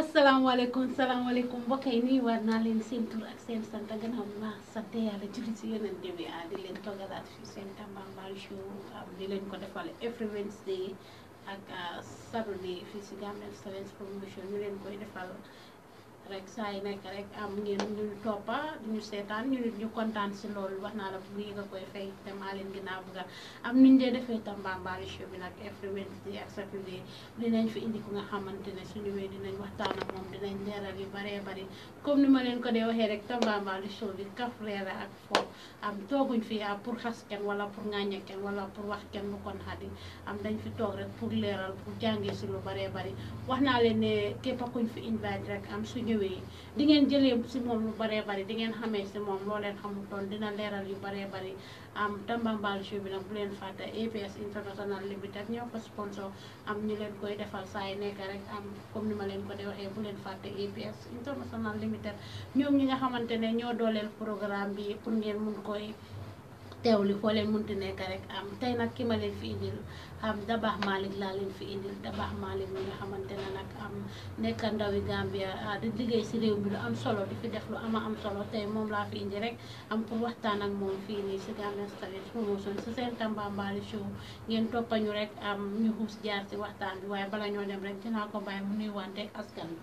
asalaamaaleykum salaamaaleykum mbokk yi nuyuwaat naa leen seen tur ak seen sant gannaaw ma sant yàlla julli si yonent bi ah di leen toggalaat fi seen Tambambalu show ah, di leen ko defal every Wednesday ak ah, Saturday fii si Gambian Talents promotion ñu leen koy defalo rek saa yi nekk rek am ñu toppa ñu seetaan ñu kontaan si loolu wax naa la bu yëg a koy fay te maa leen ginnaaw bëgga am nuñ dee defee Tambambalu show bi nag ku nga xamante ne suñu wee dinañ waxtaan ak moom dinañ yu baree bari comme ni ma leen ko dee waxee rek Tambambalu show bi kaf reera ak foo am tooguñ fi a pour xas kenn wala pour ŋàññe kenn wala pour wax ken lu kon xadi am dañ fi toog rek pour leeral pour jàngee si lu baree bari wax naa leen ne képp kuñ fi invite rek am suñu ñëwee di ngeen jëlee si moom lu baree bari di ngeen xamee si moom loo leen xamutoon dina leeral yu baree bari am Tambambalu show bi nag bu leen fàtte APS International Limited ñoo ko sponsor am ñu leen koy defal saa yi rek am comme ni ma leen ko de waxee bu leen fàtte APS International Limited ñoom ñi nga xamante ne ñoo dooleel programme bi pour ngeen mun koy. li foo leen munti nekk rek am tey nag ki ma leen fi indil am Dabakh Malick laa leen fi indil Dabakh Malick mi nga xamante na nag am nekka ndawi Gambia ah, di liggéey si réew mi lu am solo di fi def lu ama am solo tey moom laa fi indi rek am pour waxtaan ak moom fii nii si Gambian Talents Promotion si seen Tambambalu show ngeen toppañu rek am ñu xuus jaar si waxtaan bi waaye bala ñoo dem rek naa ko bàyyi mu nuyuwante ak askan bi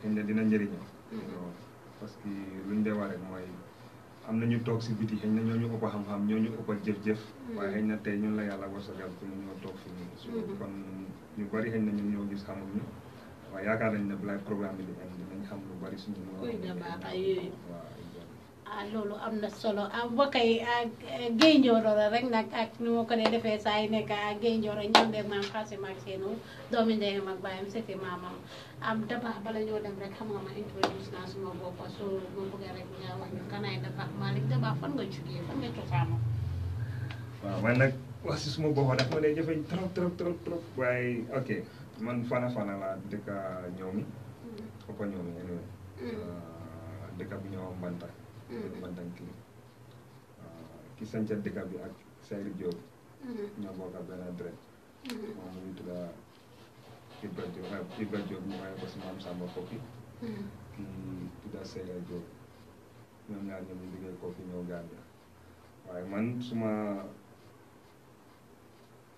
xëy na dina njëriñoo. parce que luñ dee wax rek mooy am na ñu toog si biti xëy na ñoo ñu ëpp xam-xam ñoo ñu ëpp jëf-jëf. Mm. waaye xëy na tey ñun la yàlla wasagal pour ñoo toog fi mu. Mm. kon ñu bari xëy na ñun ñoo gis xamuñu waaye yaakaar nañ ne balaa programme bi di xam lu bari suñu. waaw Ah, loolu am na solo ah mbokk yi ah Gaye rek nag ak nu ma ko dee defee saa yu nekk ah Gaye Njoro ñoom ak seenu am dafa bala rek xam nga ma introduce naa ñu kanaay dafa waaw man nag wax suma boppa daf ma dee jëfeñ trop trop trop trop waaye mm. mm. ah, bu ñoo mbanta. bantanki ki santian dëkk bi ak Seydou Diop ñoo bokk ak benn adresse moom ñu tudda Ibra Diop Ibra Diop ñu ko Kopi ki tudda Seydou Diop ñoom ñaar ñoom ñu liggéey ko fi ñëw Gambia waaye man suma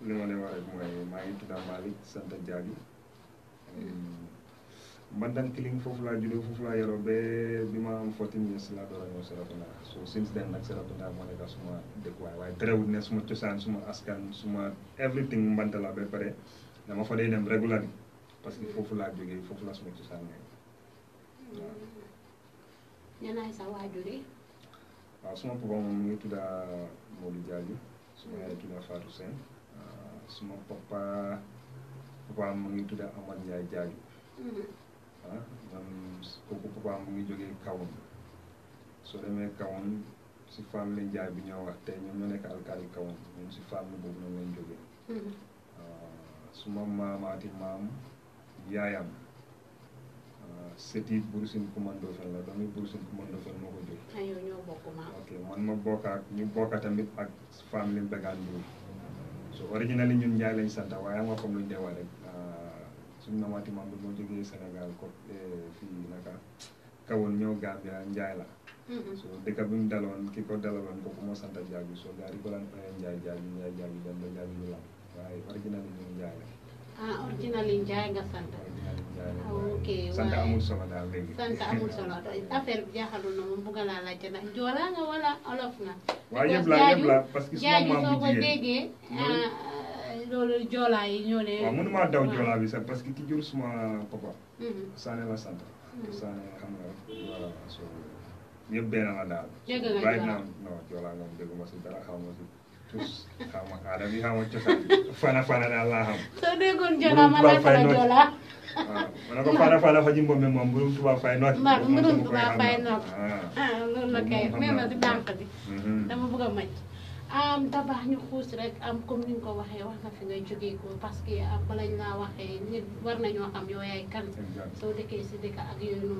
li ma lay wax rek mooy ngi Santa man dan kiling foofu la juddoo foofu la yaroo ba bima am fourteen years la do so since then nag Serekunda moo nekk suma way waaye terewul ne suma cosaan suma askan suma everything mbanta la ba pare dama fa day dem regularly parce que foofu la jógee foofu la suma cosaan nekk waaw. ñanaay sa wajuri waaw ah, suma papa moom ngi tuda Modou Diadio suma ay ah, tuda Fatou sen suma papa papa ngi tuda Amad kooku papa mu ngi jógee kawoon soo demee kawoon si famille njaay bi ñoo wax tey ñoom ñoo nekk alkaali kawoon ñoom si famille boobu noonu lañ jógee hmm. ah, suma maamaati maam yaayam ah, seti burusin commando fen la doomi burusin commando fen moo ko jóg ok man ma bokk ak ñu bokk tamit ak famille mbegaan bi so originally ñun njaay lañ santa waaye ama ah, comme luñ dee rek sum namati mamɓe bo jogui sénégal kan? koɓɓe eh, fi naka kawol ñoo gambia njayla so deka buñ dalon kiko dalawon ko mo santa jabi so gari ko lan fayan jaay jabi jaay jabi dan do jabi do lam waaye original ñu njaay la ah original ñu njaay nga santa ah, ok santa amul solo daal léegi santa amul solo affaire bi jaaxalu na moom la laa laajte ndax nga wala olof nga waaye yëpp la yëpp la parce que suma maam bu loolu joolaa yi ñoo leen. waaw mënumaa daw joolaa bi sax parce que ki jur suma papa. Hmm. Sané la sant. Hmm. Sané xam nga voilà soo ñëpp benn la daal. dëgg la bàyyi naa non joolaa moom dégguma si dara xaw ma si. tus xaw ma aada bi xaw ma cosaan fana fana daal laa xam. soo déggoon joolaa ma laaj la joolaa. waaw ma ne ko fana fana fa ji mbombe moom mbirum tubaab fay noot. mbaa mbirum tubaab fay noot. ah loolu la kay même si dànk bi. dama bëgg a am daba ñu xuus rek am comme ni ñu ko waxee wax nga fi ngay jógee ko parce que balañ laa waxee nit war nañoo xam yow yaay soo dëkkee si dëkk ak yooyu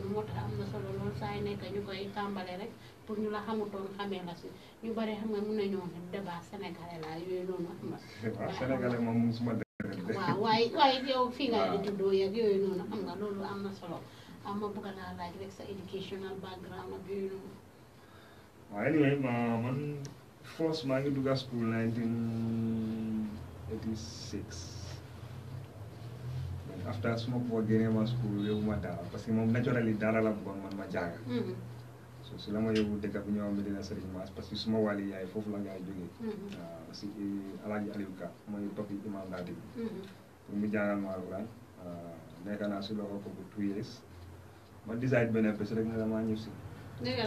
na solo saa yu nekk ñu koy tàmbale rek pour ñu la xamutoon xamee la si ñu bari xam nga mun nañoo ne débat sénégalais la yooyu noonu waaye yow fii ngay di juddoo am na solo am ma bëgg naa laaj rek sa educational background ak yooyu noonu waaye man first Mangiduga School 1986. After suma ko Geneva School yow ma dara parce que naturally dara la bëggoon man ma so selama la ma punya dëkk bi ñoo am Medina Serigne Mass parce que suma wali yaay foofu la ngay jógee. waaw si alaji Aliou Ka mooy papi imam daati. pour mu jàngal ma alquran nekk na si loxo ko bu tuyes ma decide benn bés rek ne la maa ñëw si. dëgg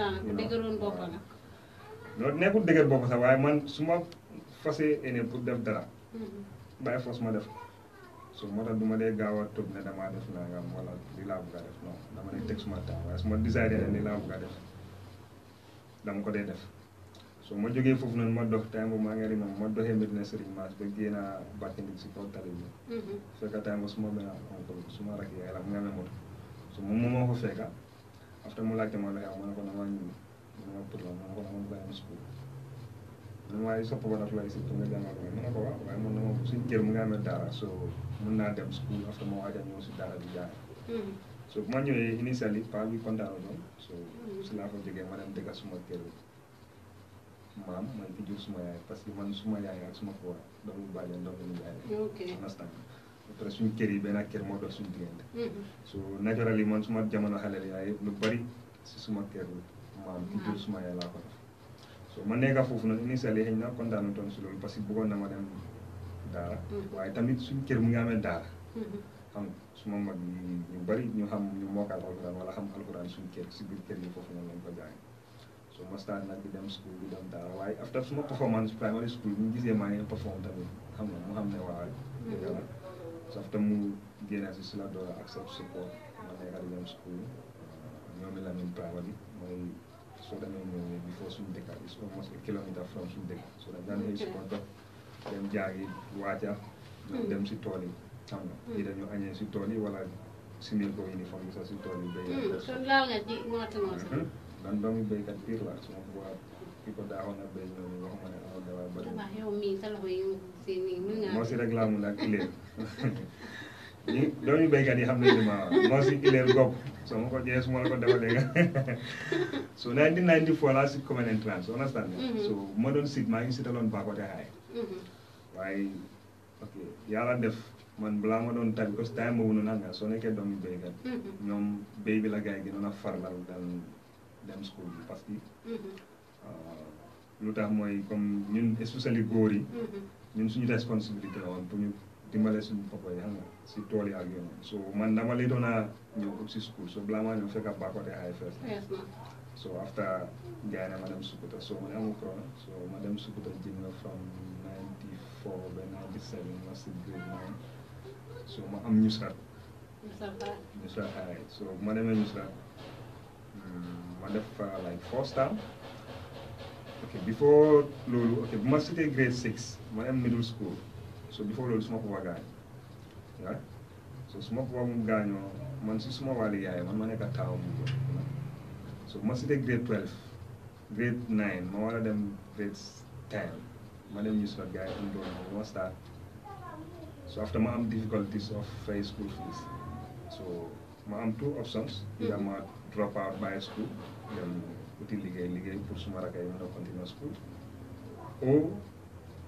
loolu nekkul dëgër bopp sax waaye man su ma fasee ene pour def dara mm-hmm. bàyyi foos ma def su moo tax du ma dee gaaw a tëb ne damaa def nangam wala li laa bëgg a def non dama dee teg suma temps waaye su ma décidé ne li laa def dama ko dee def so ma jógee foofu noonu ma dox time bu maa ngi ri ma doxee Medina Serigne Mass ba génn bàttindi si kaw tali bi mm-hmm. fekka time bu suma benn oncle suma rak yaay la mu ngemee so moom moo ma ko fekka after mu laajte ma loxew ma ne ko na maa ma pourla ma ne ko dama bëgg am school mun waaye sopp ba daf lay si pour nga demal ma ne ko waaye mun na moom suñ mu ngi amee daara so mun naa dem school parce que ma waaj a ñëw si daara di jaar so bu ma ñëwee initially pa bi kontaanoo doon so si laa fa jógee ma dem dëgg suma kër maam man fi jur suma yaay parce que man suma yaay ak suma foo doomu bàjjen doomu yaay understand après suñ kër yi benn kër moo dox suñ suma jamono xale yaay si suma kër waaw toujours suma yaay so ma yang foofu ini initially xëy na sulung, toon si loolu parce que bëggoon na ma dem daara waaye mm-hmm. tamit suñ kër mu ngi amee daara xam mm-hmm. suma mag nyu bari ñu xam ñu mokkal si biir kër yi foofu noonu so mas start nag di dem school di dalam darah, waaye after semua performance primary school ini dia maa ngi perform tamit xam nga mu xam ne waaw dëgg mm-hmm. safta mu génne si si la accept support ma nekka di dem school ñoomi la min primary mooy so ɗanen before sumdeka is almost a kilometre from sumdeka so that dan hay sikonto dem jaagi waaca dem si tool yi xam nga dañu añee si tool yi wala simil ko uniforme bi si tool yi béy so laal nga ji ngooti ngooti man doomu béykat pire la su ma ko waa ki ko daawoon a béy ñoom ne amoon dawaa bëri yow mii sa loxo si nii mën nga moo si ñu dooñu béykat yi xam nañu ne ma i Hilaire Ngop so ma ko jëlee su ma la ko defalee nga so 1994 laa si common entrance understand mm-hmm. so bu ma doon sit maa ngi sitaloon Bakote High mm-hmm. waaye ok yàlla def man balaa ma doon tabi parce mo time boobu noonu xam nga soo nekkee doomu béykat mm-hmm. ñoom béy bi la gars yi gënoon a farlal daan dem school bi parce que euh, lu tax mooy comme ñun especially góor yi ñun suñu responsabilité dimbalé suñu papa ya, yi xam nga si tool yi ak yoon so man dama lay doon a ñëw ut si school so balaa maa ñëw fekk ab baakote ay fees so after jaay na ma dem Sukuta so ma ne amul problème so ma dem Sukuta jënd na from 94 ba 97 ma si grade nine so ma am ñu sa ñu sa ay so ma demee sa ma def fa like first time ok before loolu ok bu ma cité grade 6 ma dem middle school so before loolu smoke ko waa gaañ right so suma ko waa mu man si suma waali yaay man ma nekk a taaw so ma si grade twelve grade nine ma war dem grade ten Man, dem ñu suma gars yi am doon ma start so after man difficulties of high school fees so man am two options either mm-hmm. man drop out by school then uti liggéey liggéey pour suma rakk yi continue school or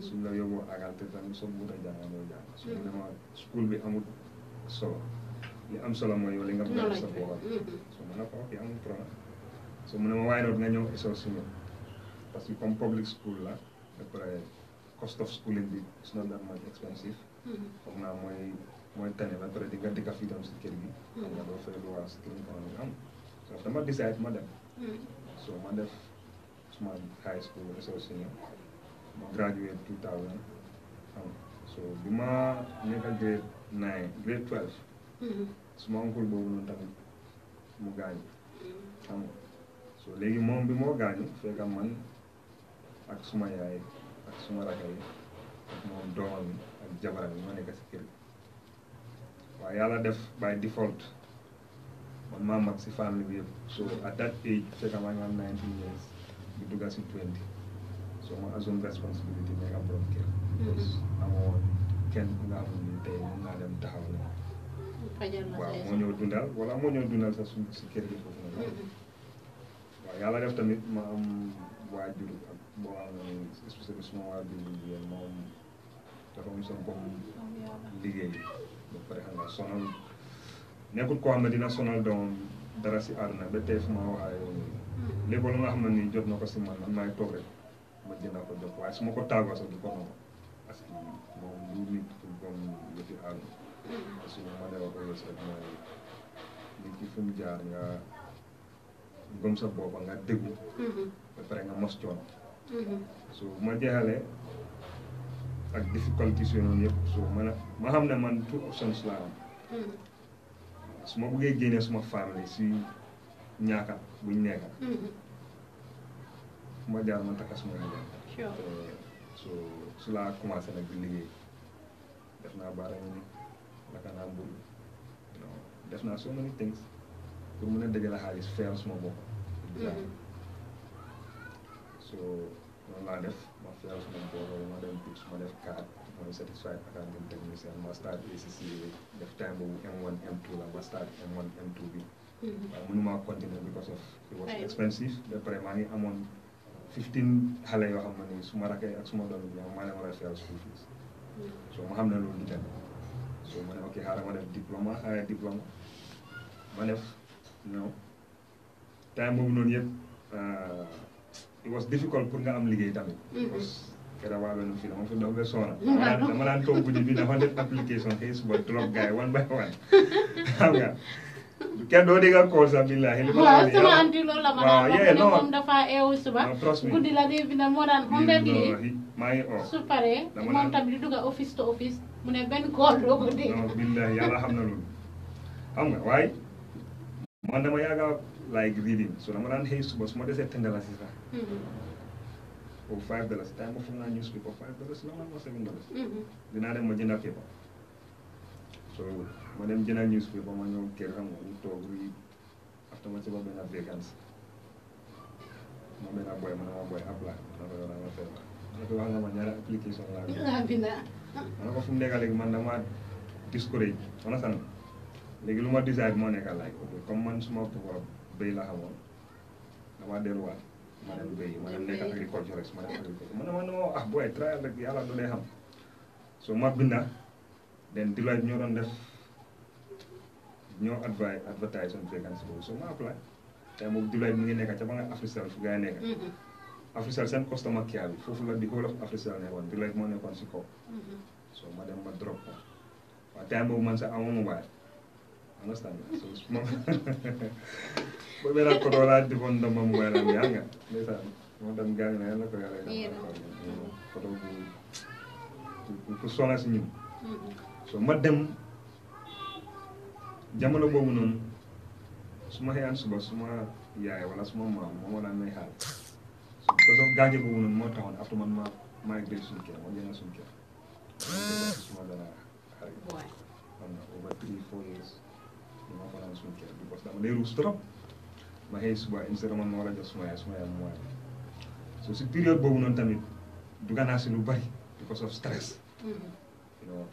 suñ la yóbboo agal te tamit soo bugg a jàng doo jàng su ñu dama school bi amut solo li ya, am solo mooy yow li nga bëgg sa boobal so mën a ko ok ya, amul problème so mu ne ma waaye nag nga ñëw isoo si parce que comme public school la après eh, cost of schooling bi it's not that much expensive foog naa mooy mooy tane ba pare di nga dëkk fii tam si kër gi xam nga doo fay luwaa si kër gi nga am so dama decide ma dem so ma def suma high school isoo si graduate 2000. Um, so bima neka grade 9, grade 12. su ma uncle boobu noonu tamit mu gaañu. Mm-hmm. xam nga so léegi moom bi moo gaañu fekk man ak suma yaay ak suma rakk yi ak moom doomam bi ak jabaram bi ma nekk si yàlla def by default man maa mag si famille bi yëpp so at that age fekk ma am nineteen years bi dugga so ma assume responsibility nekk borom kër. amoo kenn ku nga xam ne tey mun naa dem taxaw la. waaw moo ñëw dundal wala moo ñëw dundal sax su si kër gi foofu noonu. yàlla def tamit ma am waajur ak moom dafa am seen bopp liggéey ba pare xam nga sonal nekkul koo xam ne dina sonal doomam dara si àdduna ba tey fu ma waxee lépp nga xam ne nii jot na ko si man man toog rek. ma jënda ko jox waaye su ma ko tàggoo sax du ko nangu parce que moom du nit ku gom yëfi àll parce que ma dewa ko yow sax mooy nit ki fu mu jaar nga gëm sa boppa nga déggu ba pare nga mos coono so ma jeexalee ya, ak difficulties su noonu yëpp so ma man ma xam ne man tout options laa am mm-hmm. su ma bëggee génnee suma family si ñaaka buñ nekka ma jaar man so su commencé nag di liggéey def naa baaraam ni naka def so many things pour mën a dajale xaalis suma so noonu laa def ma feyal suma bopp ma dem tuut ma satisfied academy technicien ma start ACC def time M1 M2 la ma start M1 M2 bi waaye continuer because of it was expensive ba pare maa ngi fifteen xale yoo xam ne su ma rakkee ak su doon ñoom maa leen war a fayal school fees hmm. so ma xam ne loolu du demee so ma ne ok xaaral ma def diplôme diplôme ma def time boobu noonu yëpp uh, it was difficult pour nga am liggéey tamit. parce que dafa am fi dama fi soona. dama daan toog guddi bi dafa def application xëy suba drop gars one by one xam nga. kenn doo dégg cause sa bila li ma la wax sama anti loolu la ma daan wax moom dafa eewu suba guddi la de binda moo daan hundred yi maa ngi su paree moom tam di dugga office to office mu ne ben kool doo ko dégg non billahi yàlla xam na loolu xam nga waaye man dama yàgga like reading so dama daan xëy suba su de desee ten dalasi sax mm-hmm. ou five dalasi time ma foog naa newspaper five dalasi la ma seven dalasi mm-hmm. dinaa dem ma jënda paper so ma dem news, newspaper ma ñëw kër xam nga mu toog read after ma ci ba benn vacance ma benn boy ma ne ma boy apply ma ne ko yow dama feebar ma ne ko wax nga ma ñaari application laa bi ma ne ko fu mu nekk man dama discourage mana san léegi lu ma desire moo nekk laaj ok comme man suma papa béy la xamoon dama mana ma dem béy ma dem nekk agriculture ma dem agriculture ma ma ne ah boy trial rek yàlla du lay xam so ma binda then the line ñoo def ñoo advise advertise on vacancy boobu so ma apply mo di Dulaay mu ngi nekk ci ba nga Africell fu gaa nekk. Africell sen customer care bi fofu la di ne won di nekkoon mo ne kon si ko so ma dem ma drop ko wa tay boobu man sa amu mobile understand so ma ba mel ak kodoo laa defoon dama mobile am yaa nga ndeysaan moo dem gaa ko so ma dem jamono bobu non suma hayan suba suma yaay wala suma mam mo wala may xaal so because gaaje bobu non mo taxon après man ma maa ngi sun kër mo jena sun kër suma dara xarit boy on over three four years ma fanaan suñu kër because dama lay ruus trop ma hay suba instead man mo wala jox suma yaay suma yaay mo wala so ci période bobu non tamit duga ganasi lu bari because of stress mm -hmm.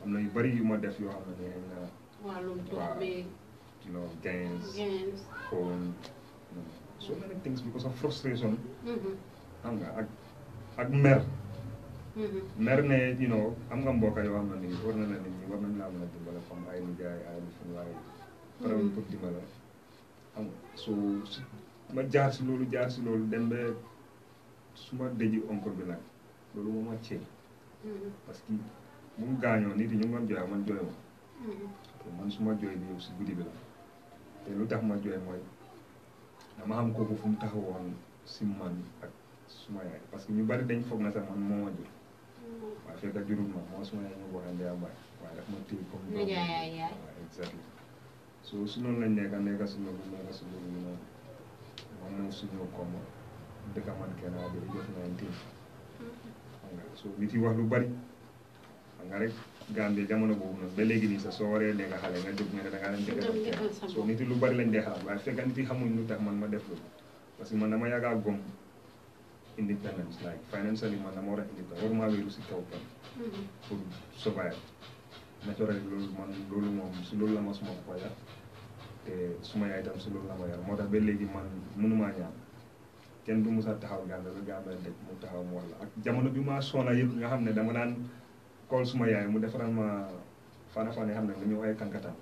am na yu bari yu ma def yoo xam ne na. wàllum toog beeg. non gains. gains phone. so many things because of frustration. Mm-hmm. xam nga ak ak mer. Mm-hmm. mer ne you know am nga mbokk yoo xam ne war na la nit ñi war nañ laa mën a dimbale comme ay nijaay ay fan waaye. Mm-hmm. pare wuñ pour dimbale xam nga ma jaar si loolu jaar si loolu dem ba su ma dëji oncle bi nag loolu moo ma ceeb. bu gaañoo nit yi ñu ngi man jooyoo mm-hmm. man su ma jooy bi si guddi la te lu tax ma jooy mooy dama xam kooku fu mu taxawoon si man suma yaay parce que ñu bari dañ foog na sax man moo ma jur mm-hmm. waaye fekk jurul ma moo suma yaay ma boo xam ne yaa daf ma téye comme doom waaw exactement so su noonu lañ nekka nekka su loolu nekka su loolu noonu moom mm-hmm. nit wax lu bari ngarek rek gambie jamono boobu noonu ba léegi nii sa soo waree lee nga xale nga jóg nga ne da ngaa leen dëgg soo nit lu bari lañ dee xalaat waaye fekk nit yi xamuñ lu tax man ma def loolu parce que man dama yàggaa gom independence like financially man dama war a independence waruma wéeru pour survive naturally loolu man loolu moom si loolu la ma suma ko yar te suma yaay tam si loolu la ma yar moo ba léegi man mënumaa ñaan kenn du musa taxaw gàmbe ba gàmbe dëkk mu taxaw ak jamono bi soona nga dama kool suma yaay mu defaral ma fana fana yi xam ne dañu waaye kankataan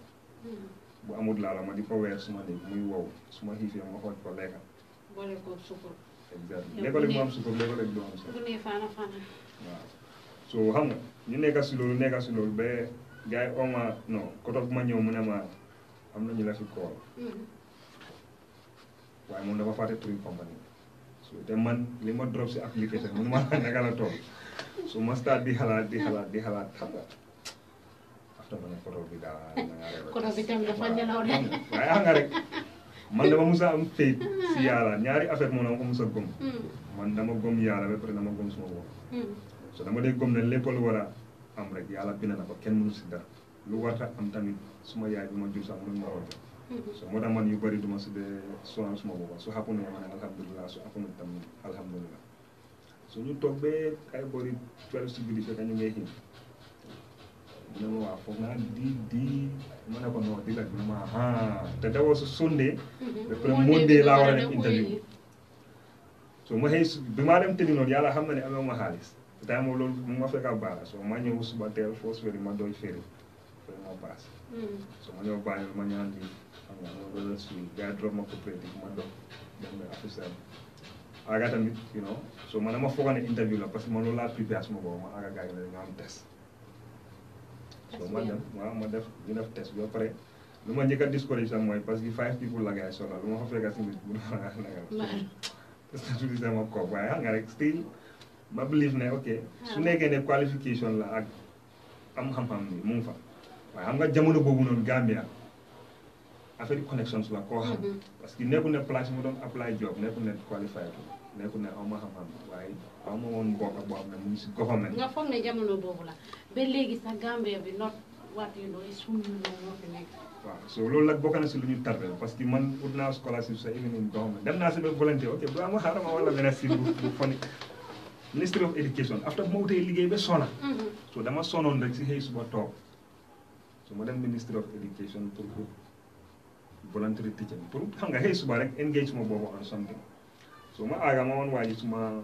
hmm. bu amul laala ma di ko weer suma néeg muy wow suma xiifee ma xooj ko lekka boole ñu nekka si loolu nekka si loolu ba gars yi oma non na ñu la fi kool hmm. waaye moom dafa fàtte turi compagnie so te man li ma drop si application mënu ma naka la tool Sumasta dihalat dihalat dihalat tangga. After hmm. hmm. ya, hmm. mana koro bidang ngarek. Koro bidang depan jalan orang. Kayak ngarek. Manda ma musa am fit si nyari ñaari affaire mo ko musa gom. Man dama gom yala be gom So dama de gom ne leppal wara am rek yala bina na ko ken mënu ci dara. Lu warta am tamit suma yaay bi ma jur sa so mo man yu bari duma de soan suma So, aku happune man alhamdulillah Aku happune tam alhamdulillah suñu toog bee ay boori twelve si guddi fekk ñu ngay xiin mu ne ma waa foog naa di di ma ne ko non di la ma ah te dawoo su sunde ba pare monde laa war a dem interview so ma xëy bi maa dem tëddi noonu yàlla xam na ne amee ma xaalis daa moom loolu mu ma fekk ak baala so ma ñëw suba teel foos feri ma doy feri feri ma baas so ma ñëw bàyyi ma ñaan di xam nga ma loolu suy gars drop ma coopérative ma dox dem affiche aga tamit you know so man dama foogoon ne interview la parce que man loolu laa prepare suma boobu ma aga gars yi ne nga am test so ma dem waaw ma def ñu def test bi ba pare lu ma njëkk a discourage sax mooy parce que five people la gars yi soxla lu ma fa fekk si nit bu naga statuti sama koog waaye xam nga rek still ma believe ne ok su ah. nekkee ne qualification la ak am xam-xam bi mu fa waaye xam nga jamono boobu noonu Gambia affaire connections la koo xam. Mm-hmm. parce que nekkul ne place yi mu doon apply job nekkul ne qualifié ko nekkul ne aw ma xam-xam nga foog ne jamono boobu la ba léegi sax Gambia bi not what loolu nag bokk na si lu ñu tardé parce que man ut naa scholarship sa événement boo xam ne dem naa si ba volontaire ok bu ama xaaral ma wala beneen si bu bu ministry of education after ma wutee liggéey ba sona mm-hmm. so dama sonoon rek si xëy suba toog so ma dem ministry of education pour pour. volunteer teaching pour xam nga hay suba rek engagement suma en santé so ma aga ma won waji suma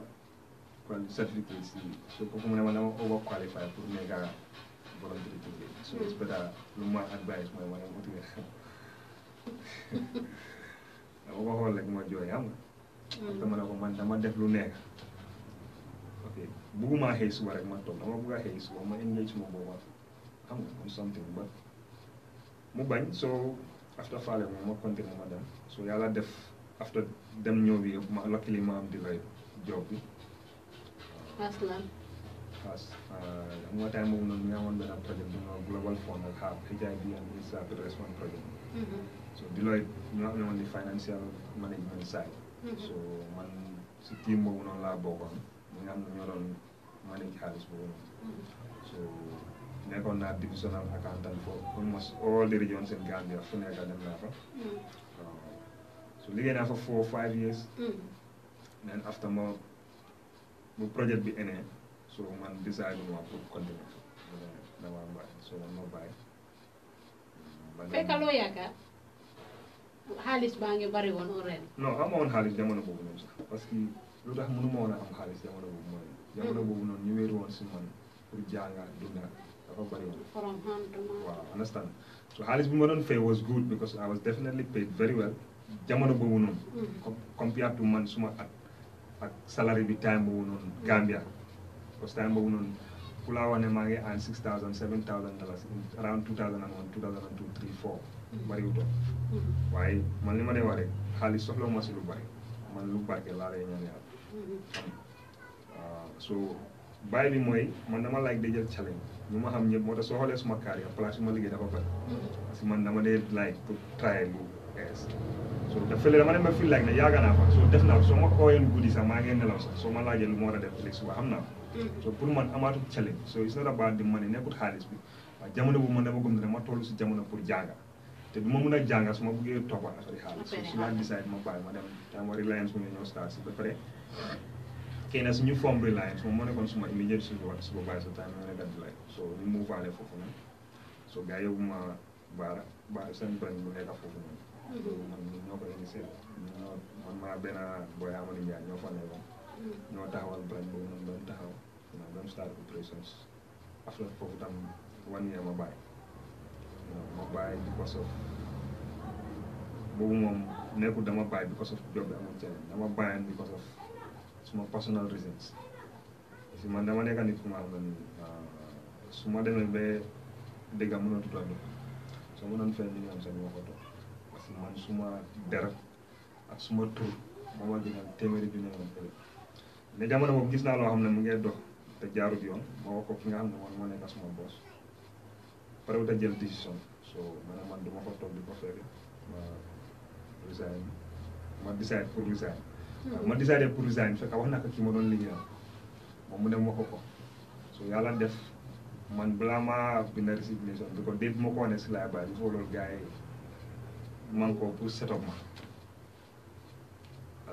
kon certificate ci so ko ko ne ma dama over qualify pour nekka volunteer teaching so it's better lu ma advice moy wala ne ma tuye dama ko hol rek mo joy am nga dama ne ko man dama def lu nekk ok bugguma hay suba rek ma toog dama bugg a xëy suba ma engagement suma boobu xam nga on something but mu bañ so after I'm ma continué ma dem so yàlla def after dem ñëw bi ma luckily ma am divide job bi. as lan. as euh, xam nga time boobu ñu project, bu global fund ak HAB HIV and HIV response projet. Mm-hmm. so Deloitte ñoo amoon di financial management side. Mm-hmm. so man team boobu noonu laa bokkoon ñi nga xam ne ñoo doon manage nekkoon naa divisional accountant for almost all the regions in Gambia fu nekk dem naa fa. Hmm. so liggéey naa fa four five years. Hmm. then after ma bu projet bi enee so man décidé ma pour continuer dama bàyyi so man ma bàyyi. fekkaloo yaakaar xaalis baa ngi bari woon ren. non amoon xaalis jamono boobu noonu sax parce que lu tax mënuma woon a am xaalis jamono boobu mooy. Hmm. jamono boobu noonu ñu wéeru woon si man pour jàngaat dundaat. from Wow, understand. So Halis Bumadon Fair was good because I was definitely paid very well. jamono Bumunon, -hmm. compared to man at, at salary bi time Bumunon, mm. Gambia. because time Bumunon, noonu ku laa wax six thousand seven thousand dollars around two thousand and one two thousand and two three four. Mm. bariwutoo mm. waaye man li ma dee wax rek xaalis soxla ma si mm-hmm. ah, so bàyyi bi mooy man dama like de jël challenge ñu ma xam ñëpp moo tax soo xoolee suma carrière place bi ma liggéey dafa bëri parce man dama dee like pour try lu bees so daf fële dama dem ba fii like ne yaaga naa fa soo def naa soo ma ooyoon guddi sax maa ngi nelaw sax soo ma laajee lu ma war a def léegi suba xam naa mm. so pour man amaatul challenge so it's not about di money nekkut xaalis bi waaye jamono bu man dama gëm ne dama toll si jamono pour jànga te du ma mun a jànga suma ma bëggee toppa affaire xaalis so su laa ba pare xëy na suñu form reliance moom moo nekkoon suma immediate supervisor time ma nekkan fi like so ñu mu vaale foofu noonu so gars yóbbu ma baara baara seen branch bu nekk foofu noonu man ñoo ko initié man maa benn booy Amadou Ndiaye ñoo fa nekkoon ñoo taxawal branch boobu noonu doon taxaw naa doon start operations after foofu tam one year ma bàyyi ma bàyyi because of boobu moom nekkul dama bàyyi because of job bi amoon challenge dama because suma personal reasons si suma sumadene be dega muno tutwa do so mana nfe ni am sa ni wakoto Si man suma der at suma tur mama dina téméri bi ne ma tele ne jamono bobu gis na lo xamne mu ngi dox te jaarut yoon mau wax ko ki nga xamne man mo nekk suma so mana mana mau foto di ko féré ma resign ma decide pour resign man déjà def pour resign fekk wax naa ko ki ma doon liggéeyal moom ne ma ko ko so yàlla def man balaa maa bind resignation bi kon dégg bu ma ko wane si laay bàyyi il faut loolu gars man ko pour set up ma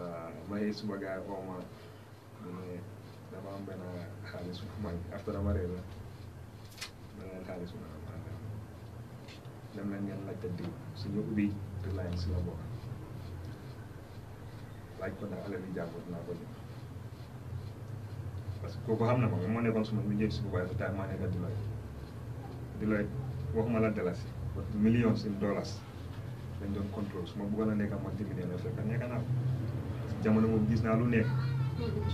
euh, ma yee suba gars yi xaalis bu ma after dama réer la benn xaalis bu ma dem nañ ngeen laajte diw suñu ubbi Reliance la bokk ak ko ndax alal yi jàmbur naa parce que kooku xam na ko moo nekkoon suma sa time maa nekka Deloitte Deloitte waxuma la dalasi millions in dollars dañ doon contrôle su ma bëggoon a nekka multimillionnaire fekk nekka naa ko parce que jamono moom gis naa lu nekk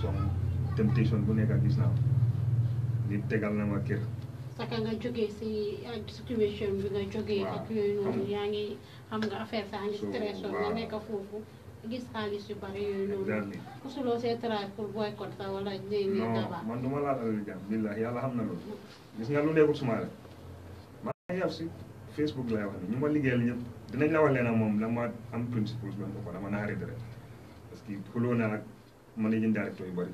som temptation bu nekka gis naa ko tegal na ma kër saka nga jógee si situation bi nga jógee ak yooyu noonu yaa ngi xam nga affaire saa ngi stress nga nekk foofu gis xaalis yu bari yooyu noonu. mosuloo see try pour boycott sa wala ñëw nii daba. man du ma la alal jàmm yàlla xam na loolu. gis nga lu nekkul suma rek. maa ngi yab si Facebook lay wax ni ñu ma liggéeyal ñëpp dinañ la wax leen moom dama am principles man ko dama naa regret parce que xuloo naa ak managing director yu bari.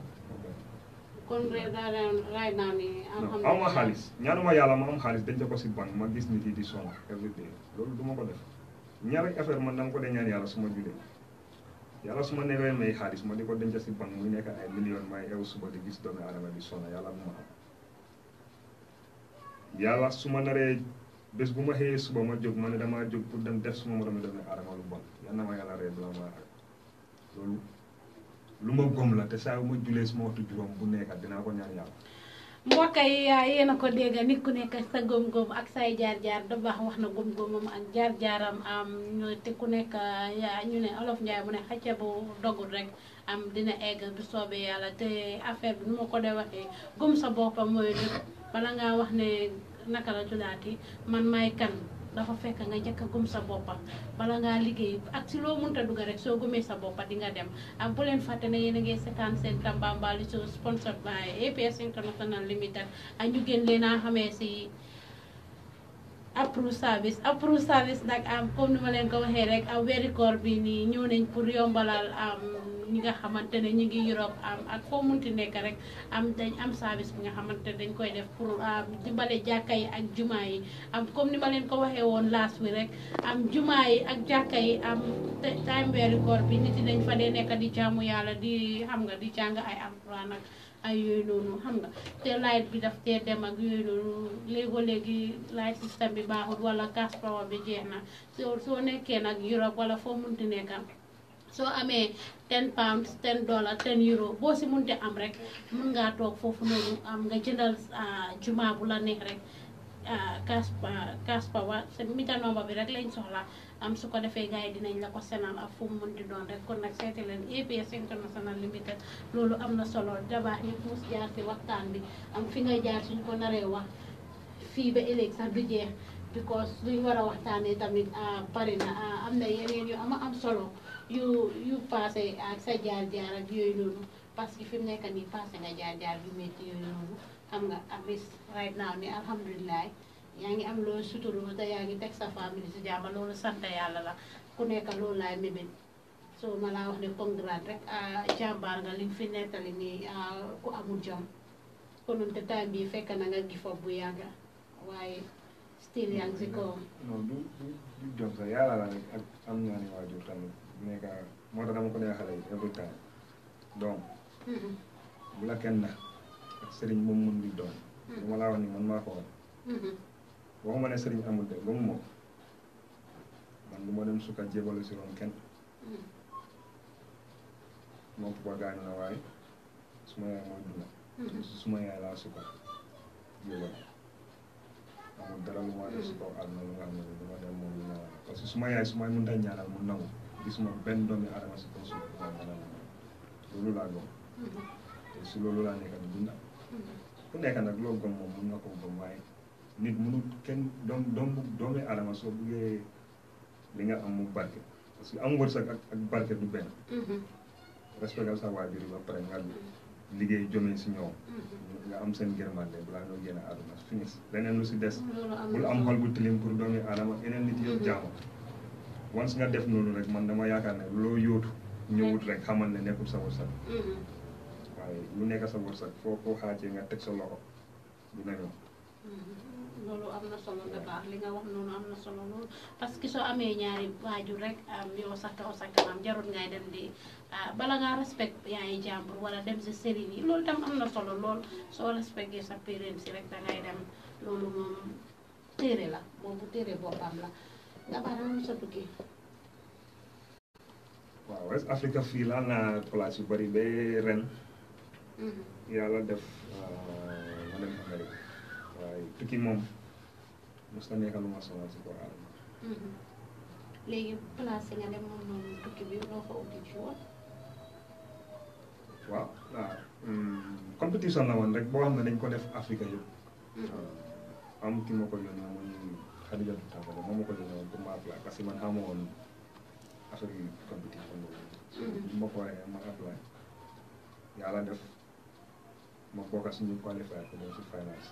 kon xaalis ñaanuma yàlla ma am xaalis denc ko si banque ma gis nit yi di sonn every day loolu du ko def ñaari affaire man dama ko dee ñaan yàlla su julee yàlla su ma may xaalis ma di ko denc si banque muy nekk ay million may ew suba di gis doomi aadama di sonn yàlla bu ma am yàlla su naree bés bu ma xëyee suba ma jóg ma ne jóg pour dem def suma doomi lu bon ma yàlla ma loolu lu ma gom la te saa yu ma julee suma waxtu juróom bu nekkat dinaa ko ñaan yàlla mbokk yi ah, yéen a ko dégg nit ku nekk sa góom-góom ak say jaar-jaar da wax na góom-góomam ak jaar-jaaram am te ku nekk ah, ñu ne olof Njaay mu ne xacca bu dogul rek am dina egg du soobee yàlla te affaire bi nu ma ko dee waxee gëm sa boppam mooy lépp bala ngaa wax ne naka la tuddaati man may kan dafa fekk nga jëkk a gëm sa boppa bala ngaa liggéey ak si loo munta dugg rek soo gëmee sa boppa di nga dem ak ah, bu leen fàtte ne yéen a ngi seetaan seen Tambambalu show sponsor by APS International Limited ak ah, ñu génn leen a xamee si approuve service approuve service nag am comme ni ma leen ko waxee rek am weeri koor bi nii ñëw nañ pour yombalal am ñi nga xamante ne ñu ngi Europe am ak foo munti nekk rek am dañ am service bi nga xamante ne dañ koy def pour dimbale jàkka yi ak juma yi am comme ni ma leen ko waxee woon laas wi rek am juma yi ak jàkka yi am time weeri bi nit yi dañ fa dee nekk di jaamu yàlla di xam nga di jàng ay alquran ak ay yooyu noonu xam nga te light bi daf tee dem ak yooyu noonu léegoo léegi light système bi baaxul wala gas power bi jeex na soo soo nekkee nag Europe wala foo ti nekka soo amee ten pounds ten dollar ten euro boo si mun munti am rek mun ngaa toog foofu noonu am nga jëndal ah, jumaa bu la neex rek. kas ah, kaspawa middle number bi rek lañ soxla am su ko defee gars yi dinañ la ko senal ak fu mu mën di doon rek kon nag seeti leen APS International Limited loolu am na solo daba ñu puus jaar si waxtaan bi am fi ngay jaar suñ ko naree wax fii ba ëllëg sax du jeex because luñ war a waxtaanee tamit ah, pare na ah, am na yeneen yu am am solo yu yu passé ak sa jaar jaar ak yooyu noonu parce que fi mu nekk nii passé nga jaar jaar bi métti yooyu noonu xam nga abis right now ni alhamdulillah, yaa ngi am loo suturu te yaa ngi teg sa famille si jàmm loolu sante yàlla la ku nekk loolu laay mébét so ma laa wax ne congrat rek ah, jàmbaar nga li fi nettali ni ah, ku amul jom konoon te time bi fekk na nga gifo bu yàgga waaye still yaa ngi si kawam non du du jom sa yàlla la rek ak am naa ne waajur tamit nekka moo tax dama ko nee every time donc mm-hmm. bu la kenn ak sëriñ moom mën di doon lu hmm. ma laa wax ni man maa ko wax hmm. waxuma ne sëriñ amul de ba mu moom man lu dem sukka jébalu si roon kenn hmm. moom ba gaañu na waaye suma yaay mooy dunda suma yaay ma def si kaw ma dem moom lu parce que suma yaay su may mën ta ñaanal mu nangu gisuma benn doomi aadama si kaw suuf loolu laa gëm dunda ku nekk nag loo gëm moom mun nga ko gëm waaye nit mënul kenn doom doom doomi adama soo buggee li nga am mu barke parce que am wërsëg ak ak barke du benn mm-hmm. respectal sax waajur ba pare nga mm-hmm. liggéey jomee si ñoom mm-hmm. nga am seen gërmande balaa ñoo génn adama finis leneen lu si des bul am xol bu tilim pour doomi adama yeneen nit yëpp jaamu once nga def noonu rek man dama yaakaar ne loo yóotu ñëwut rek xamal ne nekkul sa wërsëg waaye lu nekk sa wërsëg foo ko xaajee nga teg sa loxo dina ñëw. Mm-hmm. loolu am solo da baax li nga wax noonu am solo loolu parce que soo amee ñaari waajur rek yow sakka o sakka maam jarut ngay dem di ah, bala ngaa respect yaay jàmbur wala dem si sëriñ yi loolu tam am solo lool soo respecté sa parents rek da ngay dem loolu moom téere la boobu téere boppam la nga baaraam sa tukki. waaw West Africa fii la na place bari ba ren yàlla def ma dem Amérique waaye tukki moom mos na nekk lu ma sonal si Quran léegi place nga dem moom noonu tukki bi kompetisi ko ubbi ci woon waaw waaw compétition la rek dañ ko def Afrika yëpp am ki ma ko yónnee muy Xadijatu Tàmbale moom ma ko yónnee woon pour ma apply parce que man xamoo woon affaire yi compétition ko ma def ma bokk ñu qualifier ko dem finance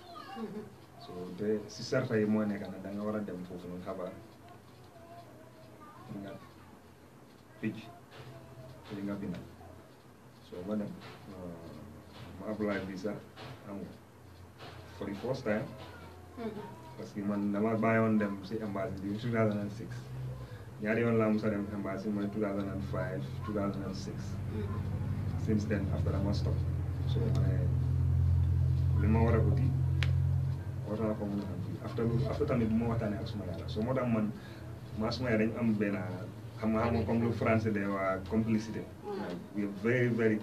so de si sarta yi moo nekk nag da nga war a dem foofu noonu nga li nga so ma dem ma apply visa am um, for the first time parce que man dama bayon dem si embassy di 2006 ñaari yoon laa musa dem embassy 2005 2006 since then after must stop so ma lima ma war orang ko di war naa ko mën a am après loolu après tamit bu ma waxtaanee ak suma yàlla soo moo tax man maa suma yàlla am xam xam comme le français de complicité we are very very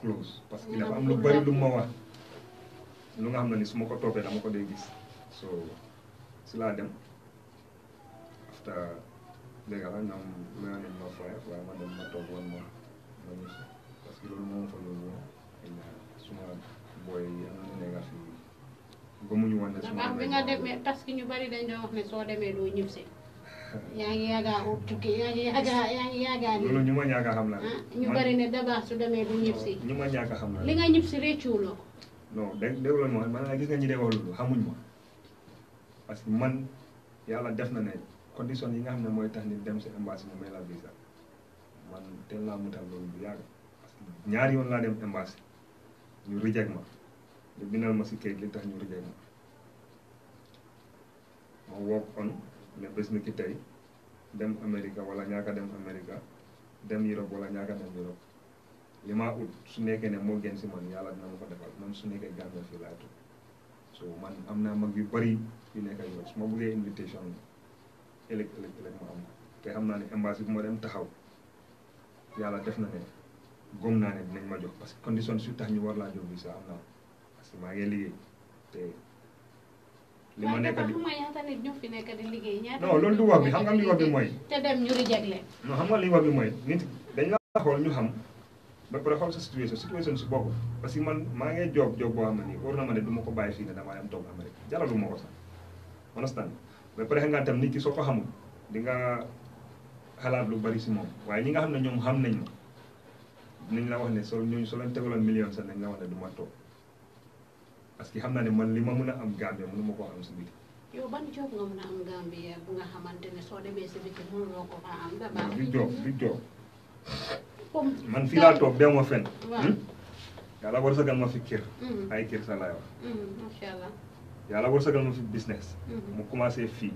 close parce que dafa am lu bëri lu ma wax lu nga xam ne ni ko dama ko gis so sila laa dem after dégg nga ñoom mayoon nañ ma fayaf waaye ma dem ma toog woon ma ma ñu parce que loolu moom fa loolu suma boy nekk si gëmuñu woon ne su ma bi nga demee parce que ñu bari dañ doon wax ne soo demee doo ñib si yaa ngi yaagaa ut tukki yaa ngi yaagaa yaa ngi yaagaa loolu ñu ma ñaaka xam la ñu bari ne dabaax su demee du ñib si ñu ma ñaaka xam la li tax nit dem si embassy mu may la visa man teel laa mutal loolu bu yàgg parce yoon laa dem embassy ñu reject ma ñu bindal ma si kayit li tax ñu rëjee ma ma work on ne bés ni ki tey dem Amérique wala ñaaka dem Amérique dem Europe wala ñaaka dem Europe li maa ut su nekkee ne moo gën si man yàlla dina ma ko defal man su nekkee Gambia fii laa tudd so man am naa mag yu bari yu nekk ak yow su ma buggee invitation ëllëg ëllëg ëllëg ma am te xam naa ne embassy bu ma dem taxaw yàlla def na ne gëm naa ne dinañ ma jox parce que condition su tax ñu war laa jox visa am si que maa liggéey te. li ma nekk di waaye loolu du wax bi xam nga li wax bi mooy. te dem xam nga li wax bi mooy nit dañ la xool ñu xam ba pare xool sa situation situation si bopp parce que man maa ngi job job boo xam ne na ma ne du ma ko bàyyi fii ne damaa dem toog Amérique jaralu ma ko sax understand ba pare xam nit soo ko xamul di nga xalaat lu bari si moom waaye ñi nga xam ne ñoom xam nañ ma nañ la wax ne soo ñooñu soo leen tegaloon million sax nañ la wax ne du ma toog. parce que xam naa ne man li ma mën a am Gambia mënu ma koo am si biti. yow ban job nga mën a am Gambia bu nga xamante ne soo demee si biti mënuloo ko fa am. damaa bi job bi job man fii laa toog demoo fenn. waaw hmm? ma fi kër. Hmm. ay kër sa laay wax. Hmm, macha allah. yàlla fi business. mu commencé fii.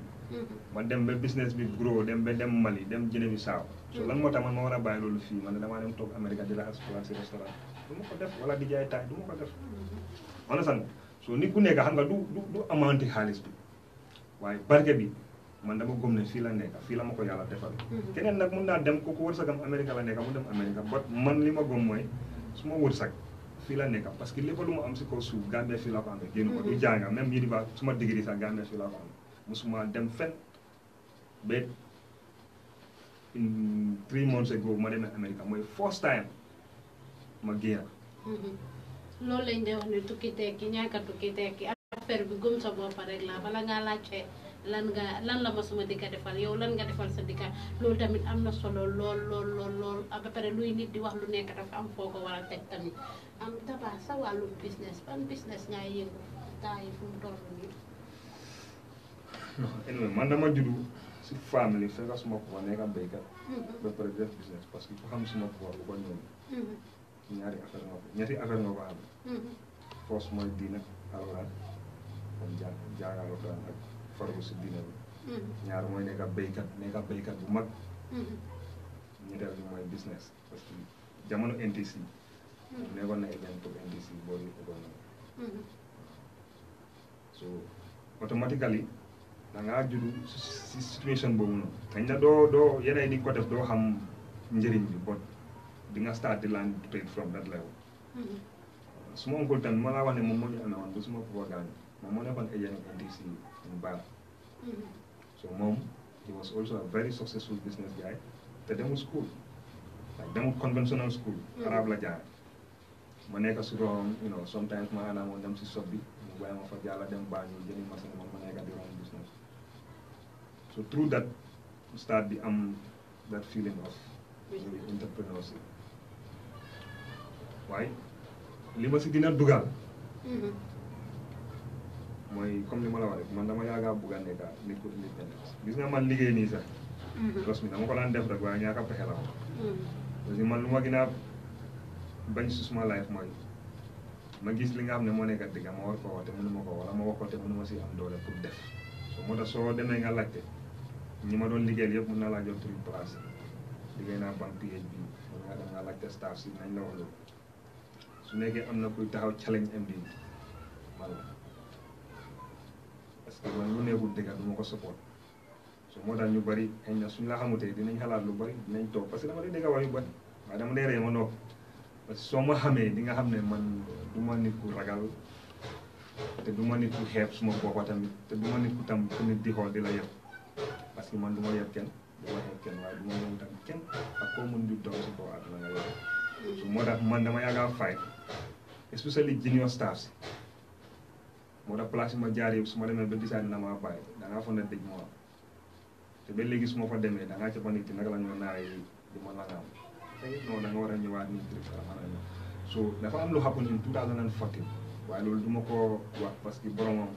ma dem ba business bi grow dem ba dem Mali dem Guinée Bissau. so lan moo tax man ma war a bàyyi loolu fii man damaa dem toog Amérique di la explorer restaurant du ma ko def wala di jaay understand so nit ku nekk xam nga du du du xaalis bi waaye barke bi man dama gëm ne fii la nekk fii la ma ko yàlla defal. Mhm. keneen nag mun naa dem kooku wërsagam Amérique la nekk mu dem Amérique ba man li ma gëm mooy su ma wërsag fii la nekk parce que lépp lu ma am si ko suuf Gambia fii la ko amee. génn ko du mhm. jàng même yi di ba su ma digri sax Gambia fii la ko amee musuma dem fen ba three months ago ma demee Amérique mooy first time loolu lañ de wax ni tukki tekki ñàkk a tukki tekki affaire sa bopp rek la bala ngaa laajte lan nga lan la ma suma dikka defal yow lan nga defal sa dikka loolu tamit am na solo lool lool lool lool ba luy nit di wax lu nekk dafa am foo ko war a teg tamit am Daba sa wàllum business ban business ngay yëngu taa yi fu mu toll nii. man dama juddu si famille fekk suma ko nekk am béykat. Mm-hmm. ba parce que ku xam suma ko lu ko ñëw. ñaari affaire nga ko ñetti affaire nga ko am fos moy dina alquran kon jaar jaaralo alquran ak farlu si dina bi ñaar moy nek ab béykat nek ab béykat bu mag ñetteel bi moy business parce que jamono NTC hmm. nekkoon na agent pour NTC boo ko économie hmm. so automatically da nga judd situation boobu noonu dañ la do doo yeneen ni ko def do xam njëriñ bi bon di nga start di land trade from that level suma uncle tan mala wane moom moo ñu ana woon ba suma papa gaañ moom moo nekkoon agent of NDC in Bar so mom he was also a very successful business guy te demul school like demul conventional school arab la jaar ma nekk si you know sometimes ma ana moom dem si sobi, bi mu fajar ma fa jàlla dem baa ñu jëli ma sama ma nekk di room business so through that start di am um, that feeling of entrepreneurship waaye li ma si gën a dugal. Mhm. mooy comme ni ma la wax rek man dama yaaga bugg a nekk nit ku indépendant gis nga man liggéey nii sax. tos mhm. mi dama ko daan def rek waaye ñaaka pexe la mhm. lu ma gën a bañ si suma life mooy ma gis li nga xam ne moo nekk dëgg ma war ko wax te ma ko wala ma wax ko si am doole pour def so moo tax soo demee nga ma doon liggéeyal yëpp mën naa laa jot tur place liggéey naa ban PhD mën nga dem nga laajte staff si nañ la wax loolu. su nekké amna kuy taxaw challenge MD ya, eh, kan ya, man wala parce que man neewu nekkul ko support so mo tax ñu bari xëy suñ la xamuté dinañ xalaat lu bari dinañ toog parce que dama lay dégg wax yu dama parce que ma di nga xamné man duma nit ku ragal té duma nit ku xeeb suma boppa tamit té duma nit ku tam nit di xol di la yépp parce que man du ma kenn du ma kenn waaye tam kenn ak nga so moo tax man dama fight especially junior staff mo da place ma jaar yeb suma ma ba disaani na ma bay da nga ne dëj mo te be léegi suma fa demee dangaa ca ci naay di no da nga wara trip la so am lu happen in 2014 waaye loolu duma ko wax parce que boromam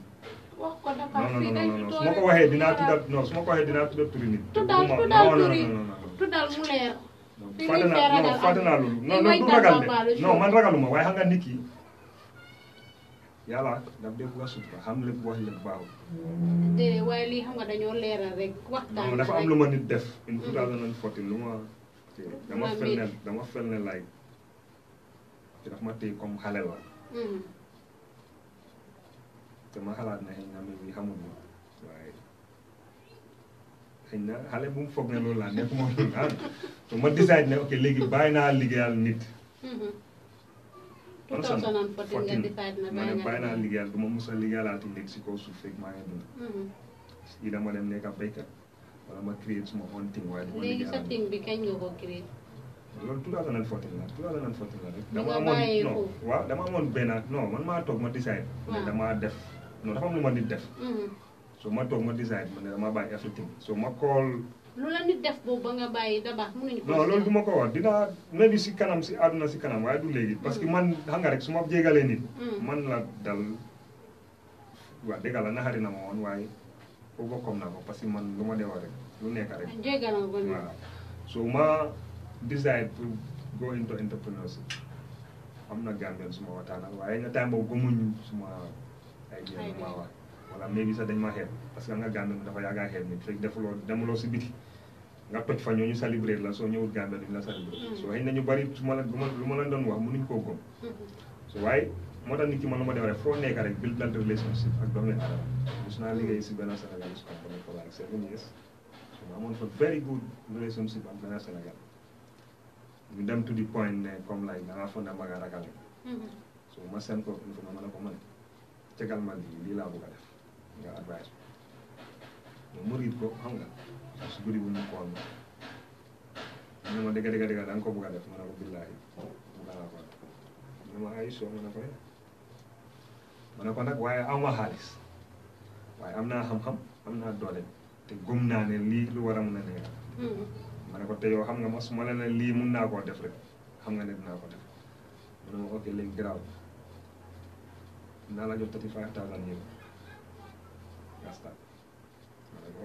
wax ko dafa non non non su ko waxee dinaa tuddal non su ko waxee dinaa tuddal turi nit tuddal tuddal turi tuddal mu leer fàtte no non fàtte no loolu non non du ragal non yàlla daf dee bëgg a sut ko xam lépp wax lépp baaxul. déedéet waaye lii xam nga dañoo leeral rek waxtaan. ma dafa am lu ma nit def. in 2014 mm. lu ma. dama fel ne dama fel ne laay daf ma téye comme xale la. Mm. te ma xalaat ne xëy na mi ngi xamul ma waaye xëy na xale bu mu foog ne loolu laa nekk moom la ah ma décide ne ok léegi bàyyi naa liggéeyal nit. Mm-hmm. 2014 ma ne bàyyi naa liggéeyal du ma mos a liggéeyalaati léegi si kaw suuf fekk maa ngi dund. si mhm. dama dem nekk ab béykat wala ma créé suma own thing waaye du ma léegi loolu la 2014 la rek. dama amoon non waaw dama amoon benn non man maa toog ma decide. waaw dama def non dafa am ma nit def. Mhm. so ma toog ma decide ma ne dama bàyyi everything so ma call. lu la nit def boobu ba nga bàyyi dabax mënuñu ko. non loolu du ko wax dinaa maybe si kanam si àdduna si kanam waaye du léegi. parce que mm. man xam nga rek su ma nit. Mm. man la dal waa dëgg la naxari na ma woon waaye foofu kom na ko parce que man lu ma dee wax rek lu nekk rek. jégal nga ko so ma decide to go into entrepreneurship am na Gambien su ma waxtaanal waaye nga time boobu gëmuñu suma ay jéem ma wala maybe sax dañ ma xeeb parce que am nga Gambien dafa yàgg a xeeb nit fekk defuloo demuloo si biti nga toj fa sa célébrer la so ñewul Gambia duñ la célébrer mm. so xëy nañu bari suma la lu luma la doon wax ñu ko gom so way mo tan nit ci man lu ma rek fo nekk rek build that relationship ak doomu aadama mos naa liggéey si benn ci ko ko for like seven yes so ma mon fa very good relationship ak benn Sénégal ñu dem to the point ne comme like da ngaa foog ma nga mm-hmm. so ma sen ko informé ma ne ko man tegal ma li la bu bëgg def nga advice mo murid ko xam nga su guddi bu mu koor ma mu ne ma dëgg dëgg dëgg da ko bëgg def ma ne ko billaahi bëgg naa ko mu ne ma ay soo ma ne ko eh? nag waaye am xaalis waaye am naa xam-xam am naa doole te gëm naa ne lii lu war a mun a nekk mm-hmm. ma ne ko te yow xam nga ma su ma la ne lii mun naa koo def rek xam nga ne naa ko def mu ne ma ok léegi garaaw naa la jox thirty five thousand yëpp gastal ma ne ko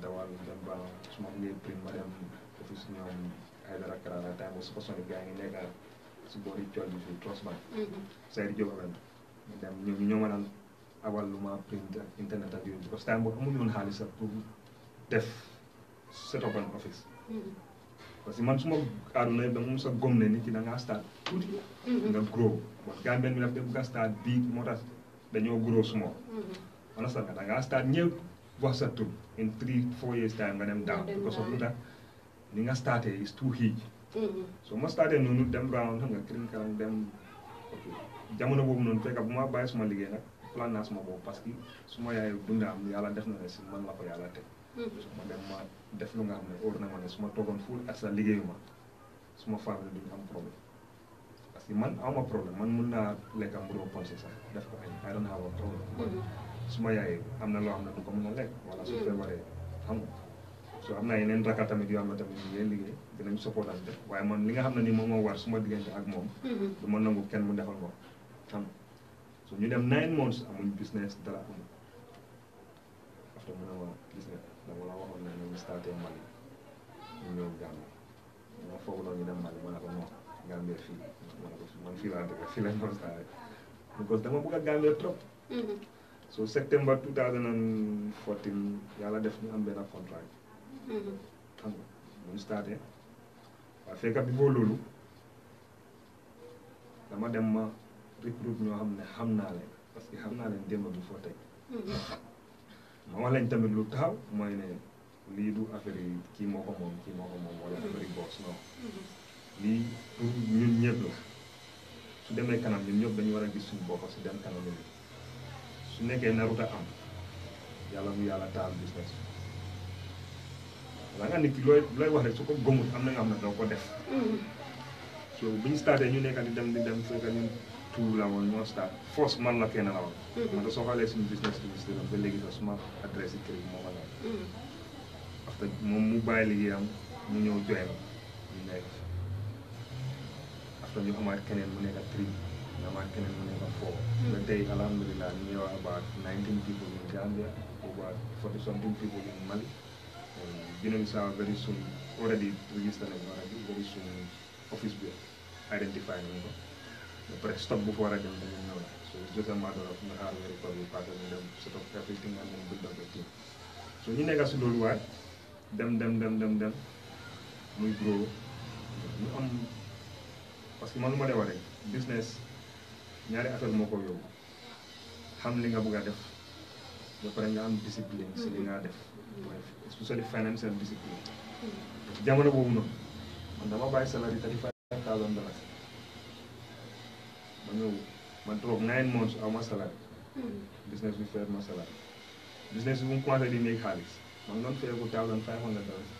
dawal dem ba su ma amee prime ma dem ada ñoom ay dara karaala time bu suma soni gaa ngi nekk si boori cool bi fi trust awal lumah print internet tadi yooyu parce que kamu boobu hari sabtu def set office parce mm-hmm. que man suma aduna dama gom ne nit da start tuuti nga grow wax gaa benn bi daf def nga start big moo tax dañoo grow small on a sa da start ñëpp wax sa in three four years time nga dem down because of lu tax nga starté is too huge mm-hmm. so ma starté noonu dem round xam nga kirim karam dem jamono boobu noonu fekk bu ma bàyyi suma liggéey nag plan naa suma boobu parce que suma yaay dunda am yàlla def na ne si man la ko yàlla teg mm-hmm. su def lu nga xam ne óor na ma ne su ma toogoon fuul ak sa liggéeyu ma suma famille duñu am problème parce que man awma problème man mun naa lekka mburu ponse sax def ko añ I don't su ma yaay eh, am na ko mën wala su feebaree xam so am na yeneen rakka tamit yoo xam ne tamit ñu ngi liggéey dinañ eh, soppootante man li nga xam ne nii moom war suma diggante ak moom du ma nangu kenn mu defal ko xam so ñu dem nine months amuñ business dara amul after mu ne ma gis nga dama la waxoon ne ñu starté Mali ñu ñëw Gambie ma foog ñu dem Mali ma ko non Gambie fii ma ko man fii laa dëkk fii la ko dama bëgg trop hmm. so september 2014 yàlla def ñu am benn contract mm-hmm. xam nga ñu starté waaye fekka bi boo loolu dama dem ma recruit ñoo xam ne xam naa leen parce que xam naa leen démb bi foo tey mm-hmm. ma wax tamit lu taxaw mooy ne lii du affaire kii moo ko moom kii moo ko moom wala affaire yi boos non mm-hmm. lii pour ñun ñëpp la su demee kanam ñun ñëpp dañu war a gis suñu bopp si dem kanam loolu su nekkee naruta am yàlla mu yàlla taal business wala nga nit ki looy looy wax rek su ko gomut am na nga xam ne doo def so bu ñu starté ñu nekka di dem di dem fekka ñun tout la woon ñoo start force man la kenn la woon man da soo xoolee suñu business registré ba léegi sax suma adresse yi kër yi moo ma la after moom mu bàyyi liggéeyam mu ñëw joxe la ñu nekk after ñu xamaat keneen mu nekk ak Namarkin in Manila for mm. the day, Alhamdulillah, near about 19 people in Gambia, over 40 something people in Mali. And ehm, Guinea Bissau very soon, already registered and already very soon, office bill identify number. But stop before I can know So it's just a matter of the hardware recovery pattern and set up everything and then build up a team. So he nega sudul wat, dem dem dem dem dem, muy grow, mu am parce que man lu business ñaari atal moo ko yóbbu xam li nga bëgg def ba pare nga am discipline si li nga def especially financial discipline jamono boobu noonu man dama bàyyi salary thirty five thousand dollars ma ñëw man toog nine months aw salary business bi fayal ma salary business bi mu commencé di néeg xaalis man doon fayal ko thousand five hundred dollars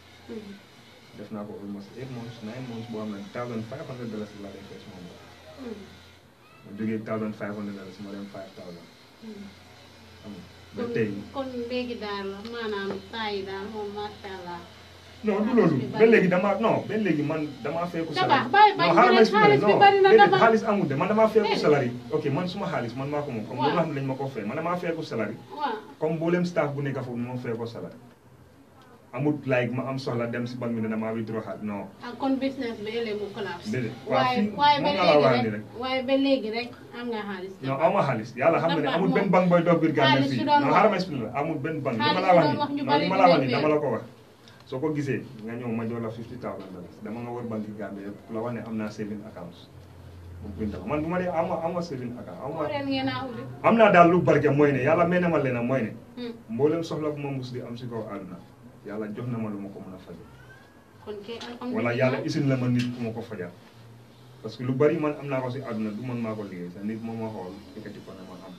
def naa ko almost eight months nine months boo xam ne thousand five hundred dollars laa dee fay sama ma jógee thousand five hundred dollars ma dem five thousand. xam hmm. nga ba du loolu ba léegi damaa non ba léegi man damaa feeku salari non xaalis amul de man damaa feeku salari ok man suma xaalis man maa ko moom comme lu nga xam ne lañ ma ko fay man damaa feeku salari comme mboolem staff bu nekk foofu ma feekoo salari amut like ma am soxla dem ci banque mi ne damaa withdraw hat non. ah kon business bi ëllëg mu collapse. déedéet rek waaye ba léegi rek am nga xaalis. non aw ma xaalis yàlla xam nga ben amul benn banque booy doog biir Gambie fii non xaaral ma expliqué la amul ben bank xaalis su doon wax ñu bari dama la ko wax. soko ko nga ñew ma jox la fifty dollars dama nga war bank yi Gambie yëpp la wax ne am saving account. man buma ma dee ama ama saving account ama am naa daal lu barke mooy ne yàlla may na ma leen mooy ne hmm. mboolem soxla bu ma mus am si kaw àdduna yàlla jox na ma lu ma ko mën a faj kon kay wala yàlla isin la ma nit ku ma ko fajal. parce que lu bari man am naa ko si àdduna du man maa ko liggéey sax nit moom ma xool yëkkati ko ne ma am.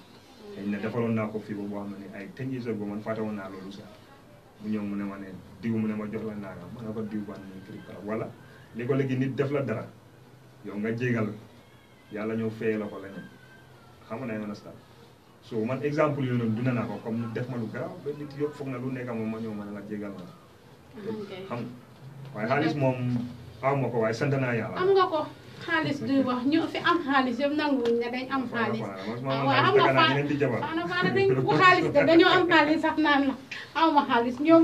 Mm. na defaloon naa ko fii ba boo xam ne ay ten years ago man fàtte woon naa loolu sax mu ñëw mu ne ma ne diw mu ne ma jox la naagam ma ne ko diw ban mu kii wala li ko léegi nit def la dara yow nga jégal yàlla ñëw feye la ko leneen xam nga ne so man exemple yooyu noonu dina na ko comme def ma lu garaaw ba nit yëpp foog na lu nekk moom ma ñëw ma ne la jégal ma xam waaye xaalis moom aw ma ko waaye sant naa yàlla am nga ko xaalis duy wax ñu fi am xaalis yëpp nanguwuñ ne dañ am xaalis ah, waaw xam dañ bu xaalis de am xaalis sax naan la aw ma xaalis ñoom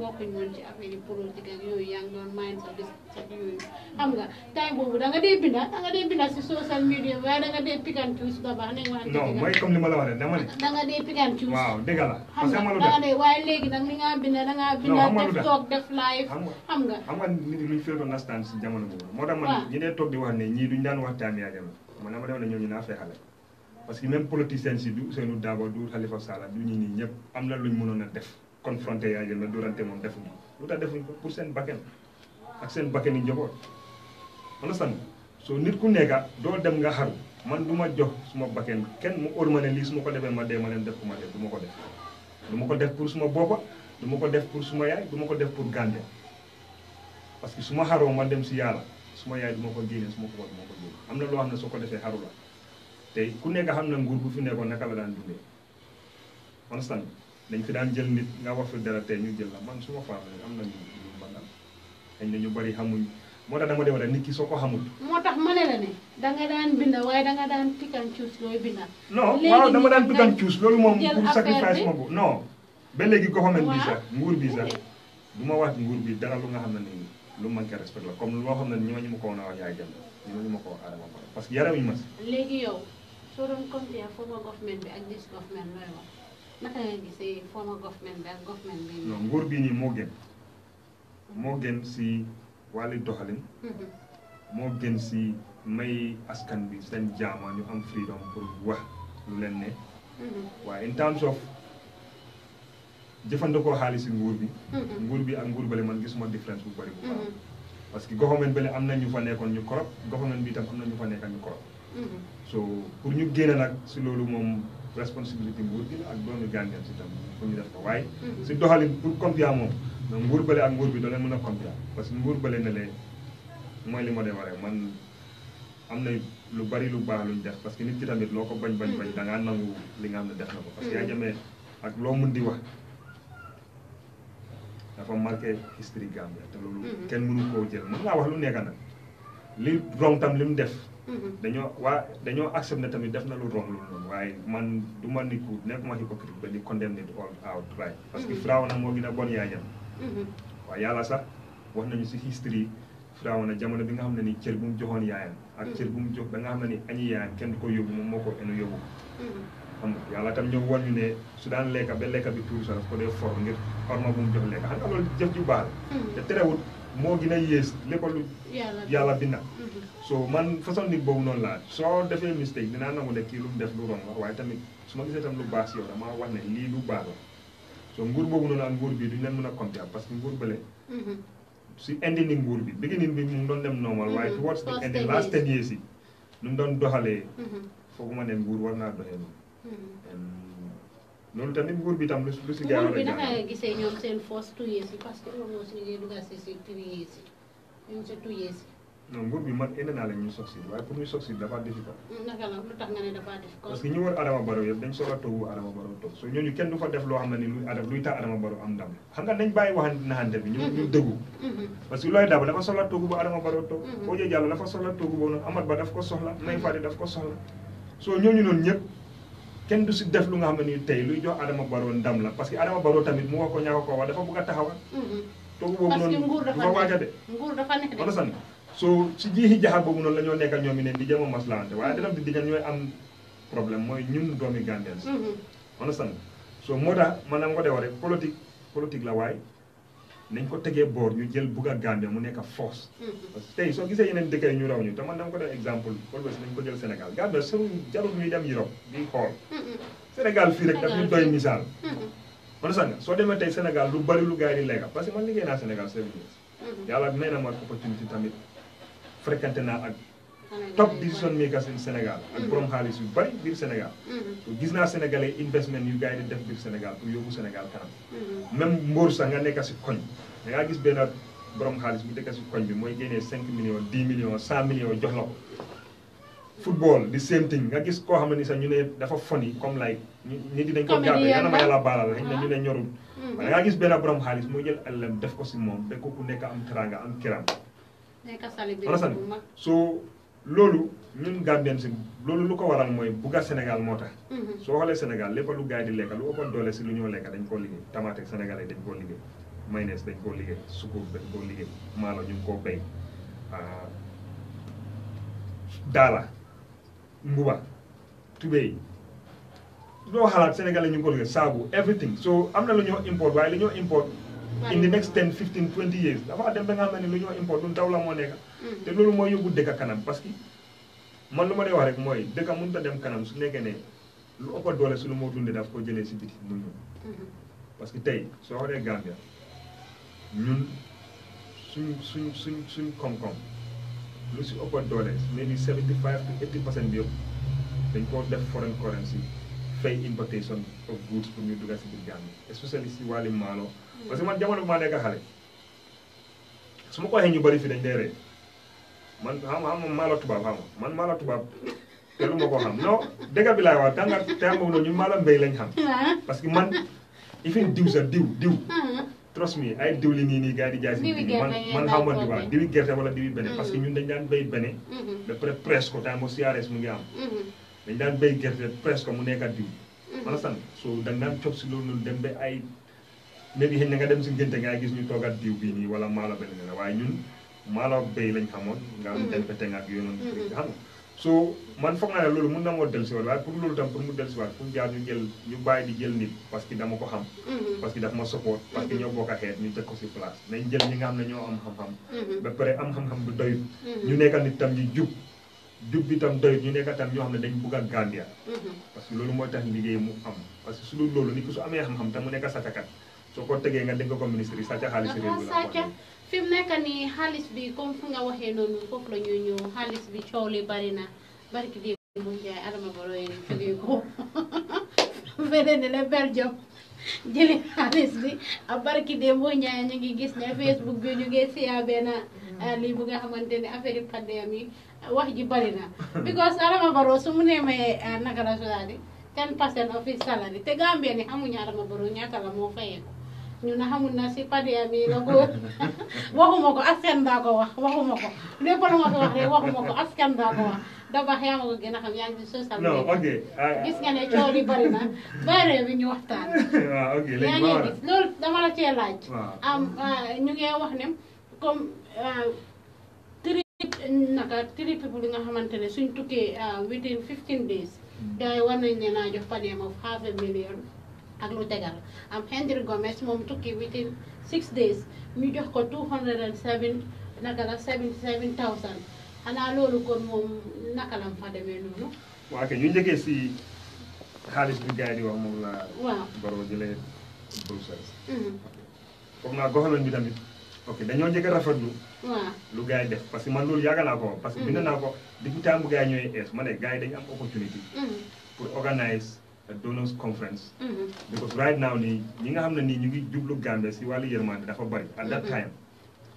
bokkuñ woon ci affaire yi politique ak yooyu yaa doon maay sa gis ak yooyu xam nga temps boobu da nga binda da nga binda si social media waaye da nga dee pick and choose da baax non mooy comme li la waxee dama ne da nga dee pick and waaw dëgg la xam nga da nga dee waaye léegi nag li nga binda da nga binda def toog def live xam nga xam nga nit luñ fi doon nastaan si jamono boobu moo tax man ñi dee toog di wax ne ñii duñ daan wax taam yaa man dama dem ne ñu naa feexale parce que même politicien si du Ousseynou Dabo du Khalifa Sall du ñi ñi ñëpp am na luñ mënoon def confronté yaa jël la durante moom defuñ ko lu tax defuñ ko pour seen bakkan ak seen bakkan yi njaboot man san soo nit ku nekka doo dem nga xaru man du ma jox suma bakkan kenn mu óor ma ne lii suma ko defee ma dee ma leen def ku ma du ma ko def du ko def pour suma boppa du ma ko def pour suma yaay du ma ko def pour gànde parce que su ma xaroo ma dem si yàlla suma yaay du ko génne suma ko war du ko génne am na loo xam ne soo ko defee xaru la tey ku nekk xam na nguur bu fi nekkoon naka la daan dundee man dañ fi daan jël nit nga wax fi dara tey ñu jël la man su ma faatee am na ñu ñu dañ ne ñu bari xamuñ moo tax dama dem nit ki soo ko xamul. moo tax ma ne la ne danga daan bind waaye danga daan pick choose loolu moom pour sacrifice ma bu non ba léegi government bi sax nguur bi sax du ma wax nguur bi dara lu nga xam ne nii lu manqué respect la comme loo xam ne ñi ma ko woon a wax yaay jënd ñi ma ñu ko wax aadama parce que yaramuñu ma si. léegi yow soo doon compter former government bi naka nga gisee former government bi ak government bi. non nguur gi nii moo gën moo gën si wàllu doxalin. Mhm. moo gën si may askan bi seen jaama ñu am freedom pour wax lu leen ne. Mhm. waaye in terms of jëfandikoo xaalis si nguur bi. Mhm. nguur bi ak nguur bële man gisuma différence bu bari bu baax. parce que government bële am na ñu fa nekkoon ñu korop government bi itam am na ñu fa nekkoon ñu korop. so pour ñu génne nag si loolu moom. responsibility nguur gi la ak doomi Gambien si tam ko ñu def ko waaye mm-hmm. si doxalin pour compia moom nguur bele ak nguur bi doo leen mën a compia parce que nguur bele na lee moy li mo dé waré man am na lu bari lu baax luñ def parce que nit ki tamit loko bañ bañ bañ mm-hmm. da nga nangu li nga am na def na ko parce que ya mm-hmm. jame ak lo mun di wax dafa marqué history Gambia té lolu kenn mënu ko jël mën naa wax lu nekk nak li rom tam lim def Mm-hmm. dañoo waa dañoo accepté ne tamit def na lu romb lu noonu waaye man du ma ni ku nekkuma hypocrite ba di condemné di all out right parce que mm-hmm. Firawna moo gën a bon yaayam mm-hmm. waa yàlla sax wax nañu si history Firawna jamono bi nga xam ne ni cër bu mu joxoon yaayam ak cër bu mu jox ba nga xam ne ni añi yaayam kenn du ko yóbbu moom moo ko enu yóbbu xam nga yàlla tam ñëw woon ñu ne su daan lekka ba lekka bi tuur sax daf ko dee for ngir xorma bu mu jox moo gën a yées lépp lu yàlla bi nag mm-hmm. so man façon nit boobu noonu laa soo defee mistake dinaa nangu ne kii lu mu def lu wrong la waaye tamit su ma gisee tam lu baax si yow damaa wax ne lii lu baax la so nguur boobu noonu ak nguur bii duñ leen mën a compter parce que nguur bële mm-hmm. si indi ni nguur bi beginning bi mu ngi doon dem normal waaye mm-hmm. towards the end last ten years yi nu mu doon doxalee ma ne nguur war naa doxee noonu loolu tamit nguur bi tam lu si lu si. gaaw a bi naka nga gisee ñoom seen force two years yi parce que loolu aussi ñu ngi two years yi. non nguur bi man indi naa la ñuy succeed waaye pour ñuy succeed dafa difficile. Mm, naka la nga ne dafa difficile. parce que ñu war Adama Barrow yëpp dañ soog a toogu Adama Barrow toog so ñooñu kenn du fa def loo xam ne ni luy Adama luy tax Adama Barrow am ndam xam nga nañ bàyyi waxante naxante bi. Mm-hmm. Mm-hmm. que looy daaba dafa soxla toogu ba Adama Barrow toog. Mm-hmm. Ojo Jallow dafa soxla toogu boobu noonu Amat Ba daf ko soxla May Fadi daf ko soxla so ñooñu noonu ñëpp kenn du si def lu nga xam ne nii tey luy jox Adama Barrow ndam la parce que Adama Barrow tamit mu wax ko ñàkk ko wax dafa bëgg a taxawal. Mm-hmm. toogu boobu noonu du ko waaj a de. nguur dafa nekk de wala soo si jiixi jaxa boobu la ñoo nekkal ñoom ñu ne di jëm a maslaante waaye dina di dina ñooy am problème mooy ñun doomi Gambien. Mm-hmm. wala sànq soo moo tax man na nga ko de waree politique politique la waaye. nañ ko tegee boor ñu jël Buga Gambia mu nekk force. Mm-hmm. parce que tey soo gisee yeneen dëkk yi ñu raw ñu te man dama ko def exemple always nañ ko jël Sénégal Gambia su jarul ñuy dem Europe di xool. Mm-hmm. fii rek daf ñu doy misaal. man sax nga soo demee tey Sénégal lu bari lu gars yi di lekka parce que man liggéey naa Sénégal service. Mm-hmm. yàlla may na ma opportunité tamit fréquenté naa ak. top decision makers in Sénégal ak borom xaalis yu bari biir Sénégal mm-hmm. gis naa sénégalais investment yu gars yi di def biir Sénégal pour yóbbu Sénégal kanam mm-hmm. même mbóor sax nga nekk si koñ da ngaa gis benn borom xaalis bu dëkk si koñ bi mooy génnee cinq millions dix millions cent millions jox la ko football di same thing nga gis koo xam ne ni sax ñu ne dafa funny comme like nit yi dañ ko jàppe nga na ma yàlla baalal xëy na uh-huh. ñu ne ñorul mm-hmm. da gis benn borom xaalis moo jël alalam def ko si moom da ko ku nekk am teranga am kiram so loolu ñun Gambien si loolu lu ko waral mooy bugga senegal moo tax. Mhm. soo xoolee Sénégal lépp lu gars yi di lekk lu ëppoon doole si lu ñoo lekk dañ koo liggéey tamaate sénégalais dañ koo liggéey mayonnaise dañ koo liggéey sukuur dañ koo liggéey maalo ñu ngi koo béy ah, daala mbuba tubéy loo xalaat sénégalais ñu ngi ko liggéey saabu everything so am na lu ñoo import waaye lu ñoo import. in the next 10 15 20 years dafa dem ba nga xam ne lu ñoo import lu daw la moo nekk mm. te loolu mooy yóbbu dëkk kanam parce que man lu ma dee wax rek mooy dëkk mënut a dem kanam su nekkee ne lu ëpp doole su lu moo dundee daf ko jëlee si biti mu ñëw mm-hmm. parce que tey soo xoolee Gambia ñun suñ suñ suñ suñ koom-koom lu si ëpp doole maybe 75 to 80 percent bi yëpp dañ koo def foreign currency fay importation of goods pour ñu dugg si biir Gambia especially si wàllu maalo parce que man jamono ma nek xalé suma ko waxe ñu bari fi dañ dee ree man xam xam ma la tuba xam man ma la tuba té lu mako xam no dégal bi lay wax da nga boobu noonu ñu maa la mbéy lañ xam ah. parce que man ifin diw sa diw diw ah. trust me ay diw li ni ni gaay di jaay si man man xam ma diwaa diw gerté wala diw bene mm-hmm. parce que ñun dañ dan bay bene mm-hmm. de près presque temps mo CRS mu ngi am mm-hmm. dañ dan bay gerté presque mu nekk diw mana san so dañ dan cog si loolu dem ay maybe hen nga dem ci gënté nga gis ñu togat diw bi ni wala mala ben la way ñun mala bay lañ xamoon nga am mm-hmm. yoon mm-hmm. xam so man fogg na lolu mën na mo del ci wal pour lolu tam pour mu del ci wal pour jaar ñu jël ñu bay di jël nit parce que dama ko xam mm-hmm. parce que daf ma support parce que ñoo bokka xéet ñu tek ko ci place nañ jël ñi nga xam ne ñoo am xam xam ba paré am xam xam bu doyut ñu nekkal nit tam ñu jub jub bi tam doyut ñu nekk tam ñoo xam ne dañ bugg a Gambia parce que loolu mooy tax liggéey mu am parce que su dul loolu nit ku su amee xam-xam tam mu nekk satakat soo ko tegee nga dénk ko ministre yi xaalis réew fi mu nekk nii xaalis bi comme fu nga waxee noonu foofu la ñuy ñëw xaalis bi coow li bari na barki dé mu njaay adama baro yéen jógee jëli xaalis bi a barki dé mu njaay ñu ngi gis ne Facebook bi ñu ngi siyaa benn mm. euh, lii bu nga xamante ne affaire pandémie yi wax ji bari na because adama baro su mu nee may euh, naka la 10 percent of his salary te Gambia ni xamuñu adama baro ñaata la moo fayee ñu ne xamul na si padia bi la góor waxuma ko assen daa ko wax waxuma ko lépp lu ma ko wax rek waxuma ko askan daa ko wax dabax yaa ma ko gën a xam yaa ngi ci social media. Ah, ah. gis nga ne bi ñu waxtaan. waaw ah, ok la ñu ngi wax ne comme tri people li nga xamante ne suñ tukkee within 15 days. Hmm. gars war nañ leen a jox padia ma half a million. ak lu tegal am Henry Gomez mom tukki within six days mi jox ko 207 naka la 77000 ana lolu xanaa loolu kon naka lam fa demee nonu wa ke ñu ñëgé si xaalis bi gaay di wax mom la. baro di lay Bruxelles. Mhm. foog na goxaloon ñu tamit. ok dañu njëkk rafetlu. wa lu gaay def parce que man lolu yagala ko parce que bind mhm. naa ko di temps bu gars yi ñëwee ees ma ne dañu am opportunité. Mhm. pour organiser donors conference. Mm -hmm. because right now ni ñi nga xamne ni ñu ngi djublu gambe si walu yërmande dafa bari. at that mm-hmm. time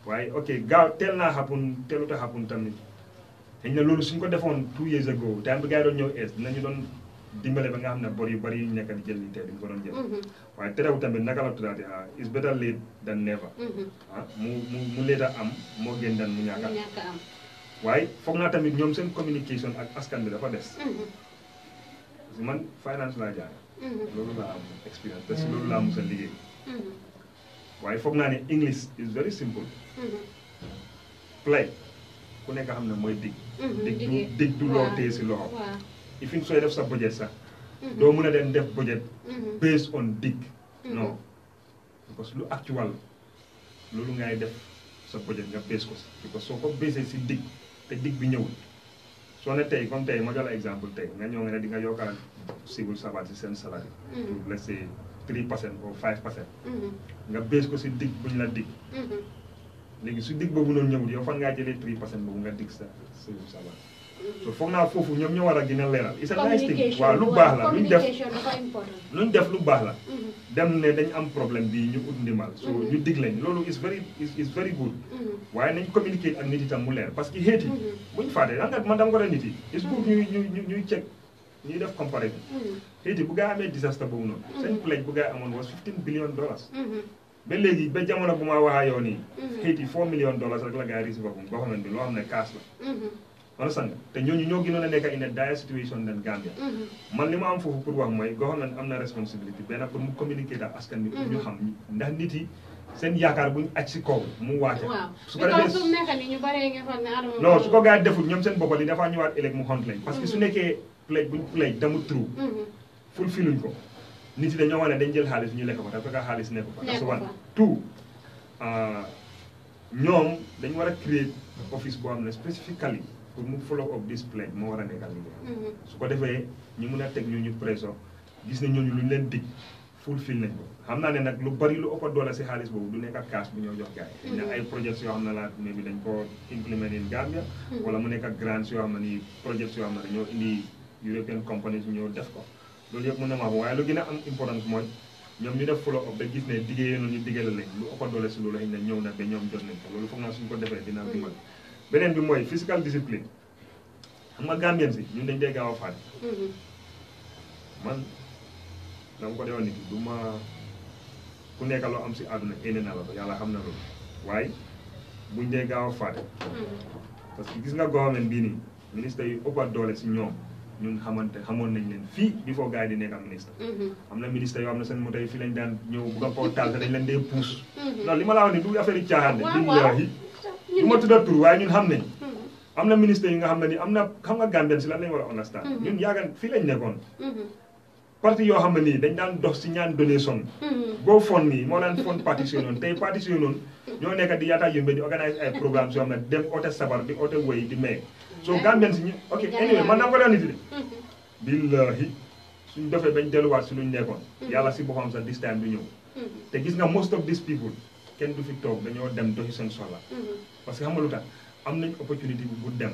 why okay gaaw tel na hapun telu ta hapun tamit. dañ na lolu suñ ko defoon two years ago time bi gars yi ñew est nañu don dimbalé ba nga xamne bor yu bari yu di jël nii tey duñ ko don jël. Mm-hmm. waaye terewul tamit naka la tuddaati ha ah, is better late than never. Mm-hmm. ah mu mu mu leta am mo gën dan mu ñaka ñaka am. waaye foog na tamit ñom seen communication ak askan bi dafa des man finance la jaar lolu mm-hmm. la am experience te si loolu laa mos liggéey waaye foog naa ne english is very simple mm-hmm. play ku nekk xam ne mooy mm-hmm. dig dig du dig du loo téye si loxo ifin sooy def sa budget sax doo mun a dem def budget based on dig non que lu actual lolu ngay def sa budget nga base ko si because soo ko basee si dig te dig bi ñëwul soo ne tey comme tey ma jox la exemple tey nga ñëw nga ne di nga yokk a civil servant si seen salaire. pour mm-hmm. let's say 3 percent ou 5 percent. Mm-hmm. nga bées ko si dig bu ñu la dig. Mm-hmm. léegi su dig boobu noonu ñëwul yow fan ngaa jëlee 3 percent boobu nga dig sa civil servant. so foog naa foofu ñoom ñoo war a gën a leeral it's a nice thing waaw lu baax la luñ def lu baax la mm-hmm. dem ne dañ am problème bi ñu ut ndimbal so mm-hmm. ñu dig lañ loolu is very is very good mm-hmm. waaye nañ communiquer ak nit itam mu leer parce que xeet yi buñ fàtte da nga man dama ko da nit yi is good ñuy ñuy ñuy check ñuy def comparaison xeet yi bu gaa amee disaster boobu noonu seen pledge bu gaa amoon was 15 billion dollars ba léegi ba jamono bu ma waxaa yow nii yi 4 million dollars rek la gaa receiver bu understand te ñooñu ñoo gënoon a nekk in a dire situation than Gambia mm-hmm. man li ma am foofu pour wax mooy government am na responsibility benn pour mu communiquer daal askan bi pour mm-hmm. xam ndax nit yi seen yaakaar buñ aj si kaw mu waate su ko defee su nekk ni ñu bare nga xam ñoom seen bopp li dafaa ñëwaat ëllëg mu xont lañ parce que su mm-hmm. nekkee plej buñ plej damu trou fulfiluñ ko nit yi dañoo ne dañ jël xaalis ñu lekk ko dafa fekk xaalis nekk fa su wan tout ñoom dañ war a créer office boo xam ne spécifically pour mu follow up this plan moo war a nekkal mm-hmm. su ko defee ñu mun a teg ñu ñu pression gis nañ ñooñu luñ leen dig fulfil nañ ko xam naa ne nag lu bari lu ëpp doole si xaalis boobu du nekk ak bu ñoo jox gars yi. Mm-hmm. dañ ne ay mm-hmm. mu nekk ak yoo xam ne nii projets yoo xam ne ñoo indi European companies ñoo def ko loolu yëpp mën na maa ko waaye lu gën a am importance mooy. ñoom ñu def follow up ba gis ne diggee yoon ñu diggee la lañ lu ëpp doole si loolu xëy na ñëw na ba ñoom jot nañ ko loolu foog naa suñ ko beneen bi mooy physical discipline xam nga gambien si ñun dañ dee gaaw a fàtte mm-hmm. man dama ko defoon nit du ma ku nekk loo am si àdduna indi na la ko yàlla xam na loolu waaye buñ dee gaaw a fàtte mm-hmm. parce que gis nga government bii nii ministre yu ëppa doole si ñoom ñun xamante xamoon nañ leen fii before gars yi di nekk am ministre mm-hmm. am na ministre yoo xam ne seen moto yi fii lañ daan ñëw bugga koo taal te dañ leen dee puus non li ma laa wax ni du affaire yi du ma tuddal tur waaye ñun xam nañ mm-hmm. am na ministre yi nga xam ne ni am na xam nga Gambien si lan lañ war a understand mm-hmm. ñun yaagan fii lañ nekkoon mm-hmm. parti yoo xam ne nii dañ daan dox si ñaan donation boo fon nii moo daan fon partis yooyu noonu tey partis yooyu noonu ñoo nekk di yaataa yëmbe di organise ay programmes yoo xam ne dem oote sabar di oote woy di may so Gambien si ñu ok anyway man naa ko daan utile billahi suñ defee bañ delluwaat si nekkoon yàlla si boppam sax this time gis nga most of these kenn du fi toog dañoo dem doxi seen soxla. Mhm. parce que xam nga lu tax am nañ opportunité bu bu dem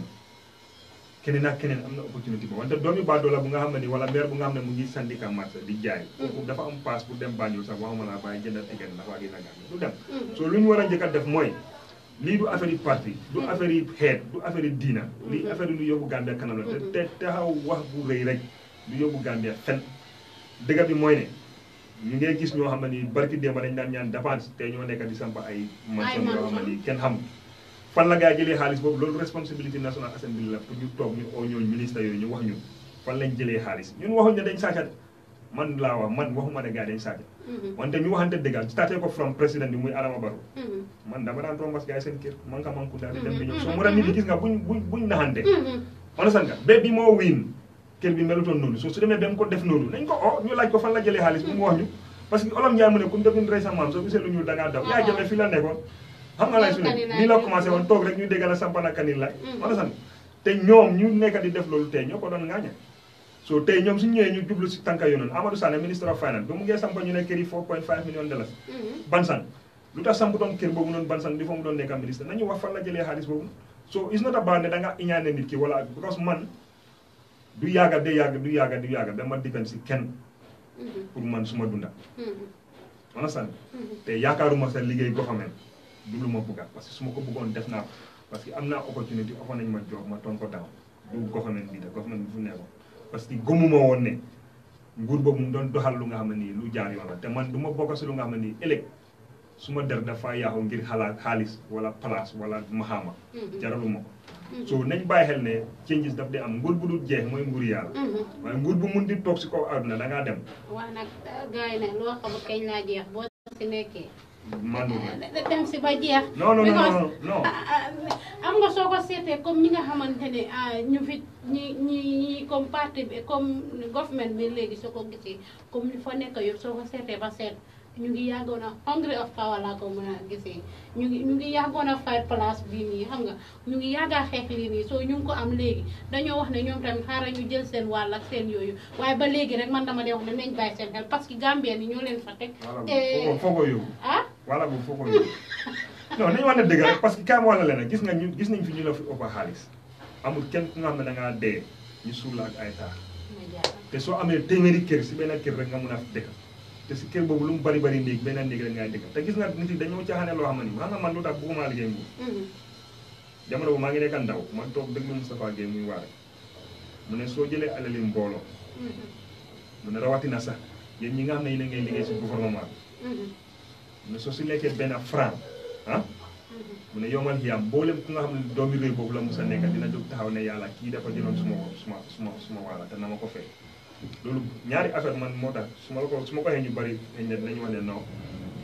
keneen ak keneen am na opportunité boobu wante doomi baadoola bu nga xam ne ni wala maire bu nga xam ne mu ngi syndicat marché di jaay. Mhm. kooku dafa am paas bu dem Banjul sax waxuma laa bàyyi jëndal ticket ndax waa gi du dem. Mhm. so lu ñu war a njëkk a def mooy. lii du affaire yi du affaire yi du affaire diina lii affaire yi lu yóbbu Gambia kanam la te te taxaw wax bu rek du yóbbu Gambia fen dëgg bi mooy ne ñu ngay gis ñoo xam ne nii barki démb dañ daan ñaan dépense te ñoo nekk di samp ay mansion yoo xam ne fan la gaa jëlee xaalis boobu loolu responsabilité nationale assemblée la pour ñu toog ñu oo ñooñu ministre yooyu ñu wax ñu fan lañ jëlee xaalis ñun waxuñ ne dañ sàcca man laa wax man waxuma ne gaa dañ sàcca mhm. wante ñu waxante dëggal starté ko from président bi muy Adama Barrow mhm. man dama daan rombas gaa yi seen kër man ka man kuntaate dem a nit ñi a san kër bi meluton so su demee dem ko def noonu nañ ko oh ñu laaj ko fan la jëlé xaaliss mu wax ñu parce que olam njaay mu ne ku def ñu rey sa maam lu ñu da nga daw ah. ya jëmee fi la nekkoon xam nga lay suñu ne la commencé won tok rek ñu déggal sa bana kanil la mm. wala san té ñom ñu nekk di def lolu té ñoko don doon so té ñom suñu ñëwé ñu dublu ci tanka yoonoon Amadou Sané ministre of finance bu mu ngee sampa ñu ne 4.5 million dollars mm-hmm. bansan lu tax samp don kër boobu noonu bansan bi fa mu don nekk ministre nañu wax fan la jëlé xaaliss bobu so is not about ne da nga iñane nit ki wala because man du yaga de yaga du yaga du yaga dama dépend ci kenn mhm. pour man suma dunda on a sànni te yaakaaruma sa liggéey go dulu mau du lu ma bugga parce que suma ko apa def na parce que amna opportunity ofo nañ ma jox ma ton ko daw du bi da government bi fu nekkoon parce que gëmuma woon ne nguur bobu mu doxal lu nga xam teman lu jaar yoon la te man duma bokk ci lu nga xam ne nii der dafa ngir halal khalis wala place wala mahama mhm. jaraluma ko so nañ bàyyi xel ne changes daf di am nguur bu dul jeex mooy nguur yàlla. Mhm. waaye nguur bu mun di toog si kaw àdduna da ngaa dem. waa nag gars yi nag loo xamul kañ laa jeex boo si nekkee. man ah, dem si ba jeex. non non non non ah, ah, am nga soo ko seetee comme ñi nga xamante ne ñu fi ñi ñi comme parti bi comme government bi léegi soo ko gisee comme li fa nekk yëpp soo ko seetee ba seet. ñu ngi yàggoon a hungry of power laa ko mën a gisee ñu ngi ñu ngi a fay place bii nii xam nga ñu ngi yàggaa xeex lii nii soo ñu ngi ko am léegi dañoo wax ne ñoom tamit xaaral ñu jël seen wàll ak seen yooyu waaye ba léegi rek man dama dee wax ne nañ bàyyi seen xel parce que Gambien ni ñoo leen fa te eh. foo ko yóbbu ah wala bu foo ko yóbbu non nañu wax ne dëgg parce que kaay ma wala leen gis nga ñu gis nañ fi ñu la fi ëpp xaalis amul kenn ku nga xam ne da ngaa soo amee téeméeri kër si benn a dëkk te ci kër boobu lu mu bari bari néeg benen néeg la ngay dëkk te gis nga nit yi dañoo caaxaane loo xam ne nga man lu tax ma liggéey nguur dama do ma ngi nekk ndaw man toog déglu safa gey muy waré mu ne so jëlé alali mbooloo mm-hmm. mu ne na sax yeen ñi nga xam ne ngay liggéey si gouvernement mm-hmm. mu ne so ci lekkee ben franc ah mm-hmm. mu ne yomal xiyaam bolé ku nga xamni doomi réew bobu la musa nekk dina jóg taxaw ne yalla ki dafa jëlon suma suma suma suma waala te na ma ko loolu ñaari affaire man moo tax su ma la ko su ma ko waxee ñu bari ne nañu ma ne non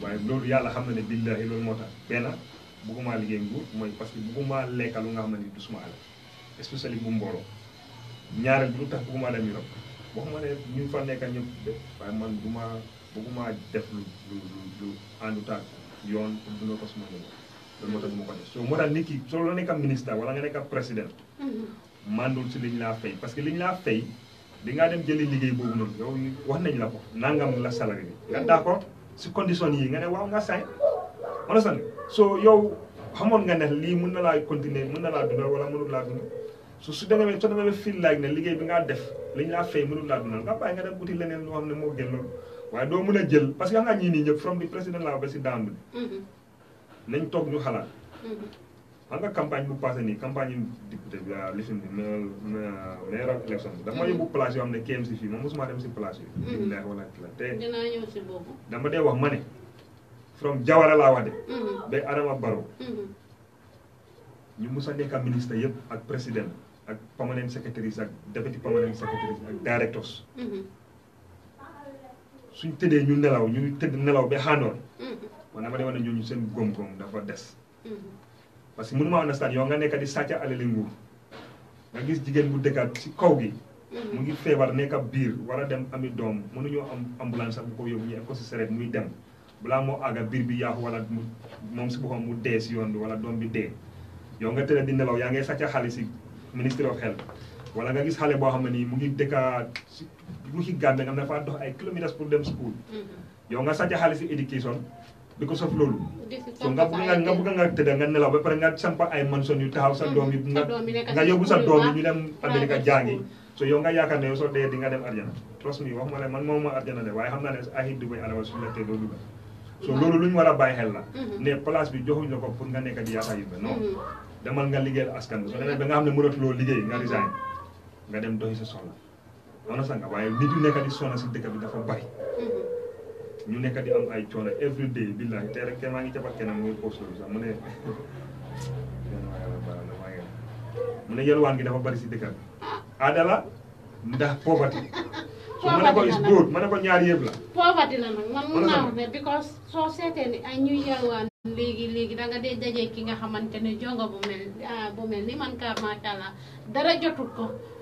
waaye loolu yàlla xam na ne billahi loolu moo tax benn bëgguma liggéey nguur mooy parce que bëgguma lekka lu nga du suma especially bu mbooloo ñaareel bi tax bëgguma dem Europe waxuma ne ñu fa nekka ñëpp de man duma bëgguma def lu lu lu lu àndutaak yoon du ko suma ne loolu moo tax ko def so moo tax nit ki wala nga mandul si liñ laa fay parce que liñ fay di ngaa dem jëli liggéey boobu noonu yow wax nañ la ko nangam la salaire bi nga d'accord si condition yi nga ne waaw nga sañ ma la soo yow xamoon nga ne lii mën na laa continuer mun na laa dundal wala mënul laa dundal su su demee soo demee fil laaj ne liggéey bi ngaa def li ñu laa fay mënul laa dundal nga bàyyi nga dem uti leneen loo xam ne moo gën loolu waaye doo mën a jël parce que xam nga ñii nii ñëpp from di président la ba si daan bi mm-hmm. nañ toog ñu xalaat mm-hmm. xam nga campagne bu passé nii campagne yu député bi li na na ne maire élection bi dafa yóbbu place yoo xam ne kéem si fii moom dem si place yi. billahi wala la te dinaa ñëw si boobu. dama dee wax ma from Jawara laa wax hmm. de. ba Adama Barrow. ñu mus hmm. a nekk ministre yëpp ak président ak permanent secretaries ak deputy permanent secretaries ak directors. suñ tëddee ñu nelaw ñu tëdd nelaw ba xaandoon. man dama dee wax ne ñooñu seen góom-góom dafa des. Hmm parce que mënuma understand yo nga nek di sàcc alali lingu nga gis jigen bu dëkkaat ci kaw gi mhm. mu ngi febar nek ab bir wara dem ami mënu ñu am ambulance bu ko yob ñu ko ci seret muy dem bla mo aga bir bi yaaxu wala mom ci mu dess yoon wala dom bi yo nga di nelaw ya ngay ministry of health wala nga gis xale bo xamni mu ngi ci mu ci Gambie nga dafa dox ay kilomètres pour dem school mhm. yo nga sàcc xale because of loolu so nga bëgg nga nga bëgg nga tëdd nga nelaw ba pare nga sampa ay mansion yu taxaw sa doom yi nga nga sa ñu dem Amerika Jangi, so yo ya, nga yaakaar ne yow ya, soo nga dem arjana trust me waxuma ne man moom ma arjana de waaye ne ahi Dubai ala suñu la tee so loolu lu ñu war a xel la ne place bi joxuñ la ko pour nga nekk di yu non demal nga liggéeyal askan so demee mm-hmm. ba nga xam ne mënatuloo liggéey nga resign nga dem doxi sa soxla wana sa nga waaye nit nekk di sonn si dëkk bi dafa bari ñu nekk di am ay coono every day billahi tey rek kenn maa ngi ca kenn mu ngi posté sax ma ne mu ne yelwaan gi dafa bari si dëkk bi aadala ndax poverty su ma ma ne ko ñaar yëpp la poverty la nag man mun naa wax ne because soo seetee ni ay ñuy yelwaan léegi léegi danga de dajee ki nga xamante ne jongo bu mel ah, bu mel ni man macha allah dara jotut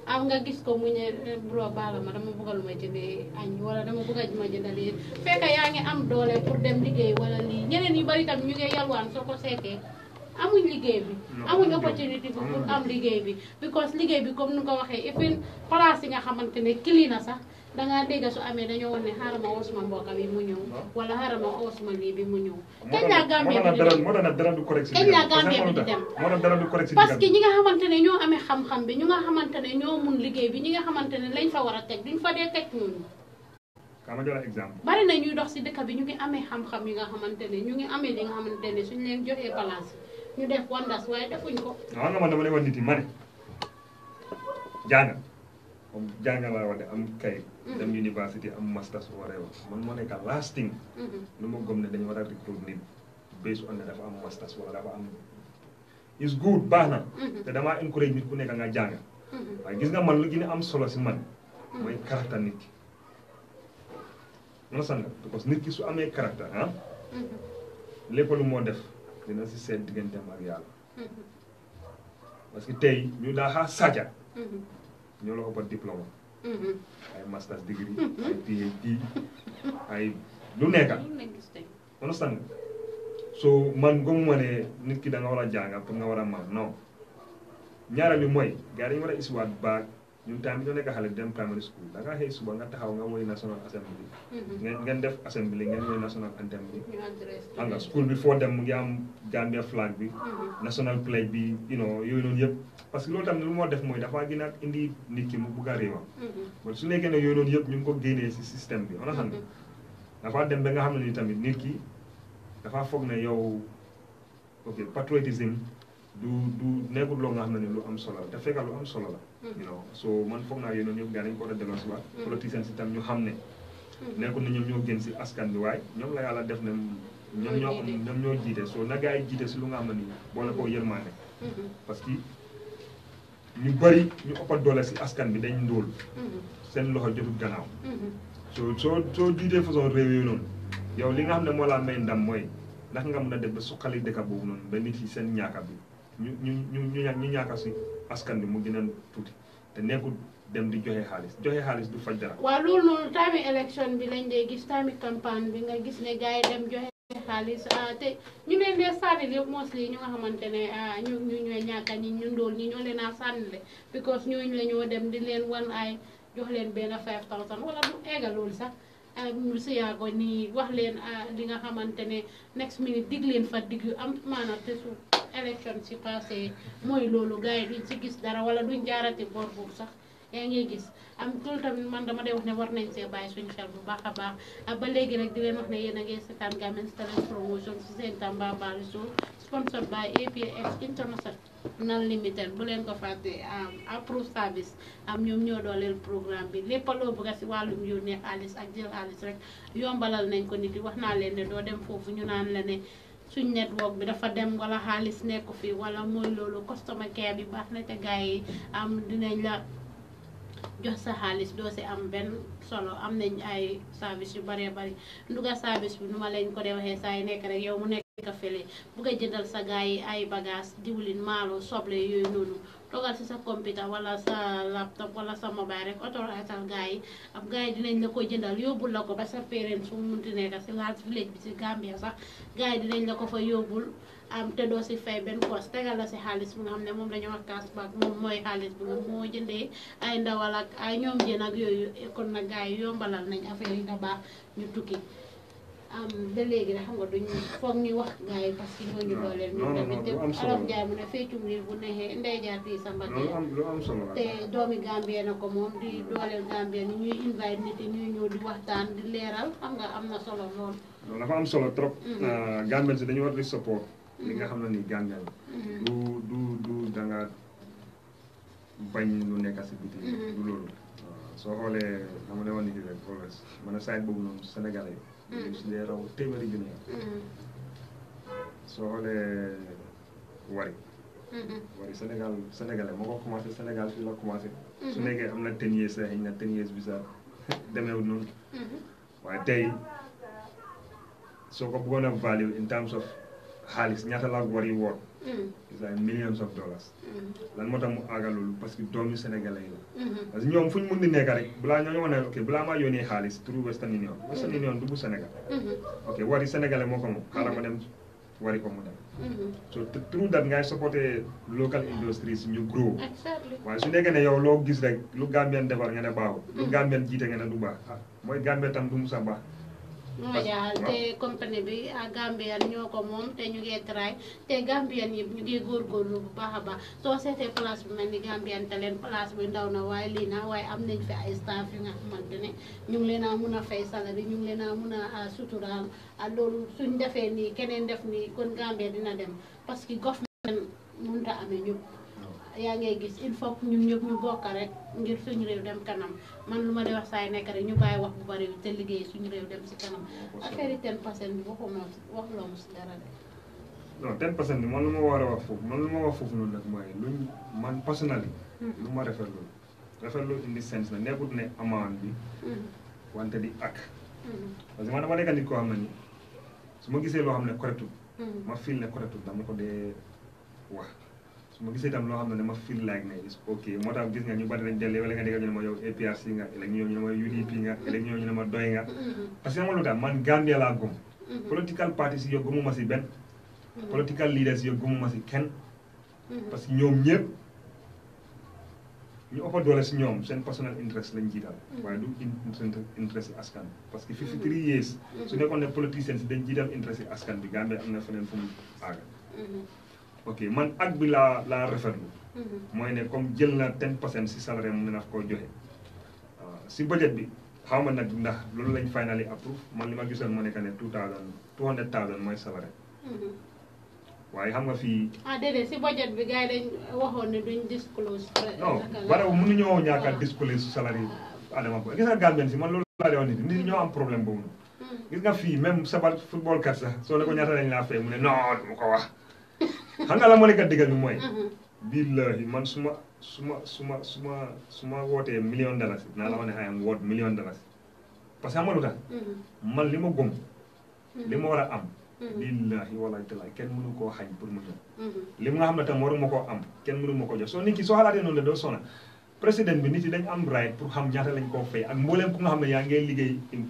am nga gis ko mu ne eh, buloo baala ma dama bëgg lu ma jëndee añ wala dama bëgg ma jëndalee fekk yaa ngi am doole pour dem liggéey wala lii ñeneen yu bari tam ñu ngi yalwaan soo ko seetee amuñ liggéey bi amuñ opportunité bi pour am liggéey bi because liggéey bi comme nu nga ko waxee et puis nga xamante ne kili na sax dangaa dégg su amee dañoo woon ne xaaral ma woo suma bi mu ñëw. wala xaaral ma woo lii bi mu ñëw. kañ laa Gambie bi di dem moo tax dara du correct si diggante kañ laa bi di dem. moo ñoo amee xam-xam bi ñu xamante ne ñoo liggéey bi ñi xamante ne lañ fa war a teg duñ fa dee teg ñooñu. kaa ma joxe si dëkk bi ñu amee xam-xam yi nga xamante ne ñu ngi amee li nga xamante ne suñ leen joxee place ñu def wandas waaye ah, ma ne jàngal comme jàngal de am kayit Mm-hmm. dem university am masters whatever man mo nek lasting mm-hmm. no mo gom ne dañu recruit nit based on dafa am masters wala dafa am is good bahna, na mm-hmm. te encourage nit ku nek nga jàng waaye gis nga man lu gina am solo ci man moy caractère nit no mana sanga parce que nit ki su amé caractère hein ah, lépp lu mo def dina si seet digganteem ak yalla parce que tay ñu da xaa ñu la diplôme Mm-hmm. ay master's degree ay PhD ay lu nekka understand so man gëmuma ne nit ki da nga war a jànga pour nga war a man non ñaareel bi mooy gars yi dañu war a isiwaat ñun temps bi ñu nekk xale dem primary school da xëy suba nga taxaw nga woy national assembly. Mm-hmm. ngeen ngeen def assembly ngeen woy national anthem bi. xam nga school bi foo dem mu ngi am Gambia bi. Mm-hmm. national pledge bi you know yooyu noonu yëpp. parce que loolu tamit lu moo def mooy dafaa gën a indi nit ki mu bugg a réewam. Mm-hmm. su nekkee ne yooyu noonu yëpp ñu ngi ko génnee si système bi on a xam ne dafa dem ba nga xam ne ni tamit nit ki dafa foog ne yow ok du du nekkul loo nga xam ne lu am solo la te fekkal lu am solo la. Mm-hmm. you know so man foog naa yéen ñoom ñëpp gars dañu ko war a delloosiwaat. Mm-hmm. politiciens yi tam ñu xam ne. Mm-hmm. nekkul ne ñoom ñoo gën si askan bi waaye ñoom la yàlla def ne ñoom ñoo ko ñoom ñoo jiite soo na gars yi jiite si lu nga xam ne nii boole koo yërmaane. parce que ñu bëri ñu ëpp doole si askan bi dañ ndóol. seen loxo jotul gannaaw. soo soo soo jiitee façon réew noonu yow li nga xam ne moo laa may ndam mooy ndax nga mën a def ba suqali dëkk boobu noonu ba nit yi seen ñaaka bi. ñu ñu ñu ñu ñàkk si askan bi mu gën a tuuti te nekkul dem di joxe xaalis joxe xaalis du faj dara. waaw loolu noonu time élection bi lañ dee gis time campagne bi nga gis ne gaa yi dem joxe xaalis ah, te ñu leen dee sànnil yëpp mostly ñu nga xamante ne ah, ñu ñu ñooy ñàkk ñi ñu ndóol ñi ñoo leen a sànnile because ñooñu la ñoo dem di leen wan ay jox leen benn 5000 wala du egga loolu sax. Ah, si yaago nii wax leen li nga xamante ne next minute dig leen fa dig am maanaam te élection ci passé mooy loolu gars yi duñ ci gis dara wala duñ jaarati boor boobu sax yaa ngi gis am loolu tamit man dama day wax ne war nañ see bàyyi suñu xel bu baax a baax ah, ba léegi rek di leen wax ne yéen a ngi seetaan Gambian Talents Promotion si seen Tambambalu show sponsored by APS International Limited bu leen ko fàtte approve service am ñoom ñoo dooleel programme bi lépp loo bëgg a si wàllum yónnee xaalis ak jël xaalis rek yombalal nañ ko nit yi wax naa leen ne doo dem foofu ñu naan la ne suñ network bi dafa dem wala xaalis nekku fii wala mooy loolu customer care bi baax na te gars yi am dinañ la jox sa xaalis doo si am benn solo am nañ ay service yu bëree bari nduga service bi nu ma leen ko dee waxee saa yi nekk rek yow mu nekk fële bugg a jëndal sa gaa yi ay bagage diwlin maalo soble yooyu noonu toogal si sa computer wala sa laptop wala sa mobile rek autorisal gars yi ab gars yi dinañ la ko jëndal yóbbul la ko ba sa parents fu mu munti nekk si large village bi si Gambia sax gars yi dinañ la ko fa yóbbul am te si fay benn cost la si xaalis bi nga xam moom la ñu wax mooy xaalis jëndee ay ndawal ay ñoom jën kon nag gars yi yombalal nañ affaire yi da baax ñu tukki am ba léegi nag xam nga duñ foog ñu wax parce que ñoo ñu dooleel. ñu tamit te olof jaay mu ne feccum riir bu neexee ndey jaar fii doomi Gambie na ko moom di dooleel Gambie ni ñuy invite nit ñuy ñëw di waxtaan di leeral xam nga am na solo lool. dafa am solo trop. Mm-hmm. Euh, Gambien si dañu war di support. li nga xam na ni Gambien mm-hmm. la. du du du bañ lu nekk si biti. Mm-hmm. du loolu soo xoolee xam nga ne woon ni rek progrès man a site boobu noonu Sénégalais yi. ñu mm-hmm. si lay raw téeméeri junni soo xoolee wari. wari Sénégal Sénégalais moo ko commencé Sénégal fii la commencé. su nekkee am na ten years sax na ten years bi sax noonu. waaye tey soo ko bëggoon a value in terms of. xaalis ñaata laa war yi woon. Mm. it's like millions of dollars. Mm-hmm. lan moo tax mu àggal loolu parce que doomu Sénégalais la. Mm-hmm. parce que ñoom fu ñu mun di nekk rek balaa ñoo ñoo ne ok balaa maa yónnee xaalis through Western Union. Mm-hmm. Western Union du bu Sénégal. ok wari Sénégalais moo ko moom xaaral ma dem wari ko mu dem. so through that ngay supporté local industries ñu grow. waaye su nekkee ne yow loo gis rek lu Gambien defar nga ne lu Gambien jiite nga ne baax ah mooy Gambien tam du musa baax. mondial te compagnie bi Gambian ñoo ko moom te ñu ngi try te Gambian yëpp ñu góor lu bu baax a baax soo seetee place bu mel ni Gambian Talents place bi ndaw na waaye lii na waaye am nañ fi ay staff yu nga xamante ne ñu leen a mun a fay salaire ñu ngi leen a mun a suturaal loolu suñ defee nii keneen def nii kon Gambia dina dem parce que gouvernement mënut a amee ñëpp. yaa ngay gis il faut que ñun ñëpp ñu bokk rek ngir suñu réew dem kanam man lu ma di wax saay nekk rek ñu bàyyi wax bu bari te liggéey suñu réew dem si kanam affaire yi ten percent bi waxumoo si waxuloo si dara de ten percent bi man lu ma war a wax foofu man lu ma wax foofu noonu nag mooy luñ man personnel hmm. lu ma rafetlu rafetlu indi sens na nekkul ne amaan bi hmm. wante di ak hmm. parce que man dama nekk nit koo xam ne ni su ma gisee loo xam ne correctul ma fiil ne correctul ko dee mu gisee itam loo xam ne dama feel like ne is ok moo tax gis nga ñu bari dañ jëlee wala nga dégg ñu ne ma yow APRC nga ëllëg ñoo ñu ne ma UDP nga ëllëg ñoo ñu ne ma doy nga parce que ma lu tax man Gambia laa mm-hmm. political parties yo gëmuma si benn mm-hmm. political leaders yo gëmuma si kenn parce que ñoom ñëpp ñu ëpp doole si ñoom seen personal interest lañ jiital mm-hmm. waaye du interest yi askan parce que fifty three years su nekkoon ne politiciens si dañ jiital interest yi askan bi Gambia am na feneen fu mu ok man ak bi la laa rafetlu moy mhm. ne comme jël na 10 ci si salaire mu ne ko joxe ah, si budget bi xawma nak ndax loolu lañ finally approve man li ma gisoon moo nekk 2000 200000 moy salaire mhm. waye xam nga fi ah déedéet si budget bi gay dañ waxone ne duñ disclose. non baraw mënuñoo ñoo ñaka disclose salaire yi Adama ko gissal nga Gambien si man loolu la lay wax nit ñoo am problème bu mhm. gis nga fi même sabal football kat sax so ne ko ñata lañ la fay mu ne non mu ko wax. xam nga la moo nekk dëggal bi mooy. Mhm. billahi man su ma su ma su ma su ma su ma wootee million dalasi naa la ma ne ayam woot million dalasi parce que xam nga lu mhm. man li ma gëm. li ma mhm. war a am. billahi wallahi taala kenn mënu koo xañ pour mu ñëw. li mu nga xam ne tam waruma koo am kenn mënu ma koo jox soo nit ki soo xalaatee noonu la doo sona président bi nit yi dañ am right pour xam ñaata lañ koo fay ak mbooleem ku nga xam ne yaa ngee liggéey in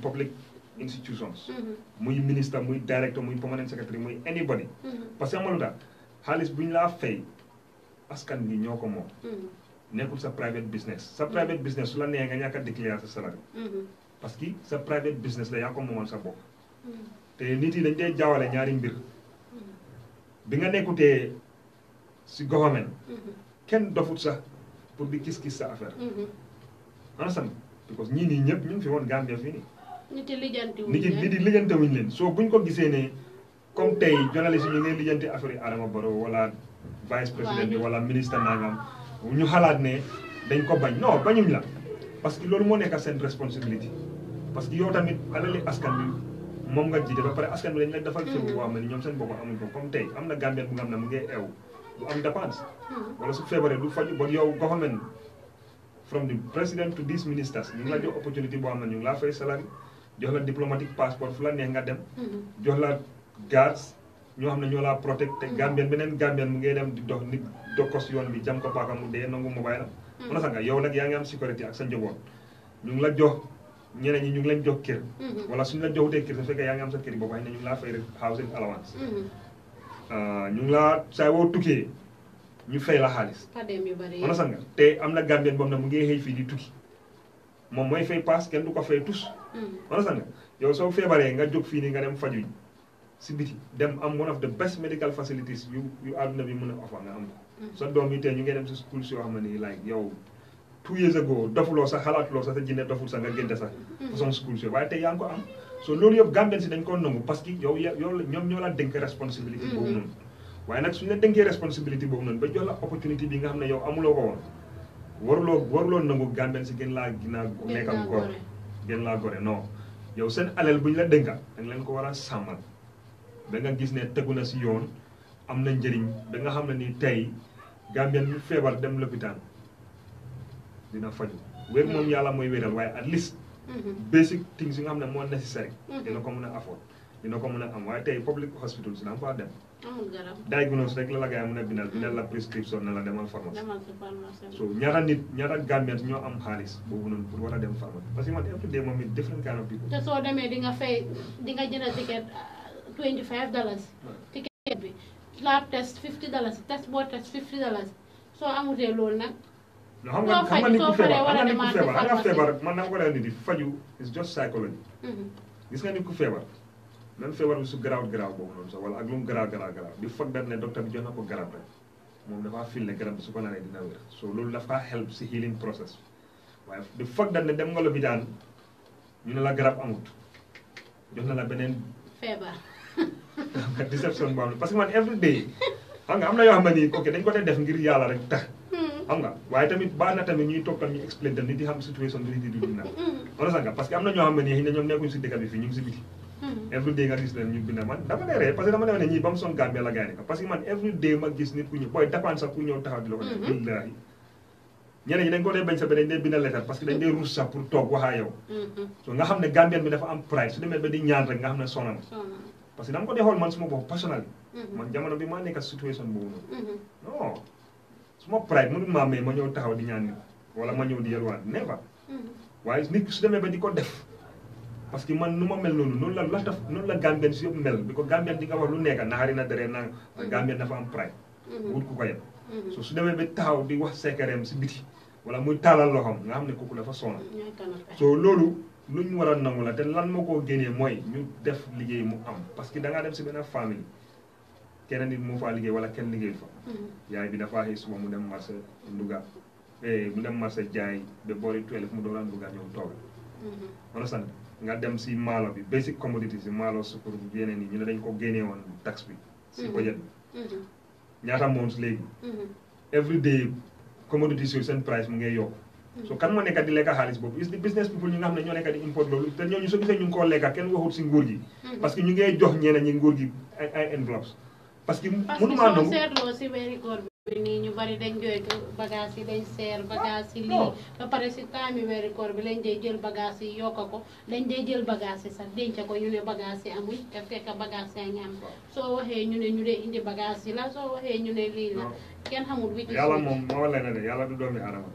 institutions mm-hmm. muy minister muy director muy permanent secretary muy anybody parce que amul da halis buñ la fay askan gi ñoko mo mm-hmm. nekul sa private business sa mm-hmm. private business su la nee nga ñaka déclarer sa salaire parce que sa private business la ya ko mo sa bopp te nit yi dañ dé jaawale ñaari mbir bi nga nekuté si government ken dofut sa pour di kiss kiss sa affaire understand because ñi nii ñep ñu fi won Gambia fi ni nit yi lijjante wuñ leen soo buñ ko gisee ne comme tey journaliste ñu ngi lijjante affaire Adama Barrow wala vice président bi wala ministre nangam ñu xalaat ne dañ ko bañ non bañuñ la parce que loolu moo nekk seen responsabilité parce que yow tamit alali askan bi moom nga jiite ba pare askan bi dañ leen defal cër mm-hmm. waa mel ni ñoom seen bopp amuñ ko comme tey am na Gambien bu nga xam ne mu ngi eew du am dépense mm-hmm. wala su feebaree du faju bon yow government from the president to these ministers ñu ngi la jox opportunité boo xam ne ñu ngi laa fay salaire jox la passport passeport fu nga dem. Hmm. jox la gardes ñoo xam ne ñoo laa protecté. Hmm. Gambien benen Gambien mu ngay dem di dox nit dokkos yoon bi jam ko paaka mu dee nangu mobile mo hmm. mun sanga yow nak ya nga am sécurité ak sa njaboot ñu ngi la jox ñene ñi ñu ngi jox kër. wala suñu la kër am sa kër bobay ñu la fay rek housing allowance. Ah, ñu ngi laa saa woo tukkee ñu fay la xaliss mo na sanga té amna Gambien na mu ngi fi di tukki. moom mooy fay paas kenn du ko fay tus. Hmm. yow soo feebaree nga jóg fii nii nga dem fajuñ si biti dem am one of the best medical facilities yu yu àdduna bi mën a offrir nga am ko. Hmm. sa doom yi tey ñu ngi dem si school si sa jinne doful sax nga génte sax. Hmm. waaye tey yaa ngi ko am. so loolu yëpp Gambien si dañ ko nangu parce que yow yow ñoom ñoo la dénk responsabilité boobu noonu. waaye nag suñu la dénkee responsabilité boobu noonu ba jox la opportunité bi nga xam ne yow amuloo ko woon. waruloo waruloo nangu gambien si gën laa ginnaaw nekkal góor gën laa gore non yow seen alal bu ñu la dénka danga leen ko war a sàmmal ba nga gis ne tegu na si yoon am na njëriñ ba nga xam ne ni tey gambien bi feebar dem lopitaan dina faju wér moom mm. yàlla mooy wéral waaye at least mm-hmm. basic things yi nga xam ne moo nécessaire mm-hmm. dina ko mën a afford dina ko mën a am waaye tey public hospital si da nga faa dem. amul garab diagnose rek la la gars yi mën a bindal mm. bindal la prescription ne la demal pharmacie. so ñaata nit ñaata gambien ñoo am xaalis boobu noonu pour war a dem pharmacie parce que man every day moom it different kind of people. te soo demee di nga fay di nga jënd ticket 25 uh, test 50 dollars test boo test 50 dollars soo amutee loolu nag. xam nga xam nga nit ku feebar xam nga nit ku feebar xam man naa ko war a nit di faju it's just psychology. Mm-hmm. gis ku feebar. nan feebar waral su graw graw boobu non sax wala ak lu mu graw graw garaaw di fa daal ne docteur bi jox na ko garab rek mom dafa fil ne garab su ko naanee dina wér so loolu dafaa help si healing process waaye di fa daal ne dem nga lopitaan ñu la garab amut jox na la benen febar deception boobu parce que man every day xam nga amna yo xamni xam ne ok dañ ko def ngir yalla rek tax. Hmm. xam nga waye tamit ba na tamit ñuy tokkal ñu explain tam ni di xam situation bi di di dund na. on nga parce que amna na ñoo xam ne nii ñoom nekkuñ dëkk bi fi ñu ci biti. Hmm. every day nga gis leen ñu binda man dama lay ree parce que dama lay ne ñii ba mu son gambia la gaay nekk parce que man every day ma gis nit ku ñu booy dépend sax ku ñëw taxaw di la ko def hmm. billahi ñeneen ñi dañ ko dee bañ sa ba dañ dee binda lettre parce que dañ dee hmm. ruus sax pour toog waxaa yow so nga xam ne gambien bi dafa am pride su demee ba di ñaan rek nga xam ne sonal parce que dama ko dee xool man suma bopp personnel man jamono bi maa nekk situation boobu noonu non suma pride mënul maa may ma ñëw taxaw di ñaan nit wala ma ñëw di yelwaan never waaye nit su demee ba di ko def parce que man numa mel noonu non la la taf non la Gambien si mel bi ko Gambien di nga wax lu nekk naxari na dere na mm-hmm. Gambien dafa am pride mm-hmm. wut ku ko yeb mm-hmm. so su demé be taw di wax seekereem ci biti wala muy talal loxam nga xamne ne dafa so lolu lu ñu war nangu la te lan mako gëné moy ñu def liggéey mu am parce que da nga dem si bena famille kenen nit mo fa liggéey wala kenn liggéey fa yaay bi dafa hay suma mu dem marché Nduga eh, mu dem marché jaay be boori 12 mu la Nduga ñëw wala sant nga dem si maalo bi basic commodities si maalo sukkur yeneen ñu ne dañ ko génnee tax bi si mhm. budget mhm. ñaata moons léegi mhm. every day commodities yooyu seen price mu ngay yokk so kan moo nekk di lekk xaalis boobu is the business people ñu nga xam ne ñoo nekk di import loolu te ñooñu soo gisee ñu ngi koo lekka kenn waxut si nguur gi parce que ñu ngey jox ñeneen ñi nguur gi ay enveloppes parce que mënumaa nangu nii ñu bari dañ jooytu bagage yi dañ seer bagage yi lii ba pare si taami weeri koor bi lañ dee jël bagage yi yokk ko dañ dee jël bagage yi sax denc ko ñu ne bagage yi amuñ te fekk bagage yaa ngi am soo waxee ñu ne ñu dee indi bagage yi la soo waxee ñu ne lii la kenn xamul bi ci yàlla moom moo leen ne yàlla du doomi aadama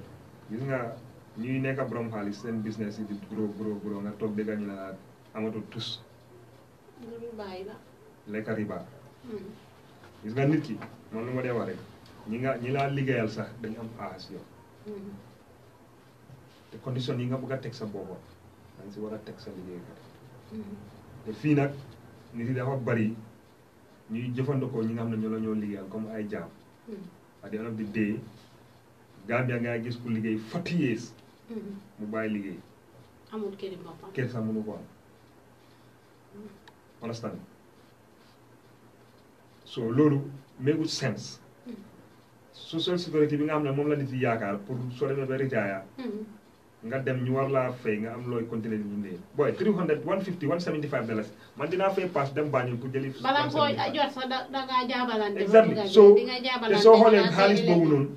gis nga ñuy nekk borom xaalis seen business yi di grow grow grow nga toog dégg ñu ne la amatul tus lekk riba hmm. gis nga nit ki moom lu ma dee wax rek ñi nga ñi laa liggéeyal sax dañu am aas yow mm-hmm. te condition yi nga bëgg a teg sa boppam da si war a teg sa liggéeykat mm-hmm. te fii nag nit yi dafa bari ñuy jëfandikoo ñi nga xam ne ñoo la ñoo liggéeyal comme ay jaam mm-hmm. at the end of the day Gambia ngay gis ku liggéey forty years mu bàyyi liggéey amul kër boppam kër sax mënu ko understand so loolu mégu sens social sécurité bi nga xam ne moom la nit yi yaakaar pour soo demee ba ritaaya hmm. nga dem ñu war laa fay nga am looy continuer ñu ne booy 300 150 175 dollars man dinaa fay paas dem Banjul pour jëli. da da ngaa jaabalante. exactly so soo xoolee xaalis boobu noonu.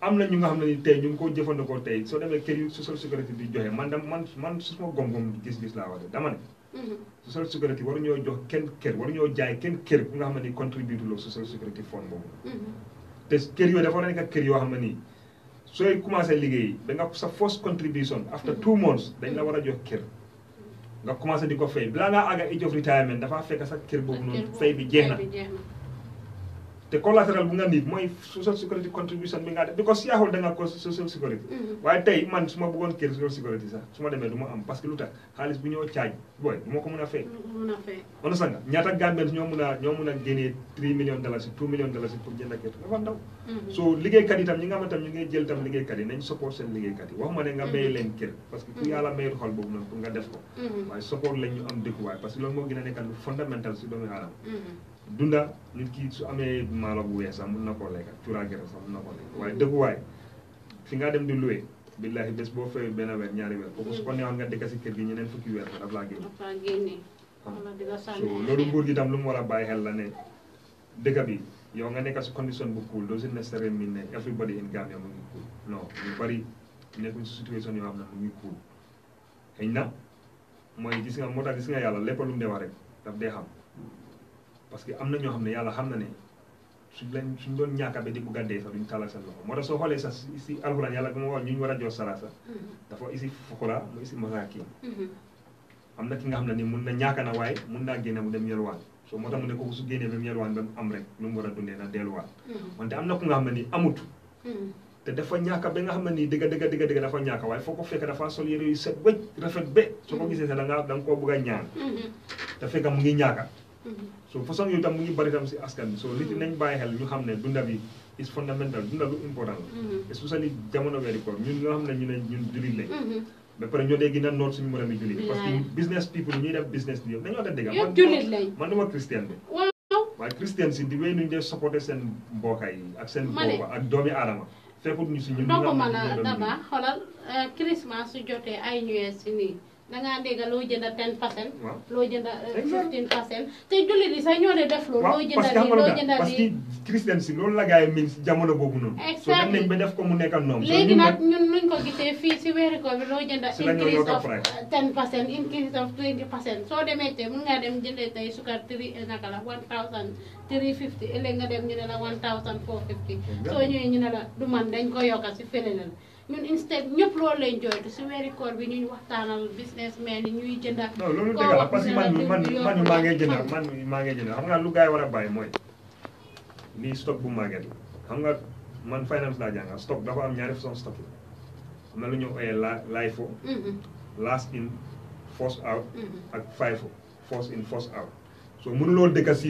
am na ñu nga xam ne tey ñu ngi ko jëfandikoo tey soo demee kër yu social sécurité bi joxe man da man man su ma gom-gom gis-gis laa wax dama ne. Hmm. social sécurité waruñoo jox kenn kër waruñoo jaay kenn kër bu nga xam ne contribué loo social sécurité fond boobu. Hmm. te kër yooyu dafa nekk kër yoo xam ne ni sooy commencé liggéey da nga sa first contribution after mm-hmm. two months dañ la war a jox kër nga commencé di ko fay balaa ngaa àgg age of retirement dafa fekk sa kër boobu noonu fay bi jeex na te collateral bu nga nit mooy social security contribution bi nga def diko yaa da nga ko social security mm. waaye tey man su ma bëggoon kër social security sax su ma demee du ma am parce que lu tax xaalis bu ñoo caaj booy du ma ko mun mm, a fay on sa nga ñaata gambien ñoo mun a ñoo mun a génnee 3 millions dollars si 2 millions dollars si pour jënd kër dafa ndaw so liggéeykat yi tam ñi nga xam tam ñu ngay jël tam liggéeykat yi nañ support seen liggéeykat yi wax ma ne nga mm-hmm. may leen kër parce que mm-hmm. ku yàlla mayul xol boobu noonu pour nga def ko mm-hmm. waaye support lañ ñu am dëkkuwaay parce que loolu moo gën a nekk lu fondamental si doomu aadama dunda nit ki su amé malo bu weex sax mun na koo lekk turaa sax mun na koo way waaye mm. way fi nga dem di loué billahi bes bo fayul ben weer ñaari weer ko su ko mm. neexoon nga dëkk ci kër gi ñeneen fukki weer ko ah. la laa so loolu nguur gi tam lu mu wara bay xel la ne dëkk bi yow nga nekk ci condition bu cool na sere ne everybody in Gambia mu ngi cool non ñu bari nekkuñ si situation yu am na mu ngi cool hayna na gis nga moo tax gis nga yalla lépp lu mu rek daf xam parce que am na ñoo xam ne yàlla xam na ne suñ lañ suñ doon ñàkk ba di ko gàddee sax duñ tàllal seen loxo moo tax soo xoolee sax si alxuraan yàlla bi ma wax ñu war a jox saraat sax mm-hmm. dafa isi fuqaraa mu mm-hmm. am na ki nga xam ne ni mun na ñàkk na waaye mun naa génne mu dem yelwaan so moo ne kooku su génnee ba mu yelwaan ba mu am rek lu mu war a dundee na delluwaat mm-hmm. wante na xam ne ni amut te dafa ñàkk ba nga xam ne nii dëgg ko fekk dafa sol rafet ba soo ko gisee sax da nga koo bëgg a ñaan te mu ngi ñàkk Mm-hmm. so façon yu tam mu ngi bari tam si askan bi so nit ñi mm-hmm. nañ xel ñu xam ne dunda bi is fondamental dunda lu important la mm-hmm. especially jamono weeri koor pare ñoo dee gën a noot suñu moroom yi jullit parce que business people ñuy def waaye christian si di wéy nuñ dee supporter seen mbookaay yi ak seen booba ak doomi aadama fekkut ñu si ñun donc man a daba xoolal euh, christmas su jotee ay ñëwee si nii dangaa dégg loo jënd ten percent. waaw loo jënd euh, fifteen percent. te jullit yi sax ñoo de def loolu. loo jënd lii loo jënd lii loolu la gars yi min jamono boobu noonu. soo dem nañ ba def ko mu nekk ak noonu. léegi nag ñun nuñ ko gisee fii si weeri ko bi loo jënd. increase of uh, ten percent increase of twenty percent. soo demee tey mun ngaa dem jëndee tey sukar three eh, naka la one thousand three fifty ëllëg nga dem ñu ne la one thousand four fifty. soo ñëwee ñu ne la du man dañ ko yokka ñun instead ñëpp loolu lay jooytu si wéri koor bi ñuy waxtaanal businessmen yi ñuy jënd ak. non loolu dëgg la parce que man man man maa ngay jënd man maa ngay jënd xam nga lu gaay war a bàyyi mooy stock bu màgget la xam nga man finance laa jàngal stock dafa am ñaari façon stock la am na lu ñu ooyee la LIFO. Mm-hmm. last in force out. Mm-hmm. ak FIFO force in force out. so mënuloo dëkka si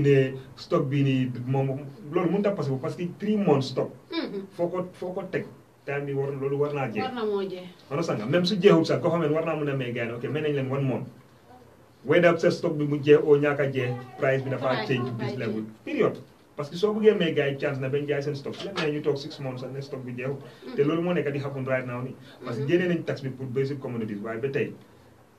stock bi ni moom loolu mënut a passé parce que three months stock. Mm-hmm. foo ko foo ko teg. time bi war loolu war naa jeex. war na moo jeex. wala sax nga même su jeexul sax koo war naa mun a may na ok may nañ leen one month. whether sa stock bi mu jeex o ñàkk a jeex price bi dafa change bis level période. parce que soo bëggee may chance na bañ jaay seen stock leen nañu toog six months sax stock bi jeexul. Mm. te loolu moo nekk di happen right now nii. parce que mm-hmm. génnee nañ tax bi pour basic communities waaye ba tey.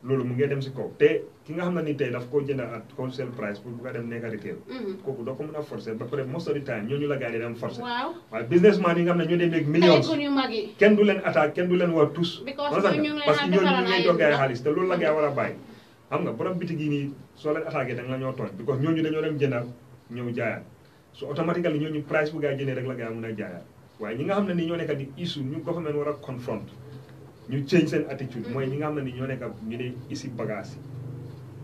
lolu mu ngee dem ci kaw te ki nga xam ni tay daf ko jënd at wholesale price pour bu nga dem nekka retail mm-hmm. kooku doo ko mëna forcer ba pare most of the time ñu la gars yi dem forcer business man yi nga xam ne ñoo dee make millions kenn du len attaque kenn du len war tous parce que ñoo ñu lay jox gars yi xaalis te loolu la gars wara bay xam nga borom bitigi ni so soo leen attaqué da nga la ñoo tooñ because ñu dañoo dem jëndal ñew jaayaat so automatiquement ñu price bu gars jëne rek la gars mëna mën a ñi nga xam ni ñoo nekk di issue ñu government wara confront ñu change seen attitude mm. mooy ñi nga xam ne ñoo nekk ñu ne isi bagage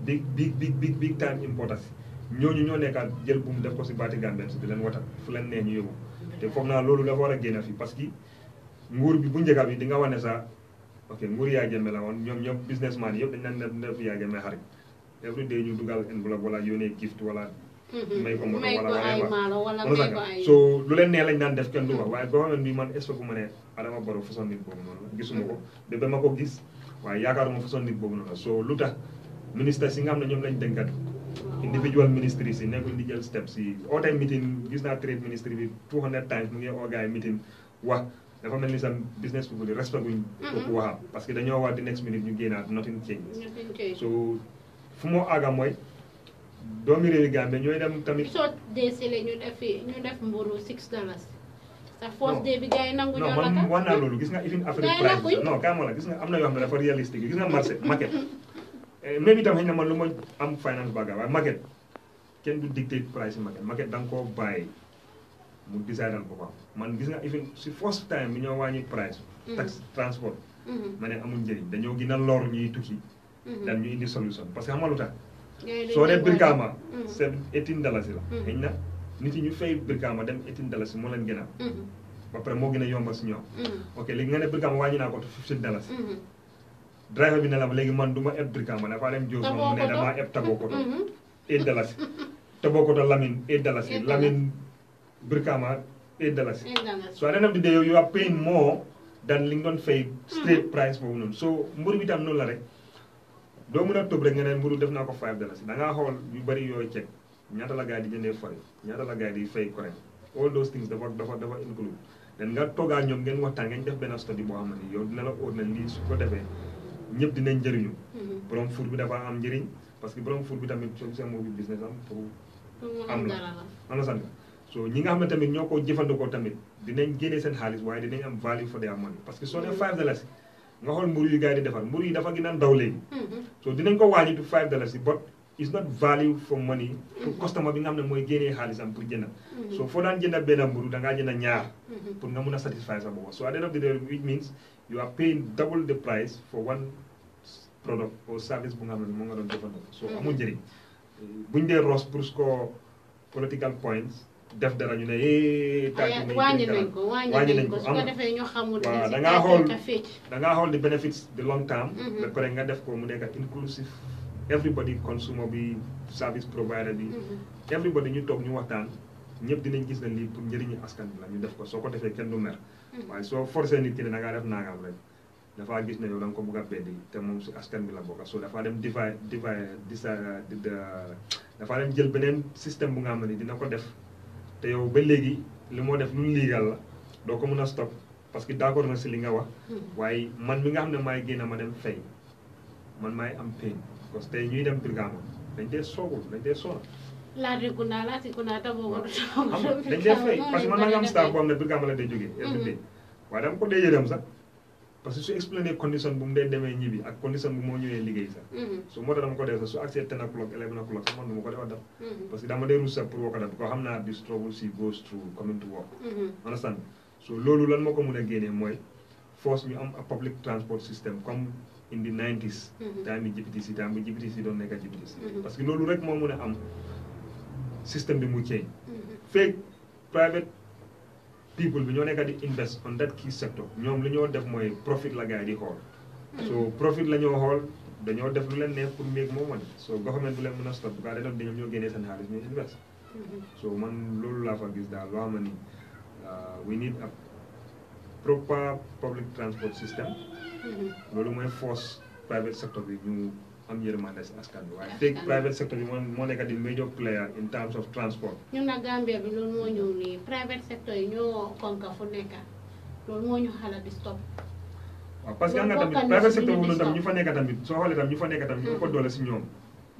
big big big big big time importance ñooñu ñoo nekk jël bu mu def ko si baati gàmbeel si di leen watal fu leen nee ñu yóbbu te foog naa loolu dafa war a génn fii parce que nguur bi bu njëkk bi di nga wane sa ok nguur yaa jëmbe la woon ñoom ñoom businessman yëpp dañ def yaa xarit every day ñu dugal enveloppe wala yónnee gift wala mm-hmm. may ko moto wala wala so lu leen nee lañ daan def kenn du wax waaye government bi man expect bu ma adama baro fason nit bobu non gisumako de ba ma ko gis waaye mo fason nit bobu non so lu minister ministre si nga xam ne lañ individual ministry si nekkul di jël step si oote meeting gis na trade ministry bi 200 times mu ngi orgaay meeting wax dafa melni sam business people di respect buñ mm-hmm. ko waxam parce que dañoo wax di next minute ñu génnaat nothing change so fu mo aga moy domi réewi gambe ñoy dem tamit so deesele ñu def ñu def mburu 6 dollars ndax force de man war naa loolu gis nga usine Afrique Prime non kaa ma la gis nga am na yoo xam ne dafa réalistique gis nga marché market eh, même itam xëy na man lu ma am finance baga waaye market kenn du dictate price market market da nga koo bàyyi mu décidal boppam man gis nga even si first time bi ñoo wàññi price mm-hmm. tax transport mm-hmm. ma ne amul njëriñ dañoo ginna a lor ñuy tukki mm-hmm. daan ñu indi solution parce que xam nga lu tax soo dee Brikama seven eighteen dalasi nit ñu fay birkaama dem etin dalas mo leen gëna mm-hmm. ba pare mo gëna a yombal si ñoom mm-hmm. ok léegi nga ne birkaama wàññi na ko to fifteen dalasi mm-hmm. driver bi ne la léegi man duma eb birkaama fa dem jox mo ne dama eb taboo ko to eight dalas taboo boko to lamine eight dalas lamine birkaama eight dalas so at the end of the day you are paying more than li nga doon fay straight price bo noonu so mburu bi tam non la rek do mëna a rek nga ne mburu def na ko 5 dalas da nga xol yu bari yooyu ceeb ñaata la gars yi di jëndee forêt ñaata la gars yi di fay courant all those things dafa dafa dafa include nga toogaa ñoom ngeen waxtaan ngeen def benn study boo xam ne yow dina la óor na lii su ko defee ñëpp dinañ jëriñu mm-hmm. borom food bi dafa am njëriñ parce que borom food bi tamit soo seen mobile business am pour am la am na so ñi nga xam ne tamit ñoo ko jëfandikoo tamit dinañ génnee seen xaalis waaye dina am value for their parce que soo dee mm-hmm. five dollars nga xool mburu yu gars yi di defar mburu a ndaw léegi mm-hmm. so dinañ ko it's not value for money pour customer bi nga xam ne mooy génnee xaalisam pour jënd mm-hmm. so foo daan jënd benn mburu da ngaa jënd ñaar mm-hmm. pour nga mun a satisfy sa so at the end of the day which means you are paying double the price for one product or service bu nga xam ne moo nga doon jëfandoo so mm-hmm. amul njëriñ buñ dee ross pour ko political points def dara ñu ne eh. wàññi nañ ko wàññi nañ ko su ko defee ñu xamul. waaw da ngaa xool da ngaa xool the benefits the long term. ba pare nga def ko mu nekk inclusive. everybody consumer bi service provider bi mm-hmm. everybody ñu tok ñu waxtaan ñëpp dinañ gis na li pour njëriñu askan bi la ñu def ko soo ko defee kenn du mer mm-hmm. waaye soo forcé nit ki ne da def naangam rek dafa gis na yow da nga ko bugg a beddi te moom si askan bi la bokk so dafa dem divide divide disa dafa dem jël beneen système bu nga xam ne dina ko def te yow ba léegi li moo def lu légal la doo ko mën a stop parce que d' accord na si li nga wax mm-hmm. waaye man mi nga xam ne maay génn ma dem fay man may am pain. parce que tey ñuy dem Birgama dañ dee soogul dañ dee soona laati Kounda laati Kounda taboo ko. xam nga dañ dee fay parce que man la dee jógee. waaye dama ko dee yërëm sax. parce que su expliqué condition bu mu dee demee ñibbi ak condition bu moo ñëwee liggéey sax. su moo tax dama ko def sax su accès ten o'clock eleven o'clock sax man du ko def a def. parce que dama dee ruus sax pour woo ko def ko xam naa this trouble goes through coming work. understand so loolu lan moo ko in the 90s. time yi GPTC time GPTC doon nekk GPTC. Mm-hmm. parce que loolu rek moo mun a am système bi mu change. Mm-hmm. fekk private people bi ñoo nekk di invest on that key sector ñoom lu ñoo def mooy profit la gaay di xool. Mm-hmm. so profit la xool dañoo def lu leen neex pour make more money so government du leen mën a stop bu ko defee dañoo ñoo génnee seen invest. so man loolu laa fa gis daal loo xam uh, we need a proper public transport system. Mm-hmm. lolu moy force private sector bi ñu am yermane si askan bi waye tek private sector bi mo nek di major player in terms of transport. ñu na Gambia bi lolu mo ñëw ni private sector yi ñoo konka fu nekk lolu mo ñu xala di stop. parce que nga tamit private sector boobu tam ñu fa nekk tamit so xoolee tam ñu fa nekk tamit ñu ko mm-hmm. dole ci ñoom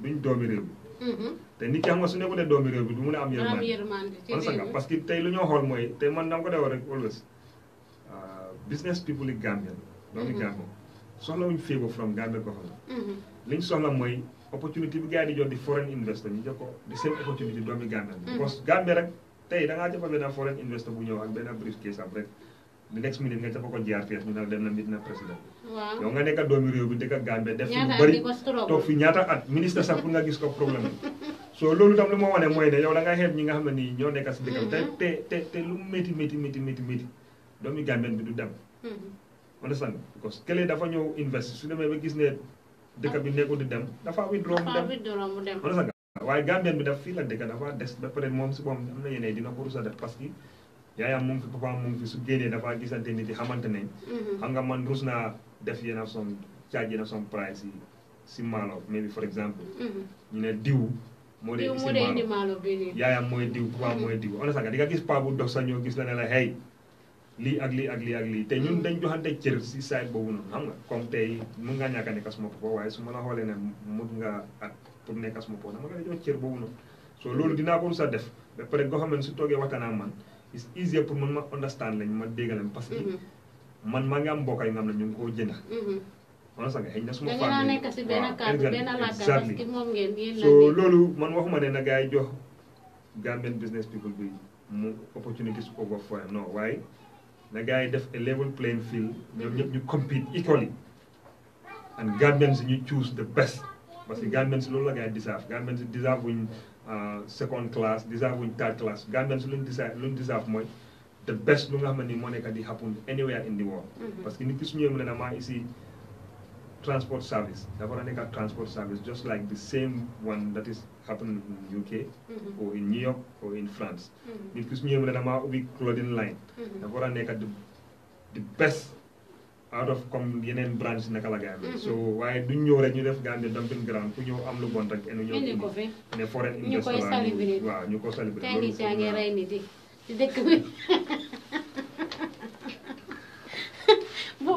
duñ doomi réew mm-hmm. té nit ki xam nga su né doomi réew bi du mun a am yermane am sanga parce que tay lu ñoo xol moy tey man dama ko dee war rek always uh, business people yi Gambia doomu mm-hmm. Gambie soxlawuñ favor from Gambia government mm-hmm. liñ soxla mooy opportunity bi gars yi di jot di foreign investor ñu jox ko di same opportunity doomu Gambie mm-hmm. because Gambie rek tey da ngaa jëfa benn foreign investor bu ñëw ak benn briefcase am rek the next minute nga jàpp ko GRTS ñu ne dem na mit na président yow nga nekk doomi réew bi dëkk Gambie def lu bëri toog fi ñaata at ministre sax pour nga gis ko problème so loolu tam lu ma wane mooy ne yow da nga xeeb ñi nga xam ne nii ñoo nekk si dëkkam te te te te lu métti métti métti métti métti doomi Gambien bi du dem understand because kële dafa ñëw invest su demee ba gis ne dëkk bi di dem dafa withdraw mu dem understand waaye Gambian bi daf fi la dëkk dafa des ba peut mom moom si boppam am na yeneen dina ko rusa def parce que yaayam mom fi papa mom fi su génnee dafa gisante nit yi di mhm. xam nga man rus na def yéen son son price si malo maybe for example mhm. ñu ne diw moo ini, indi ya yaayam mooy diw papaam mhm. mooy diw understand di nga gis paa bu dox sa ñoo gis la hey li ak li ak li ak li te ñun mm. dañ joxante cër si site boobu noonu xam nga comme tey mun nga ñàkk a nekk suma papa waaye su ma la xoolee ne mut nga at pour nekk suma papa dama nga jox cër boobu noonu so loolu dinaa ko sa def ba pare goo xam su toogee waxtaanaa man is easier pour man ma understand lañ ma déggalam parce que mm-hmm. man maa ngi am mbokk nga xam ne ñu ngi koo jënda mm-hmm. sa nga xëy na suma faa nekk si benn kàddu benn làkk parce que moom ngeen yéen so loolu man waxuma ne na gars jox Gambian business people bi mu opportunities go foreign non waaye na gars yi def a level playing field ñoom ñëpp ñu compete equally and Gambians ñu choose the best parce que Gambians loolu la gars yi deserve Gambians deserve wuñ uh, second class deserve wuñ third class Gambians luñ deserve luñ deserve mooy the best lu nga xam ne moo nekk di happen anywhere in the world. Mm-hmm. parce que nit ki su ñëwee mu ne la maa ngi si. transport service. Tabernacle transport service, just like the same one that is happening in UK mm -hmm. or in New York or in France. Because ku ñëw na dama clothing line. Dafa war a nekk the, the best out of comme yeneen branches naka la gaa mm-hmm. so do you ñëw rek ñu def the dumping ground Why do you lu bon rek enu ñëw indi ko fi ne foreign investor waaw ñu ko célébrer. Tey nit yaa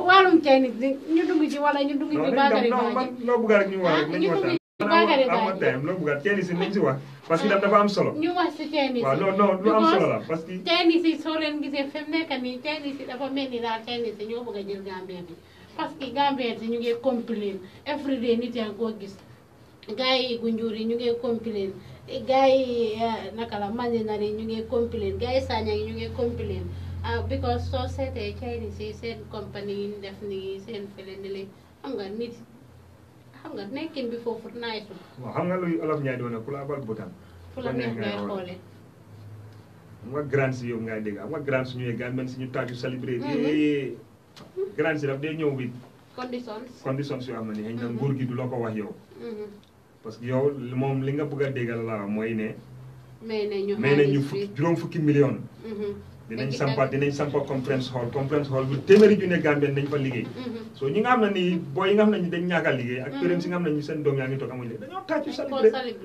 wàllum cay nit ñu dugg ci wala ñu dugg ci baagari baagari loo bëgg rek ñu wax rek ah, nañu waxtaan baagari baagari am loo bëgg cay nit nañ si wax parce que ah. dafa am ñu wax si cay nit waaw non non lu am solo la parce que cay nit si soo leen gisee fi mu nii cay nit dafa mel ni daal cay nit si ñoo bëgg a jël parce que Gambien si ñu ngi complain every day nit yaa koo gis gars yi gunjur yi ñu ngi complain gars yi eh, naka la mandinari ñu ngi complain gars yi saaña yi ñu ngi complain Uh, because so said yi Chinese said company ñu def nii seen fële ni xam nga nit xam nga nekkin bi foofu naay su. waaw xam nga luy olof ñaay pull up la abal Pull fu la neex ngay xoolee. xam nga grand si yow ngay dégg xam nga grand suñu yegg man si ñu taaju célébrer. Mm-hmm. Eh, eh, eh. grand si daf day ñëw conditions conditions yoo xam ne xëy na nguur mm-hmm. gi du la ko wax yow. Mm-hmm. parce que yow moom li nga bëgg a déggal la mooy ne. may nañu xaalis bi may nañu fukki million dinañ sampa dinañ sampa conference hall conference hall bu ju né gambien dañ fa liggéey mhm. so ñi nga xam ni boy nga xam ne ni dañ ñaaka liggéey ak mhm. parents yi nga xam ne ni seen doom yaa ngi toog amuñ dañoo tàccu celebrate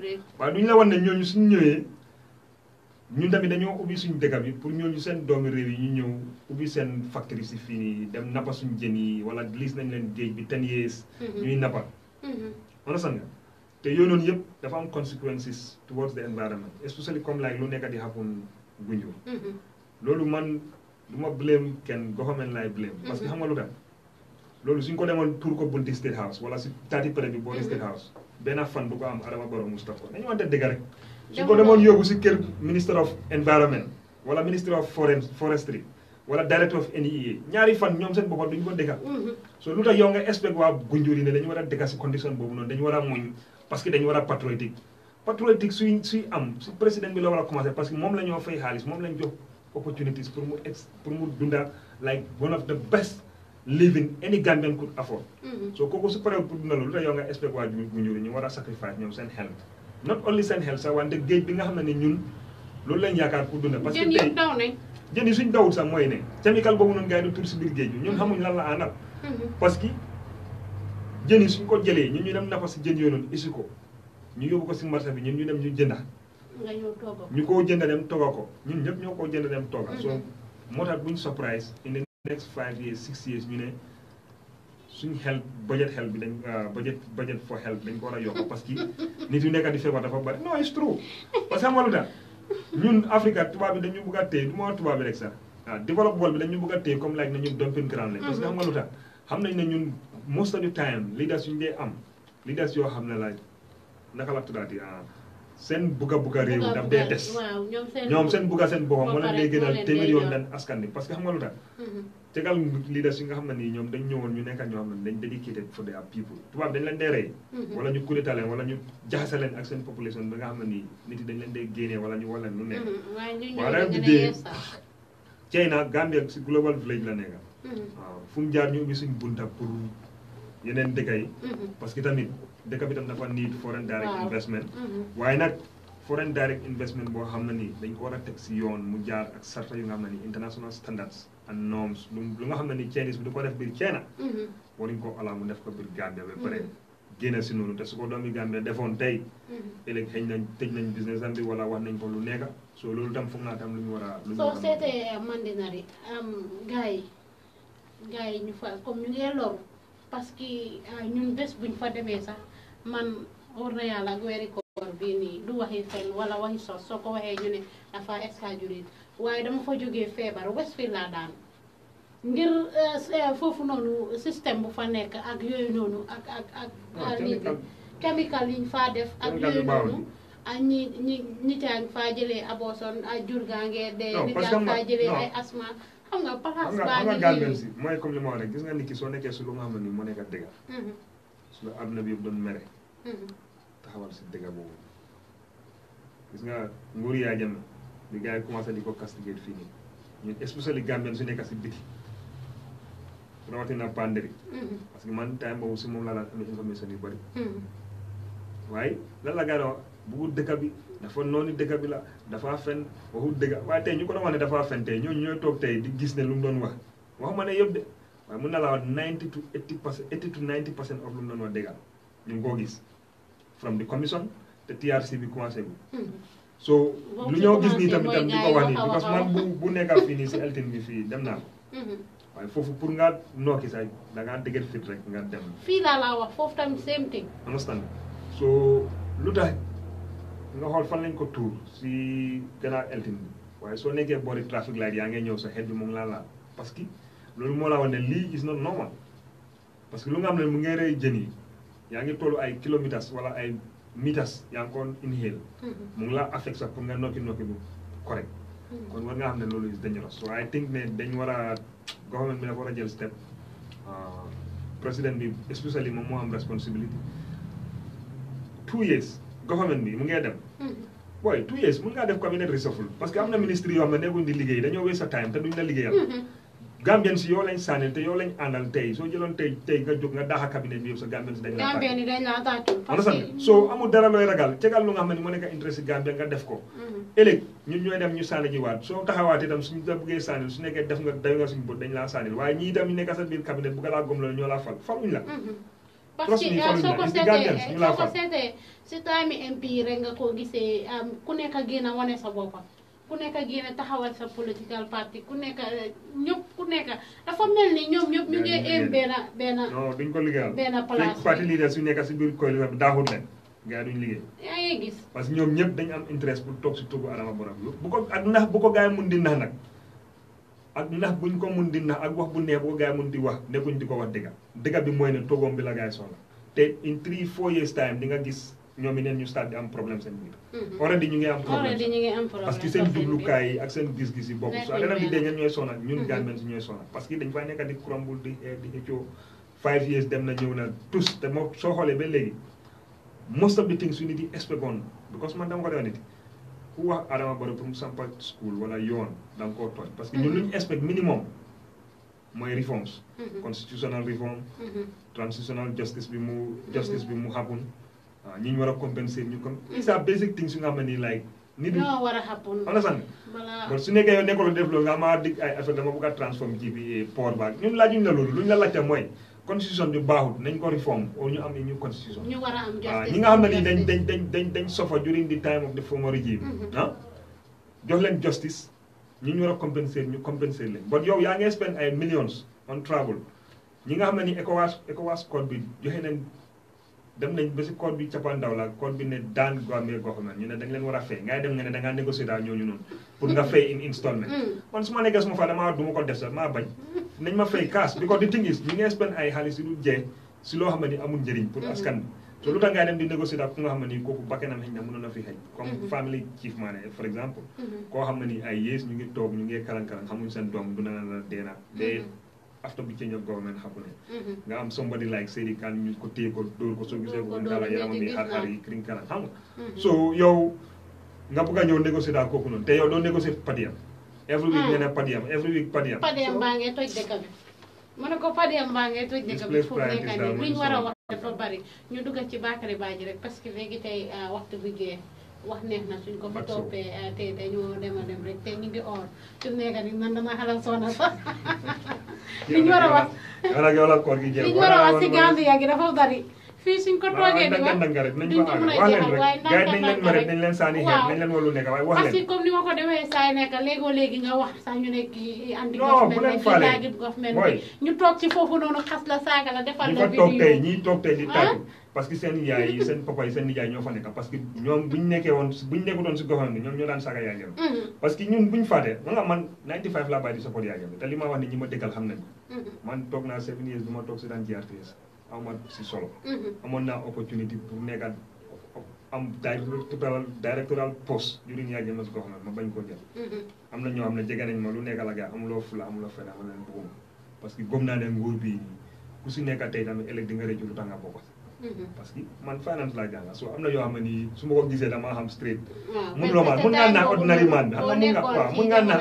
duñ la wan ne ñooñu suñ ñun tamit dañu ubi suñu dëkk bi pour ñoñu seen doom réew yi ñu ñëw ubi seen factory si fini dem napa suñu jëni wala liis nañ leen géej bi ten years mhm. ñuy napa? understand nga te yooyu noonu yëpp dafa am consequences towards the environment especially comme like lu nekk di happen gunjur loolu man du ma blame kenn government laay blame. parce que mhm. xam nga lu tax loolu suñ ko demoon tuur ko bunti state house wala si taati pare bi boori state mhm. house benn fan du am Adama Barrow Moustapha nañu wante dëgg rek. suñ ko demoon yóbbu si kër minister of environment wala minister of forestry wala director of NEA ñaari fan ñoom seen boppam duñ ko dëkka. Mhm. so lu tax expect waa Gunjur yi war a dëkka si condition boobu noonu dañu war opportunities pour mu ex pour mu dundal like one of the best living any Gambian could afford. Mm-hmm. so koko su paree pour dundal loolu lu tax yow nga expect waa ñu ñu ñu war a sacrifice ñom sen health not only sen health sa wan de geej bi nga xam ni ñun loolu lañ yaakaar pour dundal parce que tey jën daw nañ. jën yi suñ dawul sax mooy ne chemical bo noonu gars yi du tur si biir géej ñun xamuñ lan la anal mm-hmm. parce que jën suñ ko jëlé ñun ñu dem nafa ci jën yooyu isiko ñu yobu ko ci marché bi ñun ñu dem ñu jëndax nga ñëw ko ñu koo jënd dem togg ko ñun ñëpp ñoo koo jënd dem togg so mhm. moo tax buñ surprise in the next five years six years ñu ne suñ health budget health bi dañ ah, budget budget for health dañ ko war a yokk parce que nit yu nekk di feebar dafa bari non it's true parce que lu daal ñun Afrique tubaab bi dañu bëgg a téye du tubaab bi rek sax waaw ah, développement bi dañu bëgg a téye comme laaj na ñun dumping ground lañ parce que xam nga lu tax xam nañ ne ñun most of the time leaders yu ñu am leaders yoo xam ne laaj naka la tuddaati ah, seen bugga bugga réew daf dee des ñoom seen bugga seen boppam moo leen dee gënal téeméer yoon leen askan bi parce que xam nga lu tax mm-hmm. tegal nga xam ne nii ñoom dañ ñëwoon ñu nekk ñoo xam ne dañ dedicated for their leen dee rey mm-hmm. wala ñu kudeta leen wala ñu jaxase leen ak seen population ba nga xam ne nii nit yi dañ leen dee génnee wala ñu wala lu ne mm-hmm. waaw rek bi dee China Gambia si global village la nekk waaw ñu ubbi suñ bunta pour yeneen dëkk yi parce que tamit dëkk bi tam dafa need foreign direct investment mm-hmm. waaye nag foreign direct investment boo xam ne nii dañ ko war a teg si yoon mu jaar ak sarta yu nga xam ne nii international standards and norms lu nga xam ne ni Chinese bi du ko def biir China mm-hmm. waruñ ko alaa mu def ko biir Gambia ba pare mm-hmm. si noonu te su ko doomi Gambia defoon tey ëllëg xëy nañ tëj nañ business am bi wala nañ ko lu nekka soo loolu tam foog naa tam lu ñu war a lu ñu soo seetee uh, mandinari gars um, yi gars yi ñu fa comme ñu ngee loru parce que uh, ñun bés buñ fa demee sax man wóor na yàlla ak weeri koor bii nii du waxi fen wala waxi sos soo ko waxee ñu ne dafa exagéré waaye dama fa jógee feebar Westfield laa daan ngir eh, eh, foofu noonu système bu fa nekk ak yooyu noonu ak ak ak lii bi chemical faa def ak yooyu noonu ak ñi ñi ñi caa faa jëlee aboson ak jur gaa ngee dee ñi caa faa jëlee ay asma xam nga place baa ngi mooy comme li ma wax rek gis nga nit ki soo nekkee su lu nga xam ne nii moo nekk dëgg mm-hmm. la na bi yëpp mere. Mm-hmm. taxawal si dëgg boobu. gis nga nguur yaa jëm bi gars yi commencé di ko castiger fii nii ñun especially Gambien su nekk si biti. rawatina Panderi. Mm-hmm. parce que man time boobu si moom laa daan amee information yu bëri. Mm-hmm. waaye lan la gars yi wax bugul dëkk bi dafa noonu dëkk bi la dafa fen waxul dëgg waaye tey ñu ko doon wax ne dafa fen tey ñooñu ñooy toog tey di gis ne lu mu doon wax waxuma ne yëpp de. waaye mën na wax 90 to 80 percent 80 to 90 percent of lu mu doon wax ñu ngi koo gis from the commission te TRC bi commencé hmm. so lu ñoo gis nii tamit tam di ko wax nii parce que man bu bu nekkal fii nii si Elton bi fii dem naa ko hmm. waaye foofu pour nga nokki sax da ngaa dëgër fit rek nga dem fii laa laa wax foofu same thing understand so lu tax nga xool fan lañ ko tuur si gannaaw Elton bi waaye soo nekkee boori angenyo light yaa ngi ñëw sa xel bi mu ngi laa laal parce que lolu mo la wone li is not normal parce que lu nga am ne mu ngay rey jeni ya nga tolu ay kilometers wala ay mitas ya nga kon inhale mm-hmm. mu ngi la affect sa pour nga noki noki bu correct mm-hmm. kon war nga am ne lolu is dangerous so I think ne dañ wara government bi la wara jël step ah, president bi especially moom mo am responsibility two years government bi mu ngay dem mm-hmm. booy two years mun ngaa def cabinet reshuffle parce que am na ministre yoo xam ne nekkuñ di liggéey dañoo wees sa time te duñ la liggéeyal Gambien si yow lañ sànnil te yow lañ àndal tey soo jëloon tey tey nga jóg nga daax a cabinet bi yow sa Gambien si dañ la Gambien yi dañ la attaqué parce que soo amul dara looy ragal cegal lu nga xam ne moo nekk intérêt si Gambien nga def ko mhm. ëllëg ñun ñooy dem ñu sànni ji waat soo taxawaatee itam la bëggee sànnil su nekkee def nga day nga laa sànnil waaye ñii itam ñu sa biir cabinet bu nga laa gomloo ñoo laa fal faluñ la mhm. parce soo ko seetee soo ko seetee MP rek nga koo gisee ku nekk a génn wane sa boppam ku nekk génn taxawal sa political party ku nekk ñëpp ku nekk dafa mel ni ñoom ñëpp ñu ngi éem benn benn. non duñ ko liggéeyal benn place bi parti leader su nekk si biir coalition bi daaxul leen gars duñ liggéey. yaa ngi gis. parce que ñoom ñëpp dañ am interest pour toog si tugg Adama Barrow bu ko ak ndax bu ko gars yi mun di nax nag ak ndax buñ ko mun di nax ak wax bu neex bu ko gars yi mun di wax nekkuñ di ko wax dëgga dëgga bi mooy ne toogoom bi la gars yi soxla te in three four years time di nga gis. ñoom it neen ñu start di am problème seen biir. Mhm. ngi am problème ñu ngi am problème parce que seen jublukaay yi ak seen gis-gis yi bokk. so alena bi dee ñeen ñooy sonal ñun mhm. Gambians ñooy sonal parce que dañ faa nekk di crumble di eh, di five years dem na ñëw na tous te moo soo xoolee ba léegi most of the things yu nit yi expect on because man dama ko def nit ku wax Adama Barrow pour mu sampa school wala yoon da nga tooñ parce que ñun mhm. lu ñu expect minimum mooy bi mu justice bi mu happen ñi ah, ñu war a compenser ñu kon these mm-hmm. are basic things yu nga xam ne like. nit ñoo war a happen. understand kon su nekkee yow nekkuloo def loolu nga ma dig ay affaire dama bëgg a transform ji bi port baag ñun laajuñ la loolu luñ la laajte mooy. Eh. constitution bi baaxut nañ ko reform or ñu am ñu constitution. ñu war a am justice ñi nga xam ne nii dañ dañ dañ dañ dañ suffer during the time of the former regime. Mm-hmm. ah jox leen justice ñi ñu war a compenser ñu compenser leen but yow yaa ngi spend ay millions on travel ñi nga xam ne nii ECOWAS ECOWAS code bi joxe nañ. dem nañ ba si code bi cappaandaw la code bi ne daan go amee gox na ñu ne da nga leen war a fay ngay dem nga ne da ngaa négocier daal noonu pour nga fay in installment hmm. man su ma nekkee su ma faa ko def sax maa bañ nañ ma fay cash because the thing is ñu ngi spend ay xaalis yu dul jeex si loo xam ne amul njëriñ pour hmm. askan bi so lu tax ngay dem di négocier daal ku nga xam ne nii kooku bakkanam xëy na mënoon na fi xëy comme hmm. family chief maa for ngi toog ñu seen doom du na after bi change of government happening mm-hmm. nga am somebody like Seydi Kane ñu ko téye ko dóor ko soo gisee ko dala yaramam yi xar-xar yi kring kanam xam nga mm-hmm. so yow nga bëgg a ñëw négocier kooku noonu te yow doo négocier padiyam every week mm. nee na padiyam every week padiyam padiyam baa ngee toj dëkk bi mu ne ko padiyam baa ngee toj dëkk bi foofu nekk nii luñ war a wax dafa bari ñu dugg ci Bakary Badji rek parce que léegi tey ah, waxtu bi jeex wax neex na suñ ko fi toppee eh, tey dañoo dem a dem rek te ñu ngi or su nekk nii man dama xalaat soxna sax li ñu war a wax. yow nag yow la koor gi gi dafa bari. fii suñ ko toogee di wax duñ ko mën a jeexal rek nañ leen sànni xeet nañ leen wàllu nekk waaye wax leen parce que comme ni ma ko defee saa yi nekk léegoo léegi nga wax sax ñu nekk anti government ñu toog ci foofu noonu xas la saaga la defal la woon buñ nekkutoon si government bi ñoom ñoo daan saaga yaay jëm mm-hmm. parce que ñun buñ fàtte ma nga man 95 laa bàyyi di support yaay jëm te li ma wax ne ñi ma dëkkal xam nañ mm-hmm. man toog naa 7 years bi ma toog si daan GRTS amon ma si solo. Mm-hmm. amoon naa opportunity pour nekkaat am directoral directoral post juriñ yaa jëma si ko xam ma bañ koo jël. am na ñoo xam na jege nañ ma lu nekk la gaa amuloo fula lo fenn amul na bëgguma parce que gëm na ne nguur bii nii ku si nekk tey tamit ëllëg di nga rëccu lu nga bokk parce que man finance laa jànga so am na yoo xam ne nii su ma ko gisee damaa xam straight mun loo maan mun ngaa na ordinary man xam nga nga waaw mun ngaa na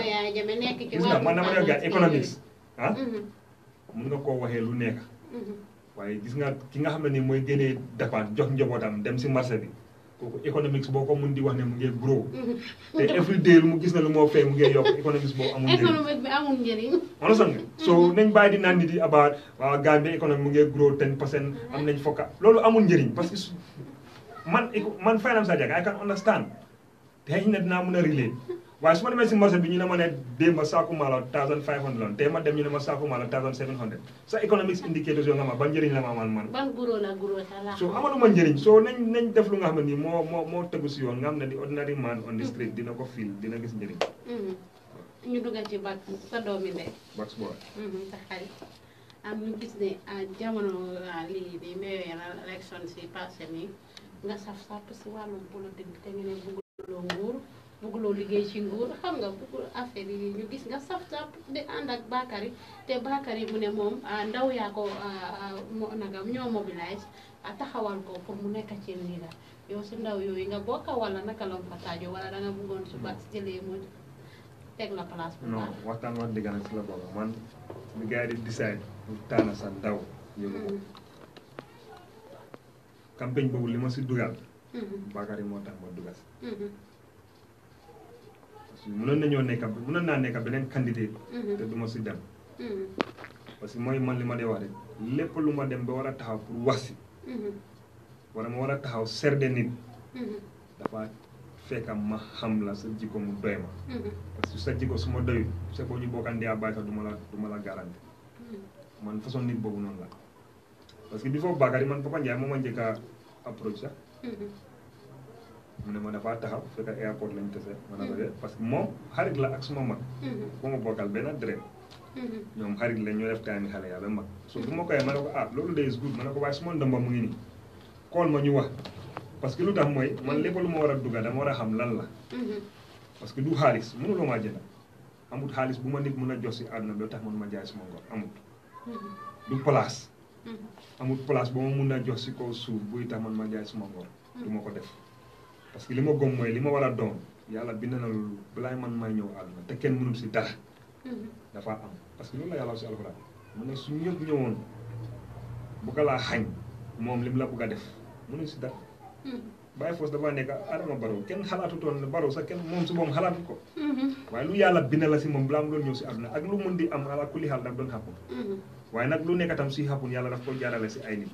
gis na man dama def gaa économics ah mun nga koo waxee lu nekk waaye gis nga ki nga xam ne mooy génnee Dakar jox njabootam dem si marché bi kooku économique boo ko mun di wax ne mu ngi grow te every day lu mu gis ne lu moo fay mu ngi yokk économique boobu amul njëriñ économique bi amul njëriñ ono sang so mhm. nañ bàyyi di naan nit yi abaat waaw Gambie économique mu ngi grow 10 percent am nañ fokka loolu amul njëriñ parce que man man finance sa jaga I can understand te xëy na dinaa mun a relate waaye su ma demee si marché bi ñu ne ma ne démb saaku maalo 1500 la tey ma dem ñu ne ma maalo 1700 sa economics indicators yoo nga ma ban njëriñ la ma amal man. ban guro la guro la. so amaluma njëriñ so nañ nañ def lu nga xam ne nii moo moo moo tegu si yoon nga xam ne di ordinary man on the street dina ko feel dina gis njëriñ. Mm-hmm. ñu dugg ci bàq sa doomi ndey. bàq su mm-hmm, sa xarit am ñu gis ne ah, jamono ah, lii di mayoral election si passé nii nga saf sàpp si wàllum politique te ñu ne bëgg loo nguur bugguloo liggéey ci nguur xam nga buggul affaire yi ñu gis nga saf saf de and ak bakari te bakari mu ne mom ah, ndaw ya ko ah, ah, nagam ñoo mobilise taxawal ko pour mu nekk ci nii la yow su ndaw nga boka wala naka la fa taajo wala da nga bëggoon su baax jëlee mu tek la place bu baax. non waxtan wa digana ci la bobu man mi gaay di decide pour tana sa ndaw mm-hmm. campagne bobu lima ci dugal. Mm-hmm. bakari mo tax ma dugal mm-hmm mënoon nañoo nekk mënoon naa nekk beneen candidate mhm. te du ma si dem mhm. parce que mooy man li ma dee wax rek lépp lu ma dem ba war a taxaw pour wax si mhm. wala ma war a taxaw serde nit dafa fekka ma xam la sa jikko mu doy ma parce que sa jikko su ñu sax la garanti man façon nit boobu noonu la parce que bi foofu baakaar man Papa mu ne ma dafa taxaw airport lañu tese mo na bëgg parce que moom xarit la ak suma mag hmm. ko ma bokal ben dërëm hmm. ñom xarit la ñu def time xalé ya ba mag so bu mako koy ma ko ah lolu day is good ma ne ko waaye suma ndamba mu ngi ni kool ma ñu wax parce que lu tax man hmm. lepp lu mo wara dugga dugal dama wara xam lan la parce que du xaalis lo ma jënd amut xaliss bu ma nit mën a jox si àdduna tax man ma jaay suma ngor amut du place amut place bo ma mun jossi ko suuf bu tax man ma jaay suma ngor du def parce que li ma gom mooy li ma war a doon yàlla bind na loolu balaay man may ñëw àdduna te kenn mënul si dara. Mm-hmm. dafa am parce que loolu la yàlla si su ñëpp ñëwoon bu ko laa moom lim la bëgg a def mënul si dara. Mm-hmm. bàyyi foos dafa nekk Adama ah, Barrow kenn xalaatutoon ne sax kenn moom si moom xalaatu ko. Mm-hmm. waaye lu yàlla bind la si moom balaa mu doon ñëw si àdduna ak lu mën di am ala kulli xaal daf doon xàppun. waaye nag lu nekk si xàppun yàlla daf ko jaarale si ay nit.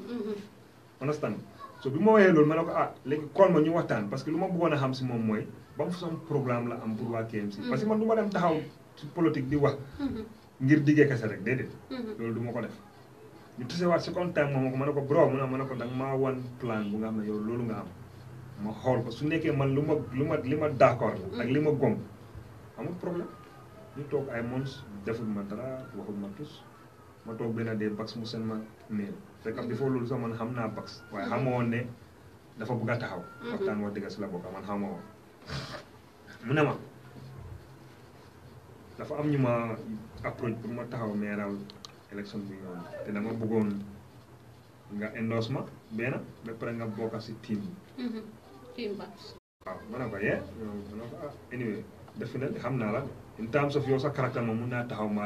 understand so bi ma waxee loolu ma ne ko ah léegi kool ma ñu waxtaan parce que lu ma bëggoon a xam si moom mooy ban façon programme la am pour waa KMC. Mm-hmm. parce que man du ma dem wax. Mm-hmm. ngir diggee kese rek déedéet. Mm-hmm. loolu du ma ko def. ñu tusewaat second time moom ma ne ko bro ma ne ko danga maa wan plan bu nga xam ne loolu nga am ma xool ko su nekkee man lu ma lu ma li ma d'accord la. ak li ma gom amul problème ñu toog ay mons deful ma dara waxul ma toog benn dee bax mu seen ma mail. te comme loolu sax man xam naa Bax. waaye mhm. xamoo woon ne dafa bëgg a taxaw. Mhm. waxtaan wax dëgg si la bokk man xamoo woon. mu ne ma dafa am ñu ma approche pour ma taxaw meeral élection bi ñoom te dama bëggoon nga endorse ma benn ba pare nga bokk si team mhm. team Bax. waaw ma ne ko yee ma ah, xam naa la in terms of yow sa caractère moom mun naa taxaw ma.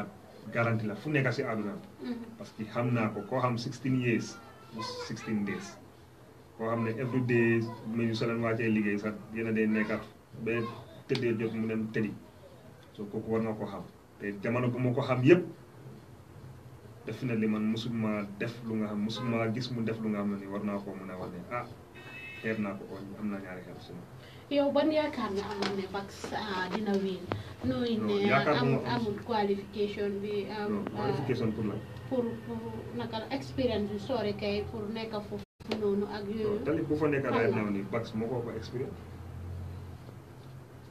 garanti la fu nekk si àdduna mhm. parce que xam naa ko koo xam 16 years bu days koo xam ne every day mayu so leen wàccee liggéey sax yéen a day nekkat ba tëddee jot mu dem tëddi soo kooku war nga ko xam te jamono bu ma ko xam yépp def li man musuma def lu nga xam musuma gis mu def lu nga xam ne war naa koo mën a wax ne ah xeer naa ko oo am naa ñaari xeer suma yow ban yaakaar nga am ne vax ah, dina wéy nooy ne amul qualification bi. am euh, qualification pour la. pour naka la expérience bi kay pour nekk foofu noonu ak yooyu. tali ku fa nekk right now nii Bax moo ko fa expérience.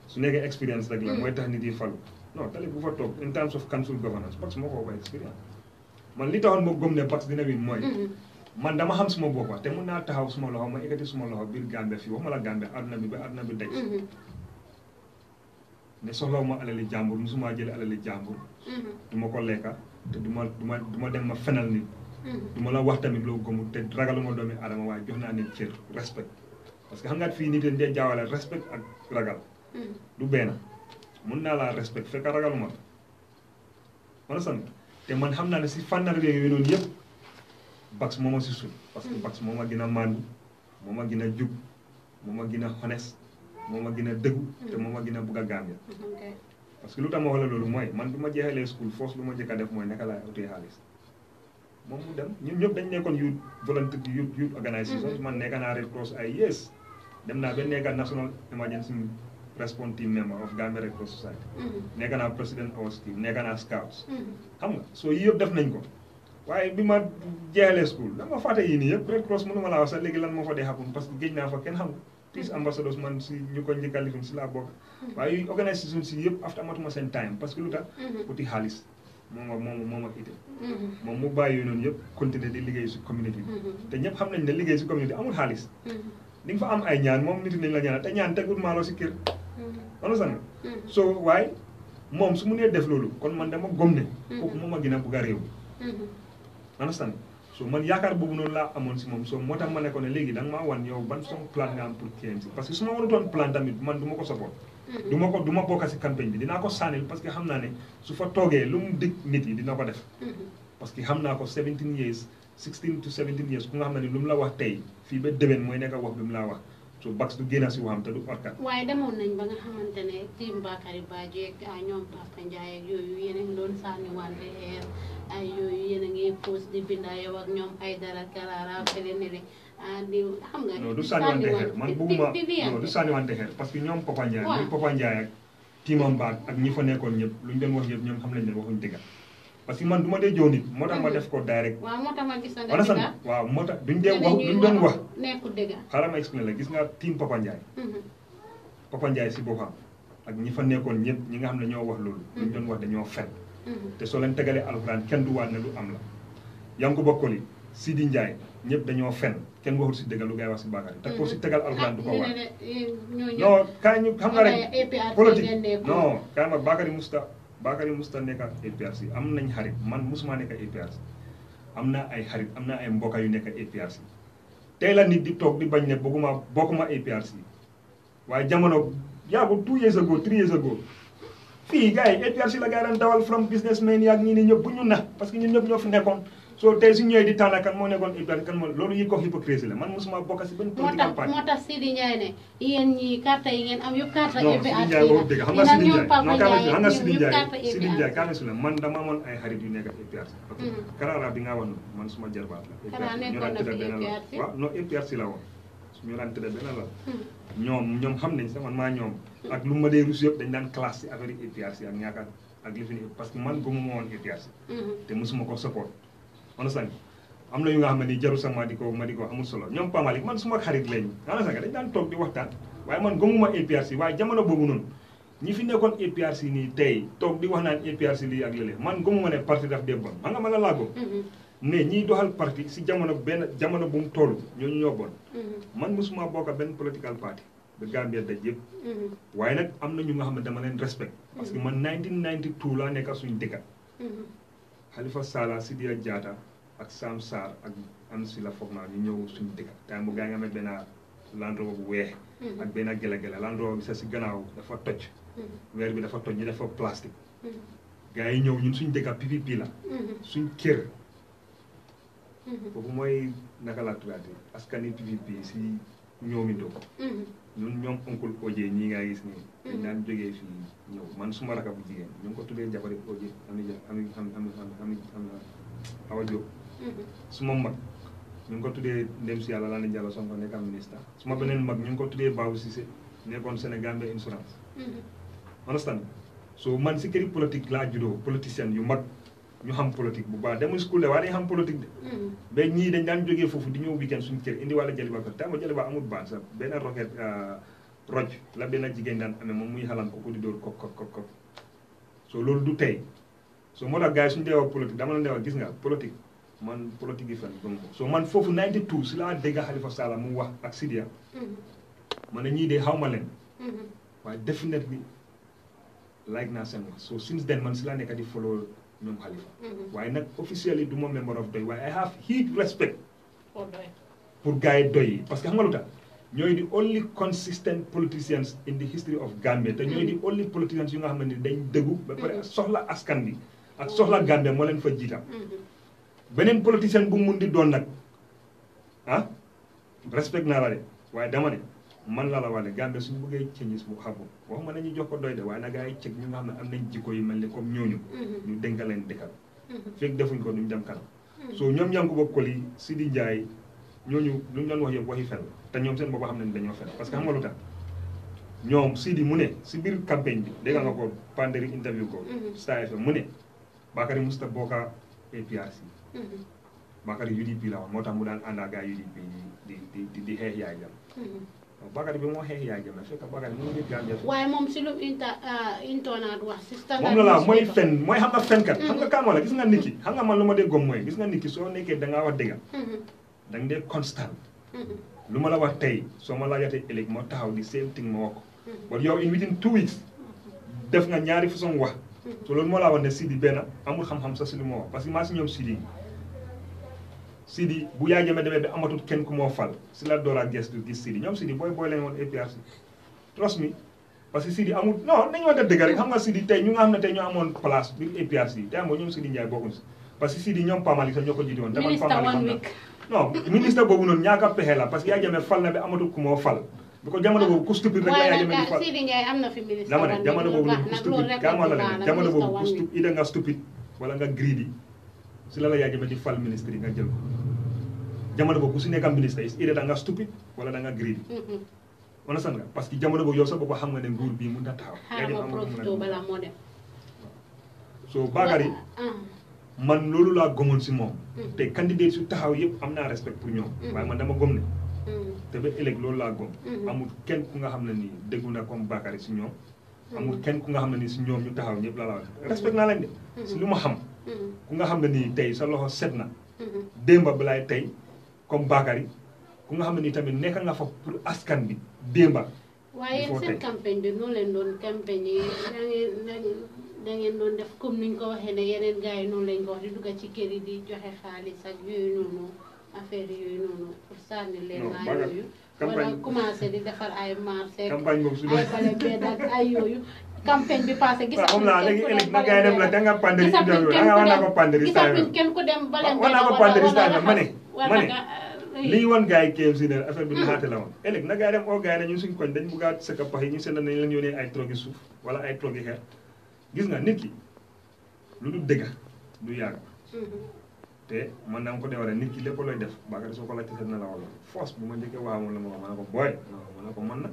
su nekkee expérience rek la hmm. mooy tax nit yi falu non tali bu fa toog in terms of council governance Bax moo ko fa expérience. man li taxoon moo gëm ne Bax dina win mooy. Hmm. man dama xam suma boppa te mun naa taxaw suma loxo ma ekkati suma loxo biir Gambie fii waxuma la Gambie bi ne soxlaw ma alali jambour musuma jël alali jàmbur du mhm. duma ko leka te duma duma duma ma dem ma fenal nit mhm. duma la wax tamit lo gomu te ragal mo domi adama way joxna nit ci respect parce que xam nga fi nit dañ de jawale respect ak ragal mhm. du ben mun na la respect fek ragal mo wala sant te man xam naa ci si fànnar yooyu noonu yeb bax moma ma si parce que bax moma ma gën moma gina moo ma gina honest moom a gën a dëggu mm-hmm. te moom a gën a bugg a Gambia mm-hmm, parce que lu tax ma wala loolu mooy man bi ma jeexalee school force lu ma njëkk a def mooy naka laay utee xaalis moom mu dem ñun ñëpp dañ nekkoon youth volontaire youth youth organisation mm-hmm. man nekk naa Red Cross ay yees dem naa ba nekka national emergency response team member of Gambia Red Cross Society nekka naa président of team nekka naa scouts xam nga soo yii yëpp def nañ ko waaye bi ma jeexalee que naa plus ambassadeur man si ñu ko njëkkal lifin si laa bokk waaye organisation si yëpp after matuma sen time parce que lutax puti mm-hmm. halis xaalis moom ak moom moom ak itam mm-hmm. moom mu bàyyi ñun yëpp continuer di liggéey ci Community, té mm-hmm. te ñëpp xam nañ né liggéey ci community amul halis fa am ay ñaan mom nit nañ la ñaan té ñaan ma lo ci kër wala so why, mom su mu né def lolu kon man dama gomné ko kooku moom a so man yaakaar boobu noonu laa amoon si moom so moo tax ma ne ko ne léegi da nga maa wan yow ban son plan nga am pour KMC parce que su ma warutoon plan tamit man du ko support du ko du ma si campagne bi dina ko saanil parce que xam naa ne su fa toogee lu mu dégg nit yi dina ko def parce que xam naa ko 17 years 16 to 17 years ku nga xam ne lu mu la wax tey fii ba déwén mooy nekk wax bi mu laa wax so Bax du génn si waxam te du farkat waaye demoon nañ ba nga xamante ne team Bakary Badji ak ñoom Papa Ndiaye ak yooyu yéen a sànni wante eer ay yooyu yéen a post di bind yow ak ñoom ay dara karaara fële ne ah, di xam nga. du sànni wante xeer parce que ñoom Papa Ndiaye. waaw Papa Ndiaye ak teamam baak ak ñi fa nekkoon ñëpp luñ doon wax ñoom xam nañ ne waxuñ dëgg parce que man du ma dee jëw nit moo tax ma mm-hmm. def ko direct. waaw moo tax duñ dee wax duñ doon wax. la xaaral ma expliqué la gis nga team Papa Ndiaye. Mm-hmm. Papa Ndiaye si boppam ak ñi fa nekkoon ñëpp ñi nga xam ne ñoo wax loolu. duñ mm-hmm. doon wax dañoo fen. te soo leen tegalee alxuraan kenn du waat ne lu am la. Yankuba si Sidi Ndiaye ñëpp dañoo fen kenn waxul si dëggal lu ngay wax si bàkkaar te ko si tegal alxuraan du ko ah, waat. Eh, non kaay ñu xam rek politique non Bakary musuta nekk ak APRC am nañ xarit man musuma nekk ak APRC am na ay xarit am na ay mbokka yu nekk ak APRC tey la nit di toog di bañ ne bëgguma bokkuma APRC waaye jamono yàggul two years ago three years ago fii gars yi APRC la gars yi daan dawal from businessmen yaag ñii ni ñëpp bu ñu na parce que ñun ñëpp ñoo fi nekkoon so tay su ñëwee di tànn kan moo nekkoon Ibrahima kan moo loolu yi ko hypocrisie la man musuma bokk si ben politique party moo tax Sidi Ndiaye ne yéen ñi carte yi ngeen am yu carte non Sidi Ndiaye boobu dégg xam nga Sidi Ndiaye non xam nga Sidi Ndiaye Sidi Ndiaye kaa su la man dama amoon ay xarit yu nekk ak APRC ok mm-hmm. karara bi nga woon man suma jarbaat la ñu daan tëdd benn la waaw non APRC la woon ñu daan tëdd benn la mm-hmm. ñoom ñoom xam nañ sax man maa ñoom mm-hmm. ak lu ma dee ruus yëpp dañ daan classe si affaire APRC ak ñaakaat ak li fi ne parce que man gëmuma woon APRC te musuma ko support understand am na yu nga xam ne nii jaru sax di ko ma di ko amul solo ñoom Pa Malick man suma xarit lañ understand dañ daan di waxtaan waaye man gëmuma APRC waaye jamono boobu noonu ñi fi nekkoon APRC nii tey toog di wax naan APRC lii ak lële man gëmuma ne parti daf dee bon xam nga man la laa gëm ne mm-hmm. ñiy si jamono benn jamono bu mu toll ñooñu ñoo bon mm-hmm. man mosuma bokk benn political party ba Gambia daj mm-hmm. waaye nag am na ñu nga xam ne dama leen respect parce que man 1992 laa nekk suñu dëkka Halifa Sallah Sidia Jatta ak Sam Sarr ak Ansila foog naa ñu ñëw suñu dëkk time bu gaa ngi amee benn Land bu weex mm-hmm. ak benn gele gele Land bi sax si gannaaw dafa toj mm-hmm. weer bi dafa toj ñu dafa plastique mm-hmm. gaa yi ñëw ñun suñ dëkk PPP la suñ kër foofu mooy naka laa tuddati askan wi PPP si ñoomi doo ñun ñoom onkul Oje ñii ngaa gis nii. Mm-hmm. dañ daan jógee fii man suma raka bu jigéen ñu ngi ko tuddee jabari Oje am na am na am na am na Awa Diop. Mm-hmm. suma mag ñu ngi ko tuddee ndem si yàlla Lamin Jalo Sonko nekk am ministre suma beneen mag ñu ngi ko tuddee si Cissé nekkoon Sénégal Insurance. Mm-hmm. understand so man si këri politique laa juddoo politicien yu mag. ñu xam politique bu baax demul school de waaye dañu xam politique de. Hmm. mais ñii dañ daan jógee foofu di ñëw weekend suñu kër indi wàllu jaliba kon tàmm jaliba amul baax sax benn roquet euh, roj la benn jigéen daan amee moom muy xalam ko di dóor kok kok kok kok soo loolu du tey soo moo tax gars yi suñu dee wax politique dama la dee gis nga politique man politique yi fan donc soo man foofu 92 si laa dégg Halifa Sallah mu wax ak Sidia. Hmm. ma ne ñii de xaw ma leen. Hmm. waaye definitely like naa seen wax so since then man si laa nekk di follow. ñom khalifa mm-hmm. waye nak officially duma member of doy waye i have huge respect pour gars yi doy parce que xam nga lutax ñoy di only consistent politicians in the history of Gambia te ñoy di mm-hmm. only politicians yu nga xam dañ deggu ba pare mm-hmm. soxla askan bi ak soxla Gambia mo leen fa jiitam benen politicien bu mundi mun nak ah respect na la de waye dama ne man la la wane Gambie suñu bëggee changes bu xabu waxuma nañu jox ko doy de waaye nag ay cëg ñu nga xam ne am nañ jikko yu mel ni comme ñooñu mm-hmm. ñu dénka leen dëkkal mm-hmm. fekk defuñ ko duñ dem kanam mm-hmm. so ñoom yanku ba Koli Sidi Ndiaye ñooñu lu ñu doon wax yëpp waxi fen te ñoom seen boobu xam ne dañoo fen parce que xam nga lu tax ñoom Sidi mu ne si biir campagne bi dégg nga ko Panderi interview ko Star FM mu ne Bakary Mousta Boka APRC Bakary UDP la moo tax mu daan ànd ak UDP di di Bakary bi moo xeex yaa ngi na fekk Bakary mu ngi Gambia. waaye moom si ah, mooy fen mooy xam nga fenkat. Mm-hmm. xam nga kan gis nga nit ki nga man lu ma dee gom mooy gis nga nit ki soo nekkee da ngaa wax dëgg. Mm-hmm. da nga dee constant. Mm-hmm. lu ma la wax tey soo ma laajatee ëllëg moo taxaw di same thing ma wax ko. wala yow in within two weeks def nga ñaari façon wa te loolu ma la wax ne Sidi benn amul xam-xam sa si lu ma wax parce que maa si ñoom Sidi. Sidi bu Yaya Jammeh demee bi amatul kenn ku mo fal si la dora a du gis Sidi ñom Sidi boy boy lañ won APRC trust me parce que Sidi amul non nañu wax dëgg rek xam nga Sidi tay ñu nga xamne tay ñu amone place bi APRC tay mo ñom Sidi ñay bokku ci parce que Sidi ñoom Pamali sax ñoko jidi won dama Pas mal non ministre bobu non ñaaka pexé la parce que Yaya Jammeh fal na bi amatul ku mo fal bi ko jamono bobu ku stupide rek la Yaya Jammeh di fal dama ne jamono boobu noonu ku stupide gaa ma la ne jamono bobu ku stupide ida nga stupide wala nga greedy si la la yaay jëmee di fal ministre yi nga jël ko jamono boobu ku si nekk am ministre yi either da nga stupide wala da nga greedy san nga parce que jamono boobu yow sax bopp xam nga ne nguur bii mun na taxaw xaaral ma profité balaa ah. man loolu laa gomoon si moom mm. te candidat su taxaw yëpp am naa respect pour ñoom mm. waaye man dama gom ne mm. te ba ëllëg loolu laa gom amul kenn ku nga xam ne nii déggu na comme Bakary si ñoom amul kenn ku nga xam ne nii si ñoom ñu taxaw ñëpp laa la si lu ma xam Mm-hmm. ku nga xam ne nii tey sa loxo set na. Mm-hmm. démba balaay tey comme Bakary ku nga xam ne nii tamit nekk nga fa pour askan bi démba. waaye seen campagne bi noonu leen doon campagne yi da ngeen doon def comme ni ñu ko waxee ne yeneen gars yi noonu lañ ko wax di dugg ci kër yi di joxe xaalis ak yooyu noonu affaire yooyu noonu pour sànni leen. maa yooyu wala commencé di defar ay marché. campagne boobu su ay bale ay yooyu. campagne bi passé gis naa léegi na gaay dem la danga pandari ma ne ma ne euh, lii woon gaay yi bi hmm. naate la woon ëllëg na gaay dem oo oh, gaay ne ñun suñ koñ suuf wala ay trogi xeer gis nga nit ki lu du dëgga du yàgg hmm. te man naa ko de wala nit ki lépp looy def baakar soo ko laajte seen na la wala force bu ma njëkkee waaw moom la ko ma ne booy ma ne ko mën na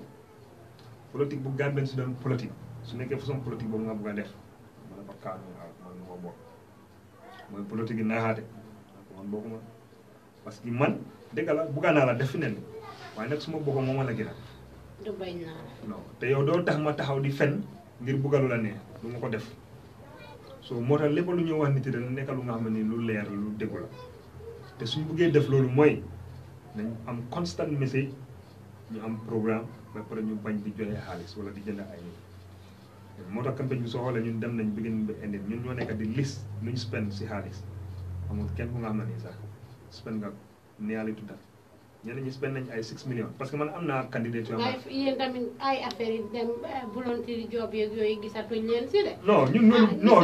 politique bu Gambien si doon politique su nekkee façon politique boobu nga bëgg def def man ba kaanu ak man ma ko bokk mooy politique yi naaxaate man ko parce que man dëgg la bëgg naa la def ne waaye nag suma ma bokkoo ma la gënal. du bañ naa non te yow doo tax ma taxaw di fen ngir bëggalu la ne du ma ko def so moo tax lépp lu ñu wax nit yi dana nekk lu nga xam ne lu leer lu dégg la te suñ bëggee def loolu mooy nañ am constant message ñu am programme ba pare ñu bañ di joxe xaalis wala di jënd ay nit moo tax campagne bi soo xoolee ñun dem nañ bëgg ba indi ñun ñoo nekk di liste lu ñu spend si xaalis amul kenn ku nga xam ne nii sax spend nga neyaali tuddal ay 6 millions parce que man am naa candidat yoo euh, ah,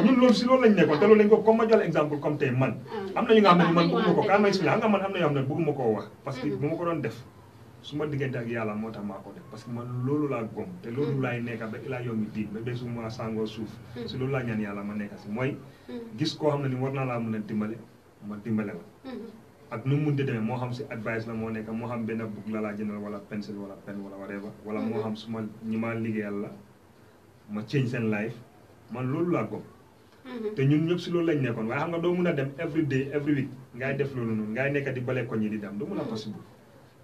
ñun loolu si loolu lañ nekkoon te loolu lañ ko comme ma jox la exemple comme tey man. Ah. am na ñu nga xam ne man ah, bëgguma ko kaan ma expliqué xam nga man am na yoo xam ne bëgguma koo wax. parce que mm-hmm. bu ko doon def. suma diggante ak yàlla moo tax def parce que man lolu la gom te lolu mm. lay nekka ba ila yomi diin ba besu mo sango souf ci mm. lolu la ñaan yalla ma nekka ci moy mm. gis ko xamna ni warna la mëna dimbalé ma dimbalé la mm-hmm. ak nu mu mo xam si advice la mo nekk mo xam ben book la la jëndal wala pencil wala pen wala whatever wala mo xam mm-hmm. suma ñi ma liggéeyal la ma change sen life man lolu la gom mm-hmm. te ñun ñëpp si lolu lañ nekkon way xam nga do mëna dem every day every week ngay def lolu noonu ngay nekk di balé ko ñi di dem doo mëna possible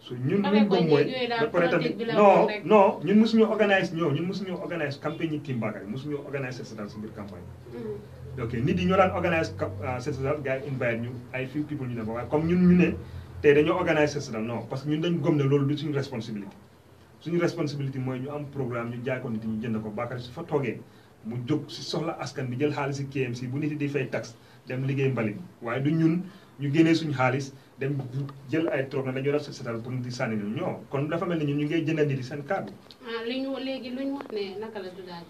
su ñun luñ gëm mooy ba no tamit non non ñun mosuñu organise ñoo ñun mosuñu organise campagne yi Timba Kay mosuñu organise set setal si biir campagne mm-hmm. ok nit yi ñoo daan organise set euh, setal gars invite ñu ay few people ñu ne ba waaye comme ñun ñu ne tey dañoo organise set setal non parce que ñun dañ gëm ne loolu du suñu responsabilité suñu responsabilité mooy ñu am programme ñu jaay ko nit ñu jënd ko Bakary su fa toogee mu jóg si soxla askan bi jël xaalis si KMC bu nit yi di tax dem liggéey mbalit waaye du ñun ñu génnee suñu xaalis dem jël ay tourne la ñu sétal setal pour di sànni ñu ñoo kon dafa melni ñun ñu ngi jëndandi di sen kaddu ah li ñu léegi luñ wax né naka la dudaal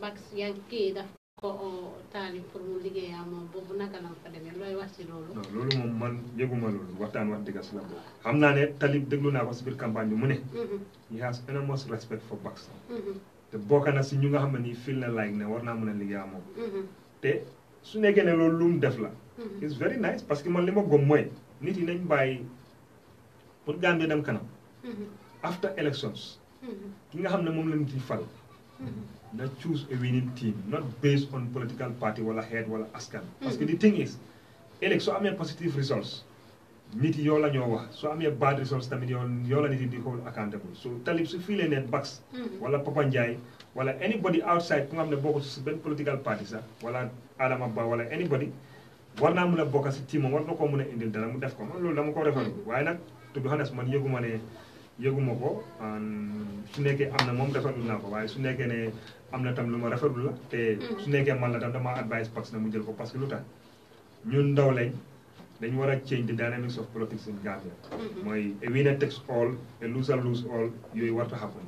bax ya ki daf ko o oh, tali pour mu liggéeyaa moom boobu naka la fa démé loy wax ci lolu lolu mom man yeguma lolu waxtaan wax digas la boobu xamna né talib déglu na ko ci bir campagne bi mu ne. Mm-hmm. he has enormous respect for Baxter. Mm-hmm. te bokk na ci ñu nga xamni fil na laaj ne war naa mën a liggéeyaa moom. Mm-hmm. te su nekkee né lolu lu mu def la. it's very nice parce que man li ma gom mooy. nit yi nañ bàyyi pour Gambie dem kanam. Mhm. after elections. Mhm. ki nga xam ne moom lañ ciy fal. Mhm. na choose a winning team not based on political party wala head, wala askan. parce que the thing is ëllëg soo amee positive results. nit yi yoo la ñoo wax soo amee bad results tamit yoo yoo la nit yi di hold accountable so talib su fii lee ne Bax. wala Papa Ndiaye wala anybody outside ku nga xam ne bokkul si benn political party sax wala Adama Ba wala anybody. war naa mën a bokk si ci moom war na koo mën a indil dara mu def ko man loolu dama ko rafetlu hmm. waaye nag to be honest man yëgu ma ne yëgu ma ko su nekkee am na moom rafetlu naa ko waaye su nekkee ne am na tam lu ma rafetlu la te hmm. su nekkee man la tam dama advice pax na mu jël ko parce que lu tax ñu ndaw lañ dañu war a change the dynamics of politics in Gambia hmm. mooy a winner takes all a loser lose all yooyu warta happen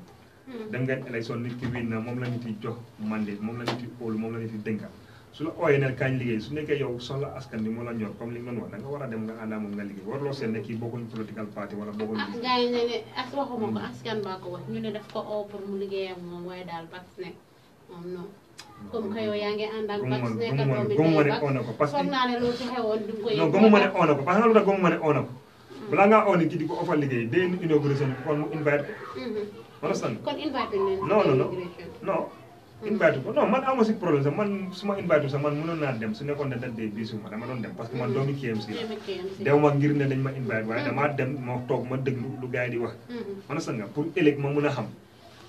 dem ngeen élection nit ki win na moom la ñu ci jox mandate moom la ñu moom la ñu ci dénka su la ooyee neel kañ liggéey su nekkee yow soxla askan bi moo la ñor comme li nga wax da war a dem nga àndaa moom nga liggéey warloo seen ne kii ah, ko ñu ne daf ko oo moom waaye daal Bax ne moom non. comme que yow yaa ngi ànd ak Bax nekk ak ne oo na ko parce que lu balaa ngaa oo ni kii di ko offal liggéey day inauguration kon mu invite mm-hmm. understand kon invite leen. Mm-hmm. invite ko non man amu si problème sax man su ma invite sax man mënoon naa dem su nekkoon ne date bi suma dama doon dem parce que man doomi KMC la dew ma ngir ne dañ ma invite waaye mm-hmm. damaa dem ma toog ma déglu lu gars yi di wax mm-hmm. man sax nga pour ëllëg ma mën a xam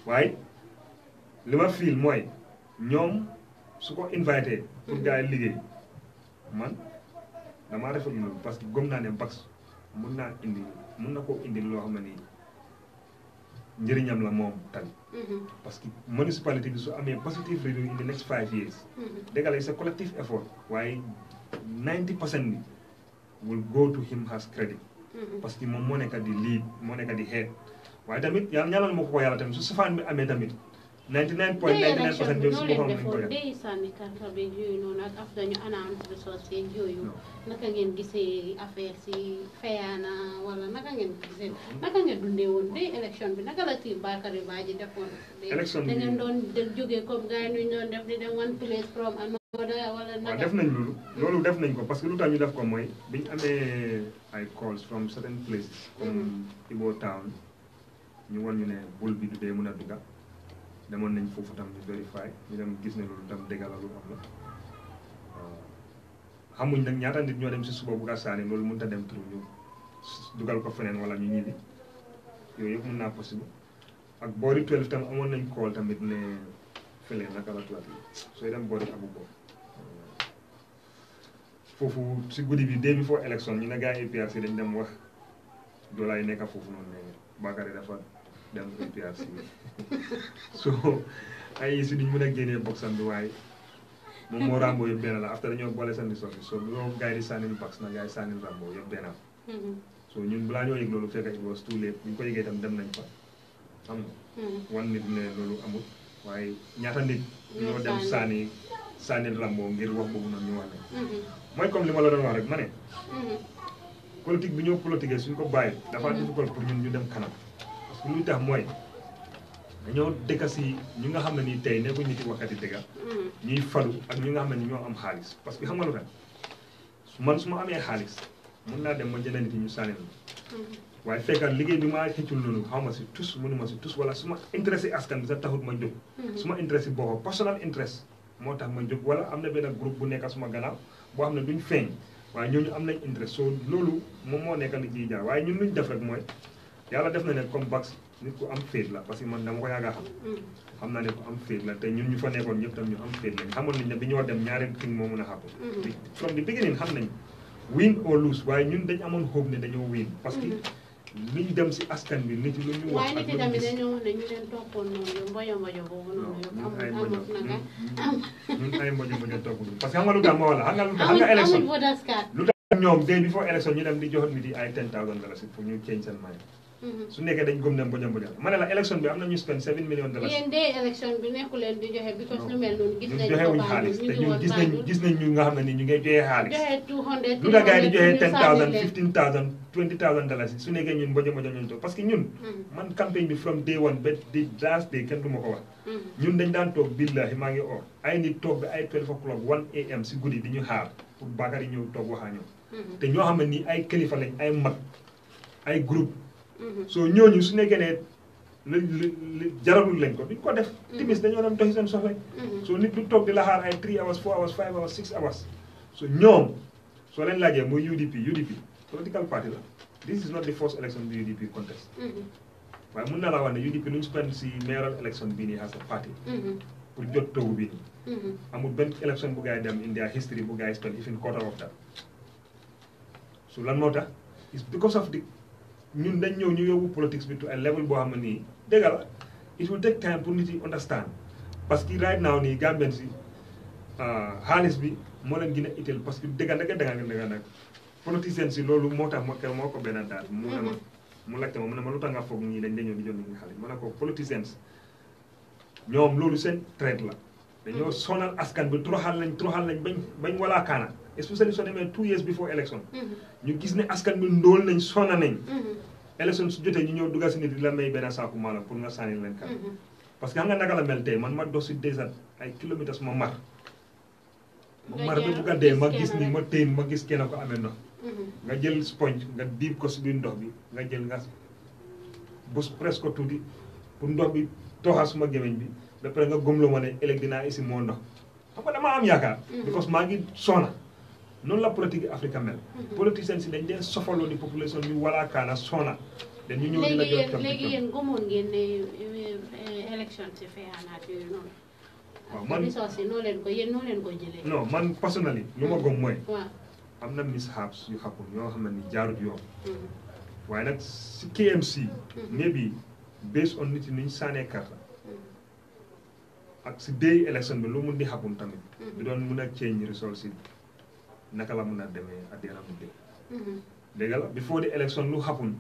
waaye li ma fiil mooy ñoom su ko invité pour gars yi damaa rafetlu loolu parce que gom naa ne Bax mun naa indi mun na koo indi loo xam ne nii njëriñam la moom tamit Mm-hmm. parce que municipality bi su amee positive review in the next five years. Mm-hmm. dëgg la sa collective effort Why ninety percent bi will go to him as credit. Mm-hmm. parce que moom moo nekk di lead moo nekk di head why tamit yàlla ñaanal ma ko ko yàlla tamit su safaan bi amee tamit. 99 point 99 percent yooyu suñu xool nañu ko def day sànni kàrta bi yooyu noonu ak after ñu announce results yeeg yooyu naka ngeen gisee affaire si feyaana wala naka ngeen gisee naka ngeen dundee woon day élection bi naka la ci Bakary Badji defoon élection bi da ngeen doon del jógee comme gars yi ñu doon def di dem one place from another wala naka def nañ lu loolu def nañ ko parce que lu tax ñu def ko mooy bi amee ay calls from certain places comme mm-hmm. Ibo Town ñu woon ñu ne bul bi demoon nañ foofu tam ñu ñu dem gis ne loolu tam dégg la lu am la ah, xamuñ nag ñaata nit ñoo dem si suba bu gasaane loolu mënut a dem trop ñu dugal ko feneen wala ñu ñibbi yooyu yëpp mën naa possible ak boori 12 tam amoon nañ kool tamit ne fële naka la yi sooy dem boori abu boor foofu si guddi bi day before election ñu ne gaa yi APRC dañ dem wax doolaay nekk foofu noonu ne Bakary dafa. dans un PRC so ay si duñ mën a génnee box and waay moom mo rambo yëpp la after dañoo boole seen resources so loo gaay di sànnil box na gaay sànnil rambo yëpp benn mm-hmm. so ñun balaa ñoo yëg loolu fekk ci boos tout lépp ñu ko yëgee itam dem nañ fa xam mm-hmm. nga wan nit ne loolu amul waaye ñaata nit ñoo dem sànni sànnil rambo ngir wax boobu noonu ñu wax ne mooy mm-hmm. comme li ma la doon wax rek politique bi ñoo suñ ko bàyyi dafa difficult pour ñun ñu dem kanam lu tax mooy dañoo dëkka si ñu nga xam ne ni tey nekkuñu ci waxati dëgga mm-hmm. ñuy falu ak ñu nga xam ne ni ñoo am xaalis parce que xamal nga lu man su ma amee xaalis mun naa dem ma jënd nit ñu sànni ma mm-hmm. waaye fekkal liggéey bi maa xëccul noonu xaw ma si tus mënu si tus wala su ma intéressé askan bi sax taxut ma jóg mm-hmm. su ma intéressé boppam personal interest moo tax ma jóg wala am na benn group bu nekk suma gannaaw boo xam ne duñ feeñ waaye ñooñu am nañ interest soo loolu moom moo nekk li waaye ñun luñ def rek mooy yàlla def na ne comme Bax nit ku am féet la parce que man dama ko yàgg a xam. Mm. xam naa ne ku am féet la te ñun ñu fa nekkoon ñëpp tam ñu am féet lañ xamoon nañ ne bi ñoo dem ñaari ting moo mun a happen. from the beginning xam nañ win or lose waaye ñun dañ amoon hope ne dañoo win. parce que liñ dem si askan bi nit lu ñu wax ak lu ñu gis waaye nit yi tamit dañoo wax ne ñu leen toppoon noonu mbojo mbojo boobu noonu. amul amul naka ay mbojo mbojo toppuñu parce que xam nga lu tax ma wala xam nga lu tax xam nga élection. amul amul ñoom day before élection ñu dem di joxoon mi di ay ten thousand dollars pour ñu change seen mind Mhm. su nekkee dañ gëm ne mboño mboño la ma la élection bi am na ñu spend 7 millions de dollars. yéen leen di joxe. because gis nañ ñun gis nañ gis nañ nga xam ne nii ñu ngay joxe xaalis. joxe 200 lu la gars yi di joxe 10000 15000 20000 dollars su nekkee ñun mboño mboño ñu toog parce que ñun. Mhm. man campagne bi from day one ba di last day kenn du ma ko wax. Mhm. ñun dañ daan toog billahi maa ngi or ay nit toog ba ay 12 o'clock 1 am si guddi ñu xaar pour Bakary ñëw toog waxaa ñoom. te ñoo xam ne nii ay kilifa lañ ay mag ay groupe Mhm. so ñooñu su nekkee ne jaralul lañ ko duñ ko def mhm. timis dañoo doon doxi seen soxla mhm. so nit du toog di la xaar ay 3 hours 4 hours 5 hours 6 hours so ñoom soo leen laajee mooy udp udp political party la this is not the first election the udp contest waaye mun na la wax ne udp luñ spend si mayoral election bii nii as a party pour jot tawu bii nii amul benn election bu gaay dem in their history bu gaay spend even quarter of that so lan moo tax is because of the ñun dañ ñëw ñu yóbbu politics bi to a level boo xam ne nii dëgg la it will take time pour nit yi understand parce que right now nii Gambien si ah, xaalis bi moo la gën a itteel parce que dëgg nag dëgg nag nag politicien si loolu moo tax moo moo ko benn daal. mu ne ma mm-hmm. mu laajte ma nga foog ñii dañ dañoo di jot ñu xaalis ma ne ko politicien ñoom loolu seen traite la. Mm-hmm. dañoo sonal askan bi toroxal lañ toroxal lañ bañ bañ walaa kaana especially soo demee two years before election. Mm-hmm. ñu gis ne askan bi ndóol nañ sonna nañ. Mm-hmm. election su jotee ñu ñëw dugal si nit di la may benn saaku maanaam pour nga sànni leen kan. Mm-hmm. parce que xam nga naka la mel tey man ma dox si ay kilomètres ma mar. ma mar ba bugg a dee ma gis ni ma téen ma gis kenn ko amee ndox. nga jël sponge nga diib ko si biir ndox bi nga jël nga presque tuuti pour ndox bi ma bi ba pare nga ma ne dinaa isi moo ndox xam nga dama am yaakaar. because maa ngi sonna. noonu la politique africaine mel. Mhm. politiciens si dañ leen sofaloo di population ñu walaakaana soona. dañu ñëw di la léegi yéen gëmoon ngeen ne eh, élection si feeyaanaat yooyu noonu. waaw man résources yi noo leen ko yéen noo man personnellement lu ma mhm. gëm mooy. waaw am na mishaps yu xapul yoo xam ne ni jaarut yoon. Mhm. waaye nag si KMC. ne bi based on nit yi ñu sànnee carte ak si day élection bi lu mun di xapul tamit. du doon mun a change résources yi. naka la mëna démé demee at the mhm. dégg before the election lu xapun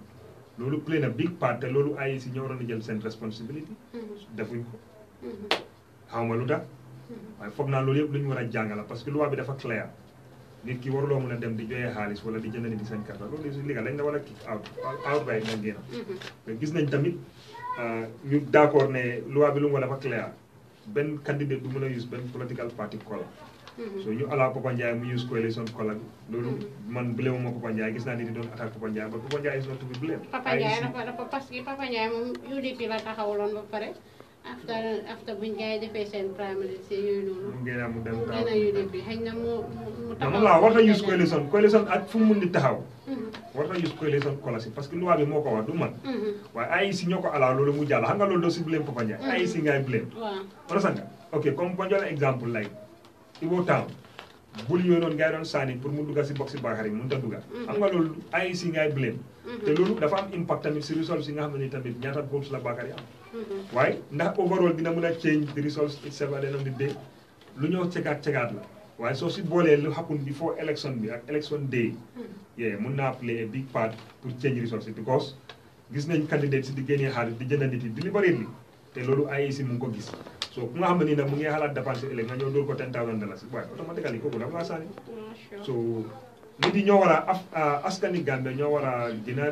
lu play na big part té lolu ay si ñoo jël sen responsibility mhm. defuñ ko mhm. xaw ma lu tax waaye foog naa loolu yëpp lu ñu wara a jàngala parce que loi bi dafa clair nit ki waruloo mun dem di joyé xaalis wala di jëndani di sen carte lolu su liga dañ wala kick out out by nga génn mais gis nañ tamit euh, ñu d'accord né loi bi lu mu wala dafa clair ben candidat du mëna use ben political party color Mm-hmm. so ñu ala Papa Ndiaye mu use coalition color loolu mm-hmm. man blame mo Papa Ndiaye gis naa di don attaque Papa Ndiaye ba Papa Ndiaye is not to be blamed Papa Ndiaye dafa dafa parce que Papa Ndiaye moom UDP la taxawaloon ba pare after after buñ gars yi defee seen primary ci yu noonu mu gën mu dem taw a UDP xëy na mo mu taxaw moom laa warta use coalition coalition ak fu mu mun taxaw mm-hmm. warta use coalition la si parce que loi bi moko wa du man waaye ay ci ñoko ala lolu mu jall ha nga lolu do ci blame Papa ay ci ngay blame wa wala sanga ok comme pour jox exemple like iwo tang bul yooyu noonu ngay don sani pour mu dugasi si box si baaxari mënut a mm-hmm. nga ay si ngay blame mm-hmm. te lolou dafa am impact tamit si result si nga xam ne tamit ñata goals la bakari am mm-hmm. way ndax overall dina mëna change the results itself at the end of the day lu ñoo ci cegaat la way so ci bolé lu happen before election bi ak election day yeah muna na play a big part pour change results because gis nañ candidate si di génnee xaar di jëndandi di yi deliberately te ay si mu ko gis so ku nga xamni nak mu ngi xalat dépenser ëlëk nga ñoo dool ko tenta dala ci way automatiquement ko dama sani so ah, ni di ñoo wara askani gambe ñoo wara dina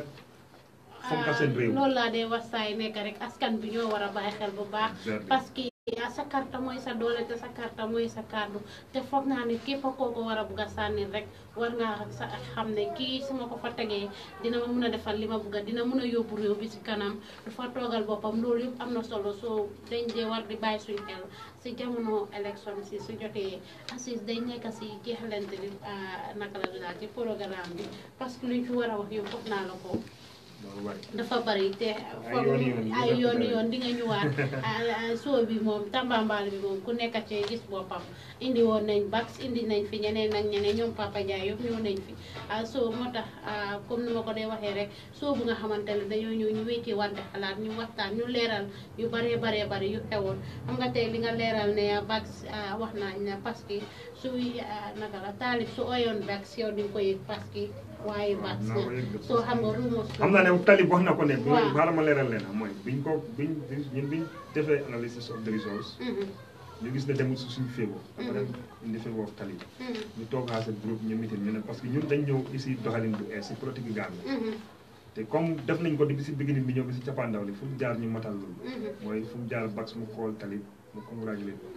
fonka seen réew loolu laa dee wax saa rek askan bi ñoo wara baye eh, xel bu baax parce que yaa sa karta mooy sa doole te sa karta mooy sa kàddu te foog naa ne képp koo ko war a bugg a rek war ngaa sa xam ne kii su ma ko fa tegee dina ma mun a defal li ma bugg dina mun a yóbbu réew bi si kanam du fa toogal boppam loolu yëpp am na solo soo dañ dee war di bàyyi suñ xel si jamono élection si su jotee Aziz day nekk si jeexalante bi ah, naka la daal ci programme bi parce que luñ fi war a wax yow foog naa la ko. dafa bari te yoon yoon di nga soo bi moom Tambambalu bi moom ku nekk ci gis boppam indi woon nañ bax indi nañ fi ñeneen ak ñeneen ñoom Papa Ndiaye yëpp ñëw nañ fi soo moo tax comme nu ma ko dee waxee rek soo bu nga xamante ne dañoo ñu ñu wécci wante xalaat ñu waxtaan ñu leeral yu baree baree bari yu xewoon xam nga tey li nga leeral ne bax wax nañ ne parce que suy naka la taalib su oyoon bax yow di nga ko parce que waaye vax xam naa ne talib wax na ko ne baal ma leeral leen mooy biñ ko biñ ñun biñ mm-hmm. ne demul si suñu féewoo après mm-hmm. indi féewoo talib mm-hmm. ñu toog xaase groupe ñu ñun dañ ñëw ici si politique gaal te comme nañ ko di si beginning bi bi si cappaandaw li fu mu jaar ñu matal loolu mooy fu mu jaar bax mu xool talib mu congratulate ko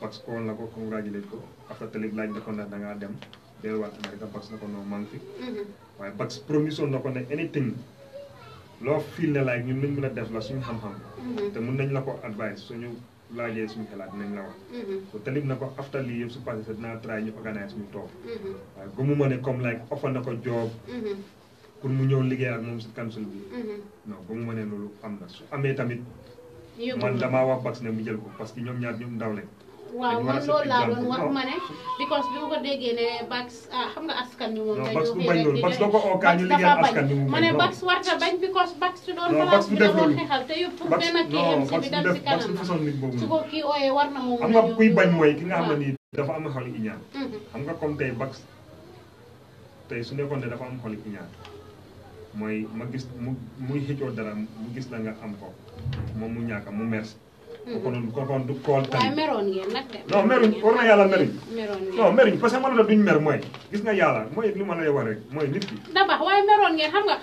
bax xool na ko congratulate ko après talib laaj da ko ndax da ngaa dem delluwaat Amérique Bax na ko noonu maa ngi fi. Mhm. waaye Bax promission na ko ne anything loo fiil ne like ñun luñ mën a def la suñu xam-xam. Mhm. te mun nañ la ko advice suñu laajee suñu xalaat nañ la wax. Mhm. so talib na ko after lii yëpp su passé sa dinaa try ñu organise ñu toog. waaye gëmuma ne comme like offer na ko job. pour mu ñëw liggéey ak moom si council bi. non gëmuma ne loolu am na su amee tamit. man damaa wax Bax ne mu jël ko parce que ñoom ñaar ñoom ndaw lañ. waaw man loolu laa doon wax because kan ah, nah, oh, gitu. nah, bi oh, ya, eh, ya. mm-hmm. ya. mu ko déggee ne Bax xam nga askan bi moom dañoo xëy Bax doo ko oo because Bax su doon place bi doon xeexal te yëpp pour benn KMC bi dem si kanam su ko kii ooyee war na moom xam nga kuy bañ mooy ki nga xam ne nii dafa am xol iñaan xam nga Mui tey mui tey su nekkoon ne dafa am xol iñaan mooy kon kon du kool tànn. waaye meroon ngeen nag de. non meruñ na yàlla meruñ. mer mooy. gis nga yàlla mooy li ma lay wax rek mooy nit ki. dabax waaye meroon ngeen xam nga.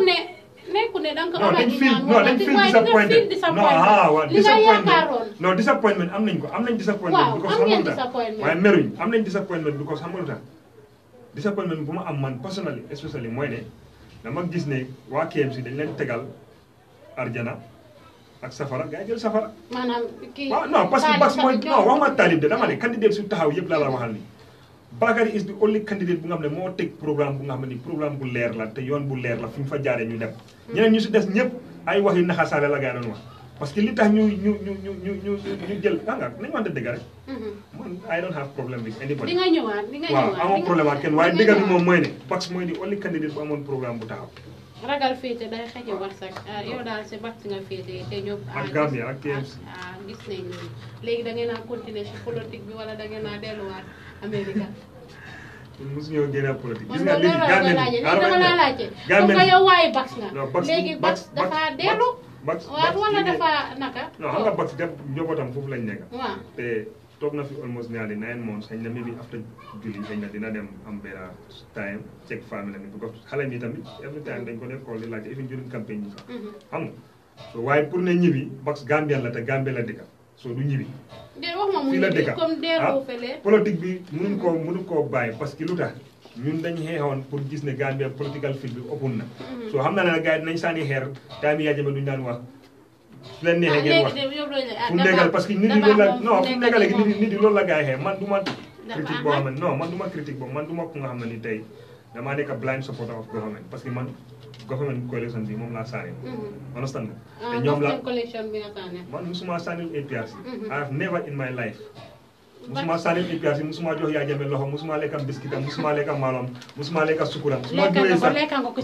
ne nekku ne da ah, nga ko amal di ñaan wala di disappointment li disappointment am nañ ko am nañ disappointment. waaw am ngeen disappointment waaye meruñ am nañ disappointment bi bu ma am man personally especially mooy ne dama gis ne waa KMC dañ leen tegal arjana ak safara gaa jël safara maanaam kii waaw non parce que bac mooy non waxuma taalib de dama ne ah. candidate su taxaw yëpp laa la waxal ni Bakary is the only candidate bu nga xam ne moo teg programme bu nga xam ne programme bu leer la te yoon bu leer la fu ñu fa jaaree ñu dem hmm. ñeneen ñu si des ñëpp ay wax yu naxasaale la gaa doon wax parce que li tax ñu ñu ñu ñu ñu ñu ñu jël ah nga nañu wante dëgg rek. Hmm. man I don't have problem with anybody. di nga ñëwaat di nga ñëwaat waaw amoo problème ak kenn waaye dëgg bi moom mooy ne. Bac mooy the only candidate bu amoon programme bu taxaw. ragal féete day xëcc warsak ah, yow daal si batt nga féete te ñëpp. ak ah, Gambia ak KMC ah, gis nañ loolu léegi da ngeen a continuer si politique bi wala da ngeen a delluwaat Amérique. mosu ñoo génne politique. gis nga léegi Gambia bi dama la laajte Gambia bi yow waaye bax nga. léegi dafa dellu. bax wala dafa naka. non xam nga bax ñoom itam foofu lañ nekk. waaw toog na fi almost nearly nine months xëy na maybe after julli xëy na dina dem am benn time check family because xale bi tamit every time dañ ko def call di laajte even during campagne bi sax mm-hmm. xam nga so waaye pour ne ñibbi parce que la te Gambien la dëkk so du ñibbi fii la dëkk ah, politique bi mënuñ koo mënuñ koo bàyyi parce que lu tax ñun dañ xeexoon pour gis ne Gambia political field bi ëppoon na mm-hmm. so xam naa ne gars yi dinañ sànni xeer time yi daan wax su leen neexee ngeen wax ah, parce que nit ñi loolu la non fu man du ma critique ah, boo ah. xam ne non man du critique boobu man du ku nga xam ne ni tey damaa nekk blind supporter of government parce que man government coalition bi moom laa saani mm-hmm. understand nga te ñoom man musuma saanil APRC mm-hmm. I have never in my life musuma saalim ipiasi musuma jox yaa jame loxo musuma lekkam biskitam musuma lekkam maaloom musuma lekka sukuram musuma duwee sax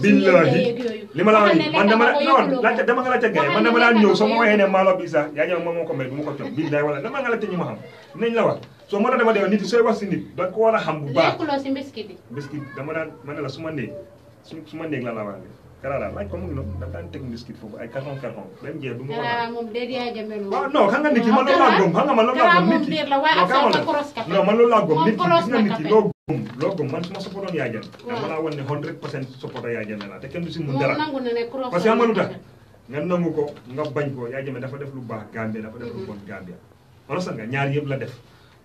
billahi li ma la wax man dama non laajte dama nga laajte gaye man dama daan ñëw soo ma waxee ne maalo bi yaa jame moom moo ko may du ma ko coob ma xam nañ la wax a dama dee nit sooy wax si da a xam bu baax lekkuloo si biskit dama daan ma ne la su ma néeg ma néeg la la wax karara laaj ko mu ngi noonu da daan teg mbiskit foofu ay carton carton même jee du ma karara moom dee yaa jëmee loolu waaw non xam nga nit ki man loolu laa gëm xam nga man loolu laa gëm nit ki non man loolu laa gëm nit ki gis nga nit ki loo gëm loo gëm man suma sopotoon yaa jël dama laa wan ne hundred percent sopoto yaa te kenn du si mun dara parce que tax nga nangu ko nga bañ ko yaa jëmee dafa def lu baax Gambia dafa def lu bon Gambia wala sax ñaar yëpp la def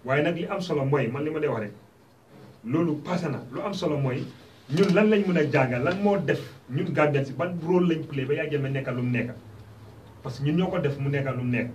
waaye nag li am solo mooy man li ma dee wax rek loolu passé na lu am solo mooy ñun lan lañ mën a jàngal lan moo def ñun Gambien si ban rôle lañ play ba Yaya Jammeh nekka lu mu nekka parce que ñun ñoo ko def mu nekka lu mu nekk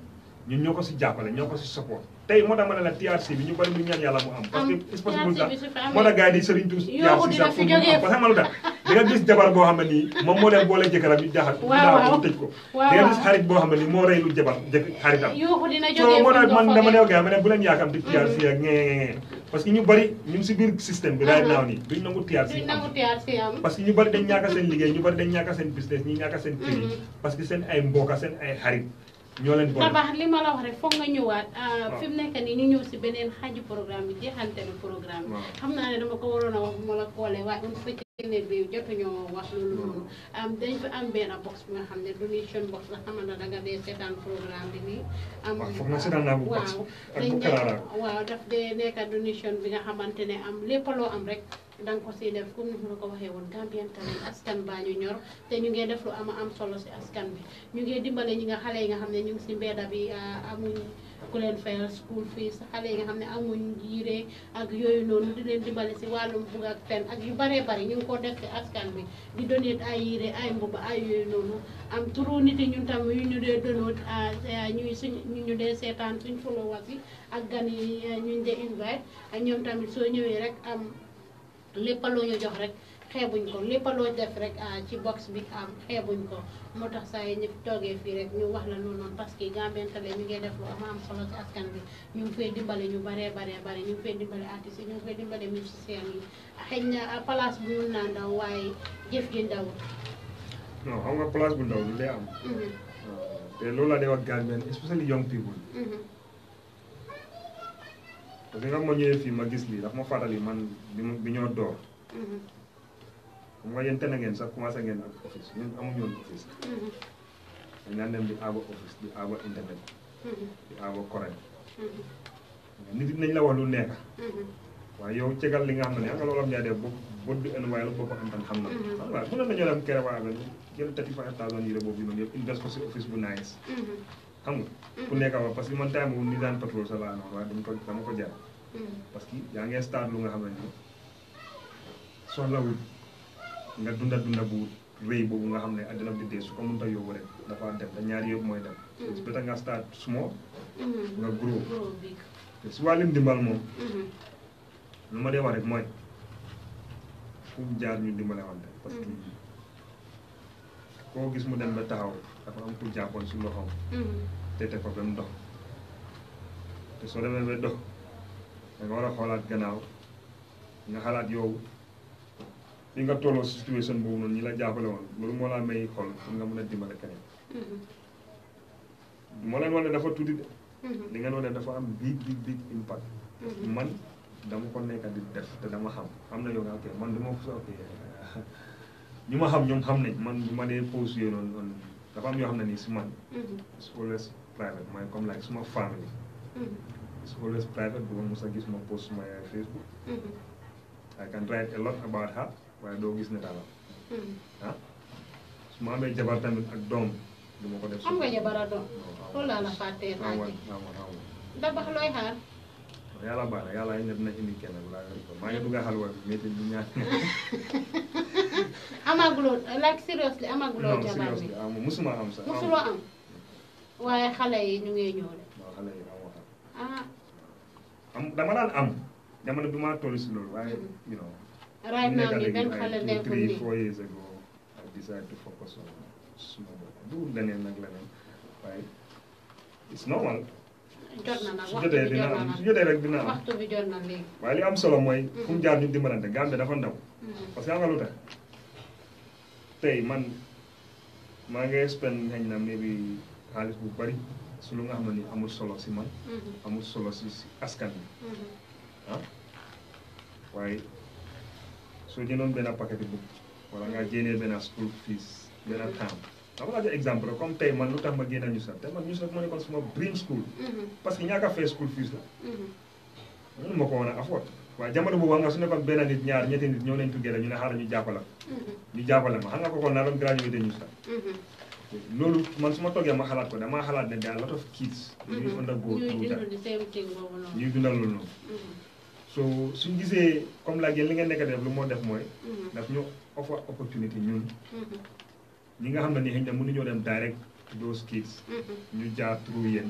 ñun ñoo ko si jàppale ñoo ko si support tay mo dama la TRC bi ñu bari ñu ñaan yalla mu am. parce que c'est possible sax mo tax gaay di serigne tous yow dina fi jógee parce que xam nga lu tax da nga gis jabar bo xamni ne mo moom moo dem boole jëkkëram ñu jaaxal. waaw waaw tëj ko. waaw da nga gis xarit bo xamni mo nii lu jabar jëk xaritam. yow dina jógee moo man dama neew gaay mané bu leen yaakam di TRC ak ngé mm-hmm. parce que ñu bari ñu ci biir système bi right uh-huh. now nii duñ nangu TRC am parce que ñu bari dañ ñaaka seen liggéey ñu bari dañ ñaaka seen business ñi ñaaka seen prix mm-hmm. parce que seen ay mboka seen ay xarit ñoo leen boole tabax li ma la wax rek foog nga ñëwaat. Ah, fi nekk nii ñu ñëw si beneen xaaju programme bi jeexanteelu programme bi. xam naa ne dama ko waroon a wax bu ma la koolee waaye bu fekkee ne bi jotuñoo wax loolu noonu. dañ fa am benn box bi nga xam la xamal na danga dee seetaan programme bi nii. am waaw foog na seetaan naa bu box ak waaw daf dee nekk donation bi nga xamante ne am lépp loo am rek. danga ko si def comme ni la ko waxee woon Gambian Talents askan baa ñu ñor te ñu ngee def lu ama am solo si askan bi ñu ngee dimbale ñi nga xale yi nga xam ne ñu ngi si mbedda bi amuñ ku leen fayal school fees xale yi nga xam ne amuñ yire ak yooyu noonu di leen dimbale si wàllum bugg ak fen ak yu baree bari ñu ngi ko def si askan bi di donate ay yire ay mbubb ay yooyu noonu am turu nit yi ñun tam yu ñu dee donate ñuy suñ ñu ñu dee seetaan suñ followers yi ak gan yi ñu dee invite ak ñoom tamit soo ñëwee rek am lepalo loo ñu jox rek xébuñ ko lepalo def rek ah, ci box bi am xébuñ ko motax say saa togué fi rek ñu wax la non non parce que Gambian tale ñu ngi def lu am am solo ci askan bi ñu ngi fay dimbalé ñu bare bare bare ñu ngi fay dimbalé artiste ñu ngi fay dimbalé musicien yi xëy na ah, place bu ñu nanda way jëf gi ndaw. non xam nga place bu ndaw lu lay am. Mhm. Ah, te loolu laa day wax especially young people. Mhm parce monyet nga ma ñëwee fii ma gis lii daf ma fàttali man bi ñoo door xam nga yéen tene ngeen sax office ñun amuñu woon office dañ anda dem di office di awal internet mm-hmm. di awal correct nit nañ la wax lu nekk waaye yow cegal li nga xam ne yaa nga loolam ñaa def boobu boddu en waaye la boo ko antan xam na xam nga mën nañoo dem kere jël yi invest ko office bu nice xam nga ku nekk wa parce que man ni patrol sa ko dama ko parce que yaa start stade lu nga xam ne soxlawul nga dunda dunda bu rëy boobu nga xam ne àddina bi dee su ko mënta yóbbu rek dafa dem da ñaari yóbbu mooy dem mm-hmm. beta nga stade small mm-hmm. nga grow te si wàllum dimbal moom mm-hmm. lu ma dee wax rek mooy fu jaar ñu dimbale wante parce que koo gis mu dem ba taxaw dafa am ku jàppoon si ko dox ba dox da war a xoolaat gannaaw nga xalaat yow li nga tolloo si situation boobu noonu ñi la jàppale woon loolu moo laa may xol pour nga mën a dimbale keneen. Mm-hmm. moo leen wane dafa tuuti de. li mm-hmm. dafa am big big big impact. Mm-hmm. man dama te dama xam xam na yow nga ok man dama ko ma xam ñoom xam nañ man bu ma dee pause yooyu noonu dafa am yoo xam ne nii si man. it's always private mooy comme like suma famille. It's always private because Musa gives my post my Facebook. Mm-hmm. I can write a lot about her, but I gis ne dara. su ma amee jabar tamit ak doom du ko def. am yàlla baax na yàlla ñëpp na am waaye xale yi ñu ngi ñëw de. waaw xale yi ah am dama daan am jamono bi ma toll si loolu waaye you know. right three four years ago I decided to focus on suma bopp duul leneen nag leneen waaye na nag waxtu bi jot na nag su jotee rek dina am waxtu bi jot na léegi. waaye li am solo mooy. Mm-hmm. fu mu jaar ñu dimbalante Gambie dafa ndaw. Mm-hmm. parce que am nga lu tax tey man maa ngi spend xëy na maybe xaalis bu bari. su lu nga xam amul solo si man amul solo si askan bi ah waaye soo jëloon benn paquet bu wala nga jene bena school fees bena tam dama la jox exemple comme tay man lu tax ma génne Nusrat tey man ñu sax mo ne nekkoon suma dream school parce que ñaka fait school fees la mënu ma ko wona a afford waaye jamono boobu nga su ko benn nit ñaar ñetti nit ñoo leen tuggé la ñu ne xaaral ñu jàppala ñu jàppala ma xam nga ko kon na doon graduate ñu Nusrat loolu man su ma toogee ma xalaat ko damaa xalaat ne daal lot of kids. Mm-hmm. ñuy undergo through that ñuy loolu noonu. Mm-hmm. so suñ gisee comme la li ngeen nekk def lu moo def mooy. Mm-hmm. daf ñu offer opportunity ñun. ñi nga xam ne ni xëy na mënuñoo dem direct to those kids. ñu jaar through yéen.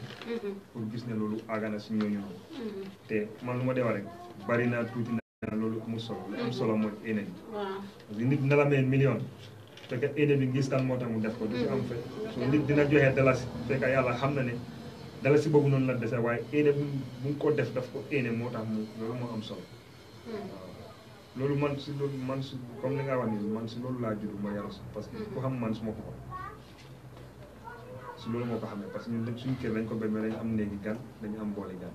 pour gis ne loolu àgg na si ñooñu noonu. te man lu ma dee rek bari na tuuti na loolu mu solo li solo mooy énebe. parce que nit na la may million. te kat idée bi gis kan moo tax mu def ko. du ci am fay mm. su nit dina joxe dalasi fekk yàlla xam na ne dalasi boobu noonu la dese waaye idée bu mu ko def daf ko idée moo tax mu loolu moo am solo. Mm. loolu man si loolu man si comme li nga wax nii man si loolu laa judd ma yaru parce que ku mm. xam man su ma ko xam si loolu moo ko xamee parce que ñun lépp suñu kër lañ ko béy mais dañu am néegi gan dañu am boole gan.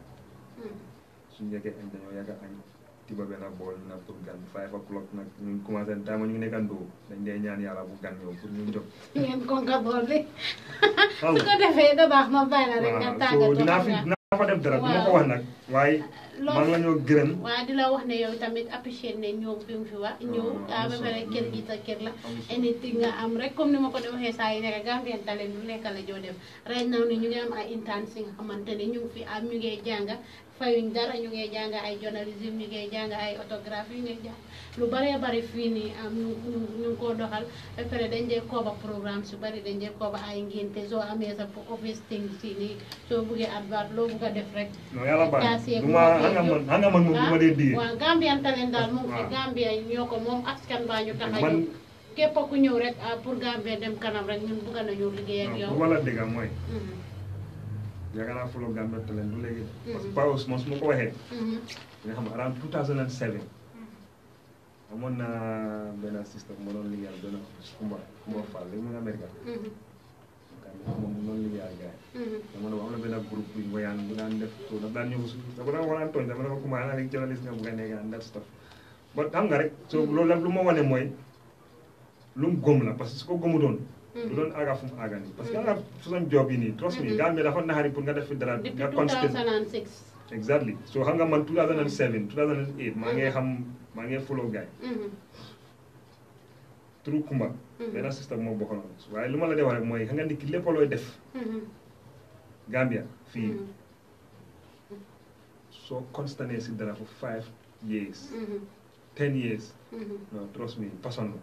suñ yeggee añ dañoo yàgg añ. tiba benn bool ñu naan pour gan bi five o'clock nag ñu commencé taama ñu nekkandoo dañ dee ñaan yàlla bu gan ñëw pour ñu jóg. ngeen konka bool bi. xam ko defee da baax ma bàyyi la rek nga tàggatoo dinaa fi dinaa fa def dara waaye maa la ñoo gërëm. di la wax ne yow tamit apprécié ne ñëw bi mu fi wax. Ah, ñëw à a près kër gi sa kër la. anything nga am rek comme ni ma ko doon waxee saa yi nekk Gambian Talents lu nekk la joo dem. right now ni ñu ngi am ay interns yi nga xamante ñu fi am ñu ngi ah, jàng fayuñ dara ñu ngee jàng ay journalisme ñu ngee jàng ay autographe ñu ngee jàng lu baree bari fii nii am ñu ngi koo doxal ba dañ dee kooba programme su bari dañ dee kooba ay ngénte soo amee sa office thing si nii soo buggee advert loo bugg def rek casee ah, waaw Gambian Talents daal moom fi ah. Gambia ñoo ko moom askan baa ñu tax a jóg képp ku ñëw rek ah, pour Gambia dem kanam rek ñu bugga nañu liggéey ak yow yaakaar naa Folo Gambe Talent du léegi. Mhm. parce que Pao moom ko waxee. Mhm. nga xam around 2007. amoon na benn système bu ma doon liggéeyal benn Kumba Kumba Fall léegi mu ngi Amérique. xam moom mu doon liggéeyal gars mhm. na benn groupe bu ñu koy bu daan def tool daf daan ñëw su dafa daan waraan tooñ dama ne ko Kumba ana léegi journaliste nga bëgg a nekk and that stuff. ba xam nga rek soo loolu lu ma wane mooy lu mu gëm la parce que su ko gëmu doon. lu mm-hmm. doon aarab fu mu aarandi. Mm-hmm. parce que aarab su doon job yi nii. trust me mm-hmm. Gambia dafa naxari pour nga def fi dara. nga constant exactly so xam nga man 2007 2008 maa ngi xam maa ngi follow gaay. turu Kumba. benn système moo bokkoon waaye lu ma la dee wax rek mooy xam nga lépp looy def. Gambia fii soo constané si dara for five years. ten years. trust me personne la.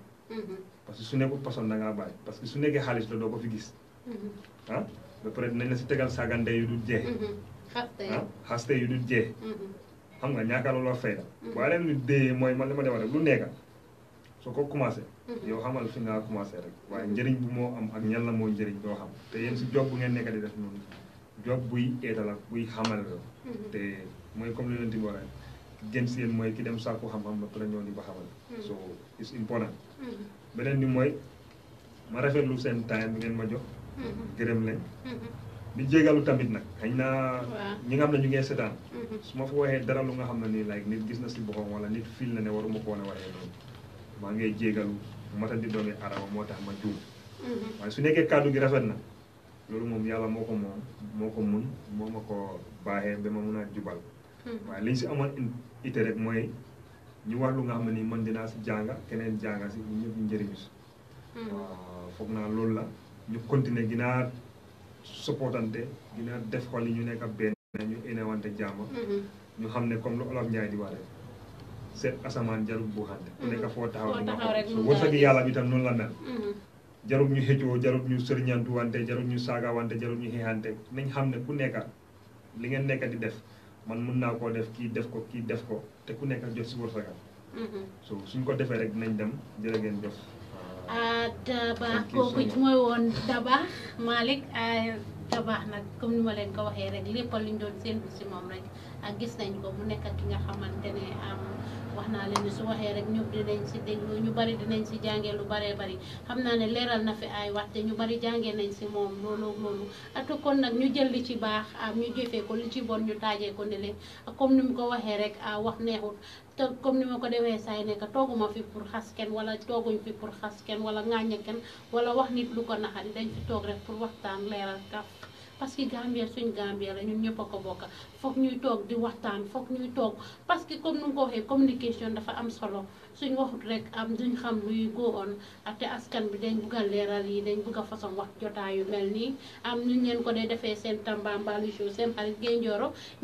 parce que su nekkul poson da ngaa bàyyi parce que su nekkee xaalis la doo ko fi gis. Mm-hmm. ah ba pare dinañ la si tegal saagante yu dul jeex. Mm-hmm. Ah, xaste yu dul jeex. Mm-hmm. xam nga ñaaka looloo fay la. waaye leen lu dee mooy man li ma demal rek lu nekk soo ko commencé. yow xamal fi nga commencé rek waaye njëriñ bu moo am ak ñan la moo njëriñ doo xam te yéen si job bu ngeen nekk di def noonu job buy eetal ak buy xamal la. te mooy comme li leen di waxee gën si yéen mooy ki dem sàkku xam-xam ba pare ñoo di ba xamal. benen ni moy ma rafetlu lu time bi ngeen ma jox mm-hmm. gërem leen mm-hmm. di jégalu tamit nak xëy na ñi nga xam ne ñu ngi sétan mm-hmm. su ma fa dara lu nga xam ni like nit gis na ci bokkom wala nit fil na ne waruma ko wane waxee loolu ma ngay jégalu di doomi araba mo tax ma juum waaye su nekkee kàddu gi rafet na lolu mom yalla moko mo moko moo mun ma ko ma jubal liñ ci itérek moy ñu wax lu nga xam ne nii man dinaa si jànga keneen jànga si ñun ñëpp ñu njëriñu si. Hmm. waaw foog naa loolu la ñu continuer ginaa supportante ginaa def xol yi ñu nekk benn ñu enewante jàmm. ñu xam ne comme lu olof Njaay di waxee seet asamaan jarul buuxante. ku nekk foo taxaw rek nga xool wërsëg yàlla bi tam noonu la mel. jarul ñu xëccoo jarul ñu sëriñantu wante jarul ñu saagawante jarul ñu xeexante nañ xam ne ku nekk li ngeen nekk di def. man mun naa koo def kii def ko kii def ko te ku nekk ak jot si wërsëgam mm-hmm. so suñ ko defee rek dinañ dem jërë ngeen jëf ah, dabaax kooku mooy woon dabaax Malick ah, dabaax nag comme ni ma leen ko waxee rek lépp luñ doon seen bu si moom rek ak gis nañ ko mu nekk ki nga xamante ne am wax naa leen ni su waxee rek ñëpp dinañ si déglu ñu bari dinañ si jàngee lu bare bari xam naa ne leeral na fi ay wax te ñu bari jàngee nañ si moom loolu loolu atu kon nag ñu jël li ci baax am ah, ñu jëfee ko li ci bon ñu taajee ko ne leen comme ni mu ko waxee rek a ah, wax neexut te comme ni ma ko defee saa yi nekk fi pour xas kenn wala tooguñ fi pour xas kenn wala ŋaaña kenn wala wax nit lu ko naxari dañ fi toog rek pour waxtaan leeral kaf parce que Gambia suñ Gambia la ñun ñëpp a ko bokk foog ñuy toog di waxtaan foog ñuy toog parce que comme nu nga ko waxee communication dafa am solo suñ waxut rek am duñ xam luy góoon ak te askan bi dañ bugg a leeral yi dañ bugg a façon wax jotaa yu mel nii am ñu leen ko dee defee seen Tambambalu show seen xarit Gaye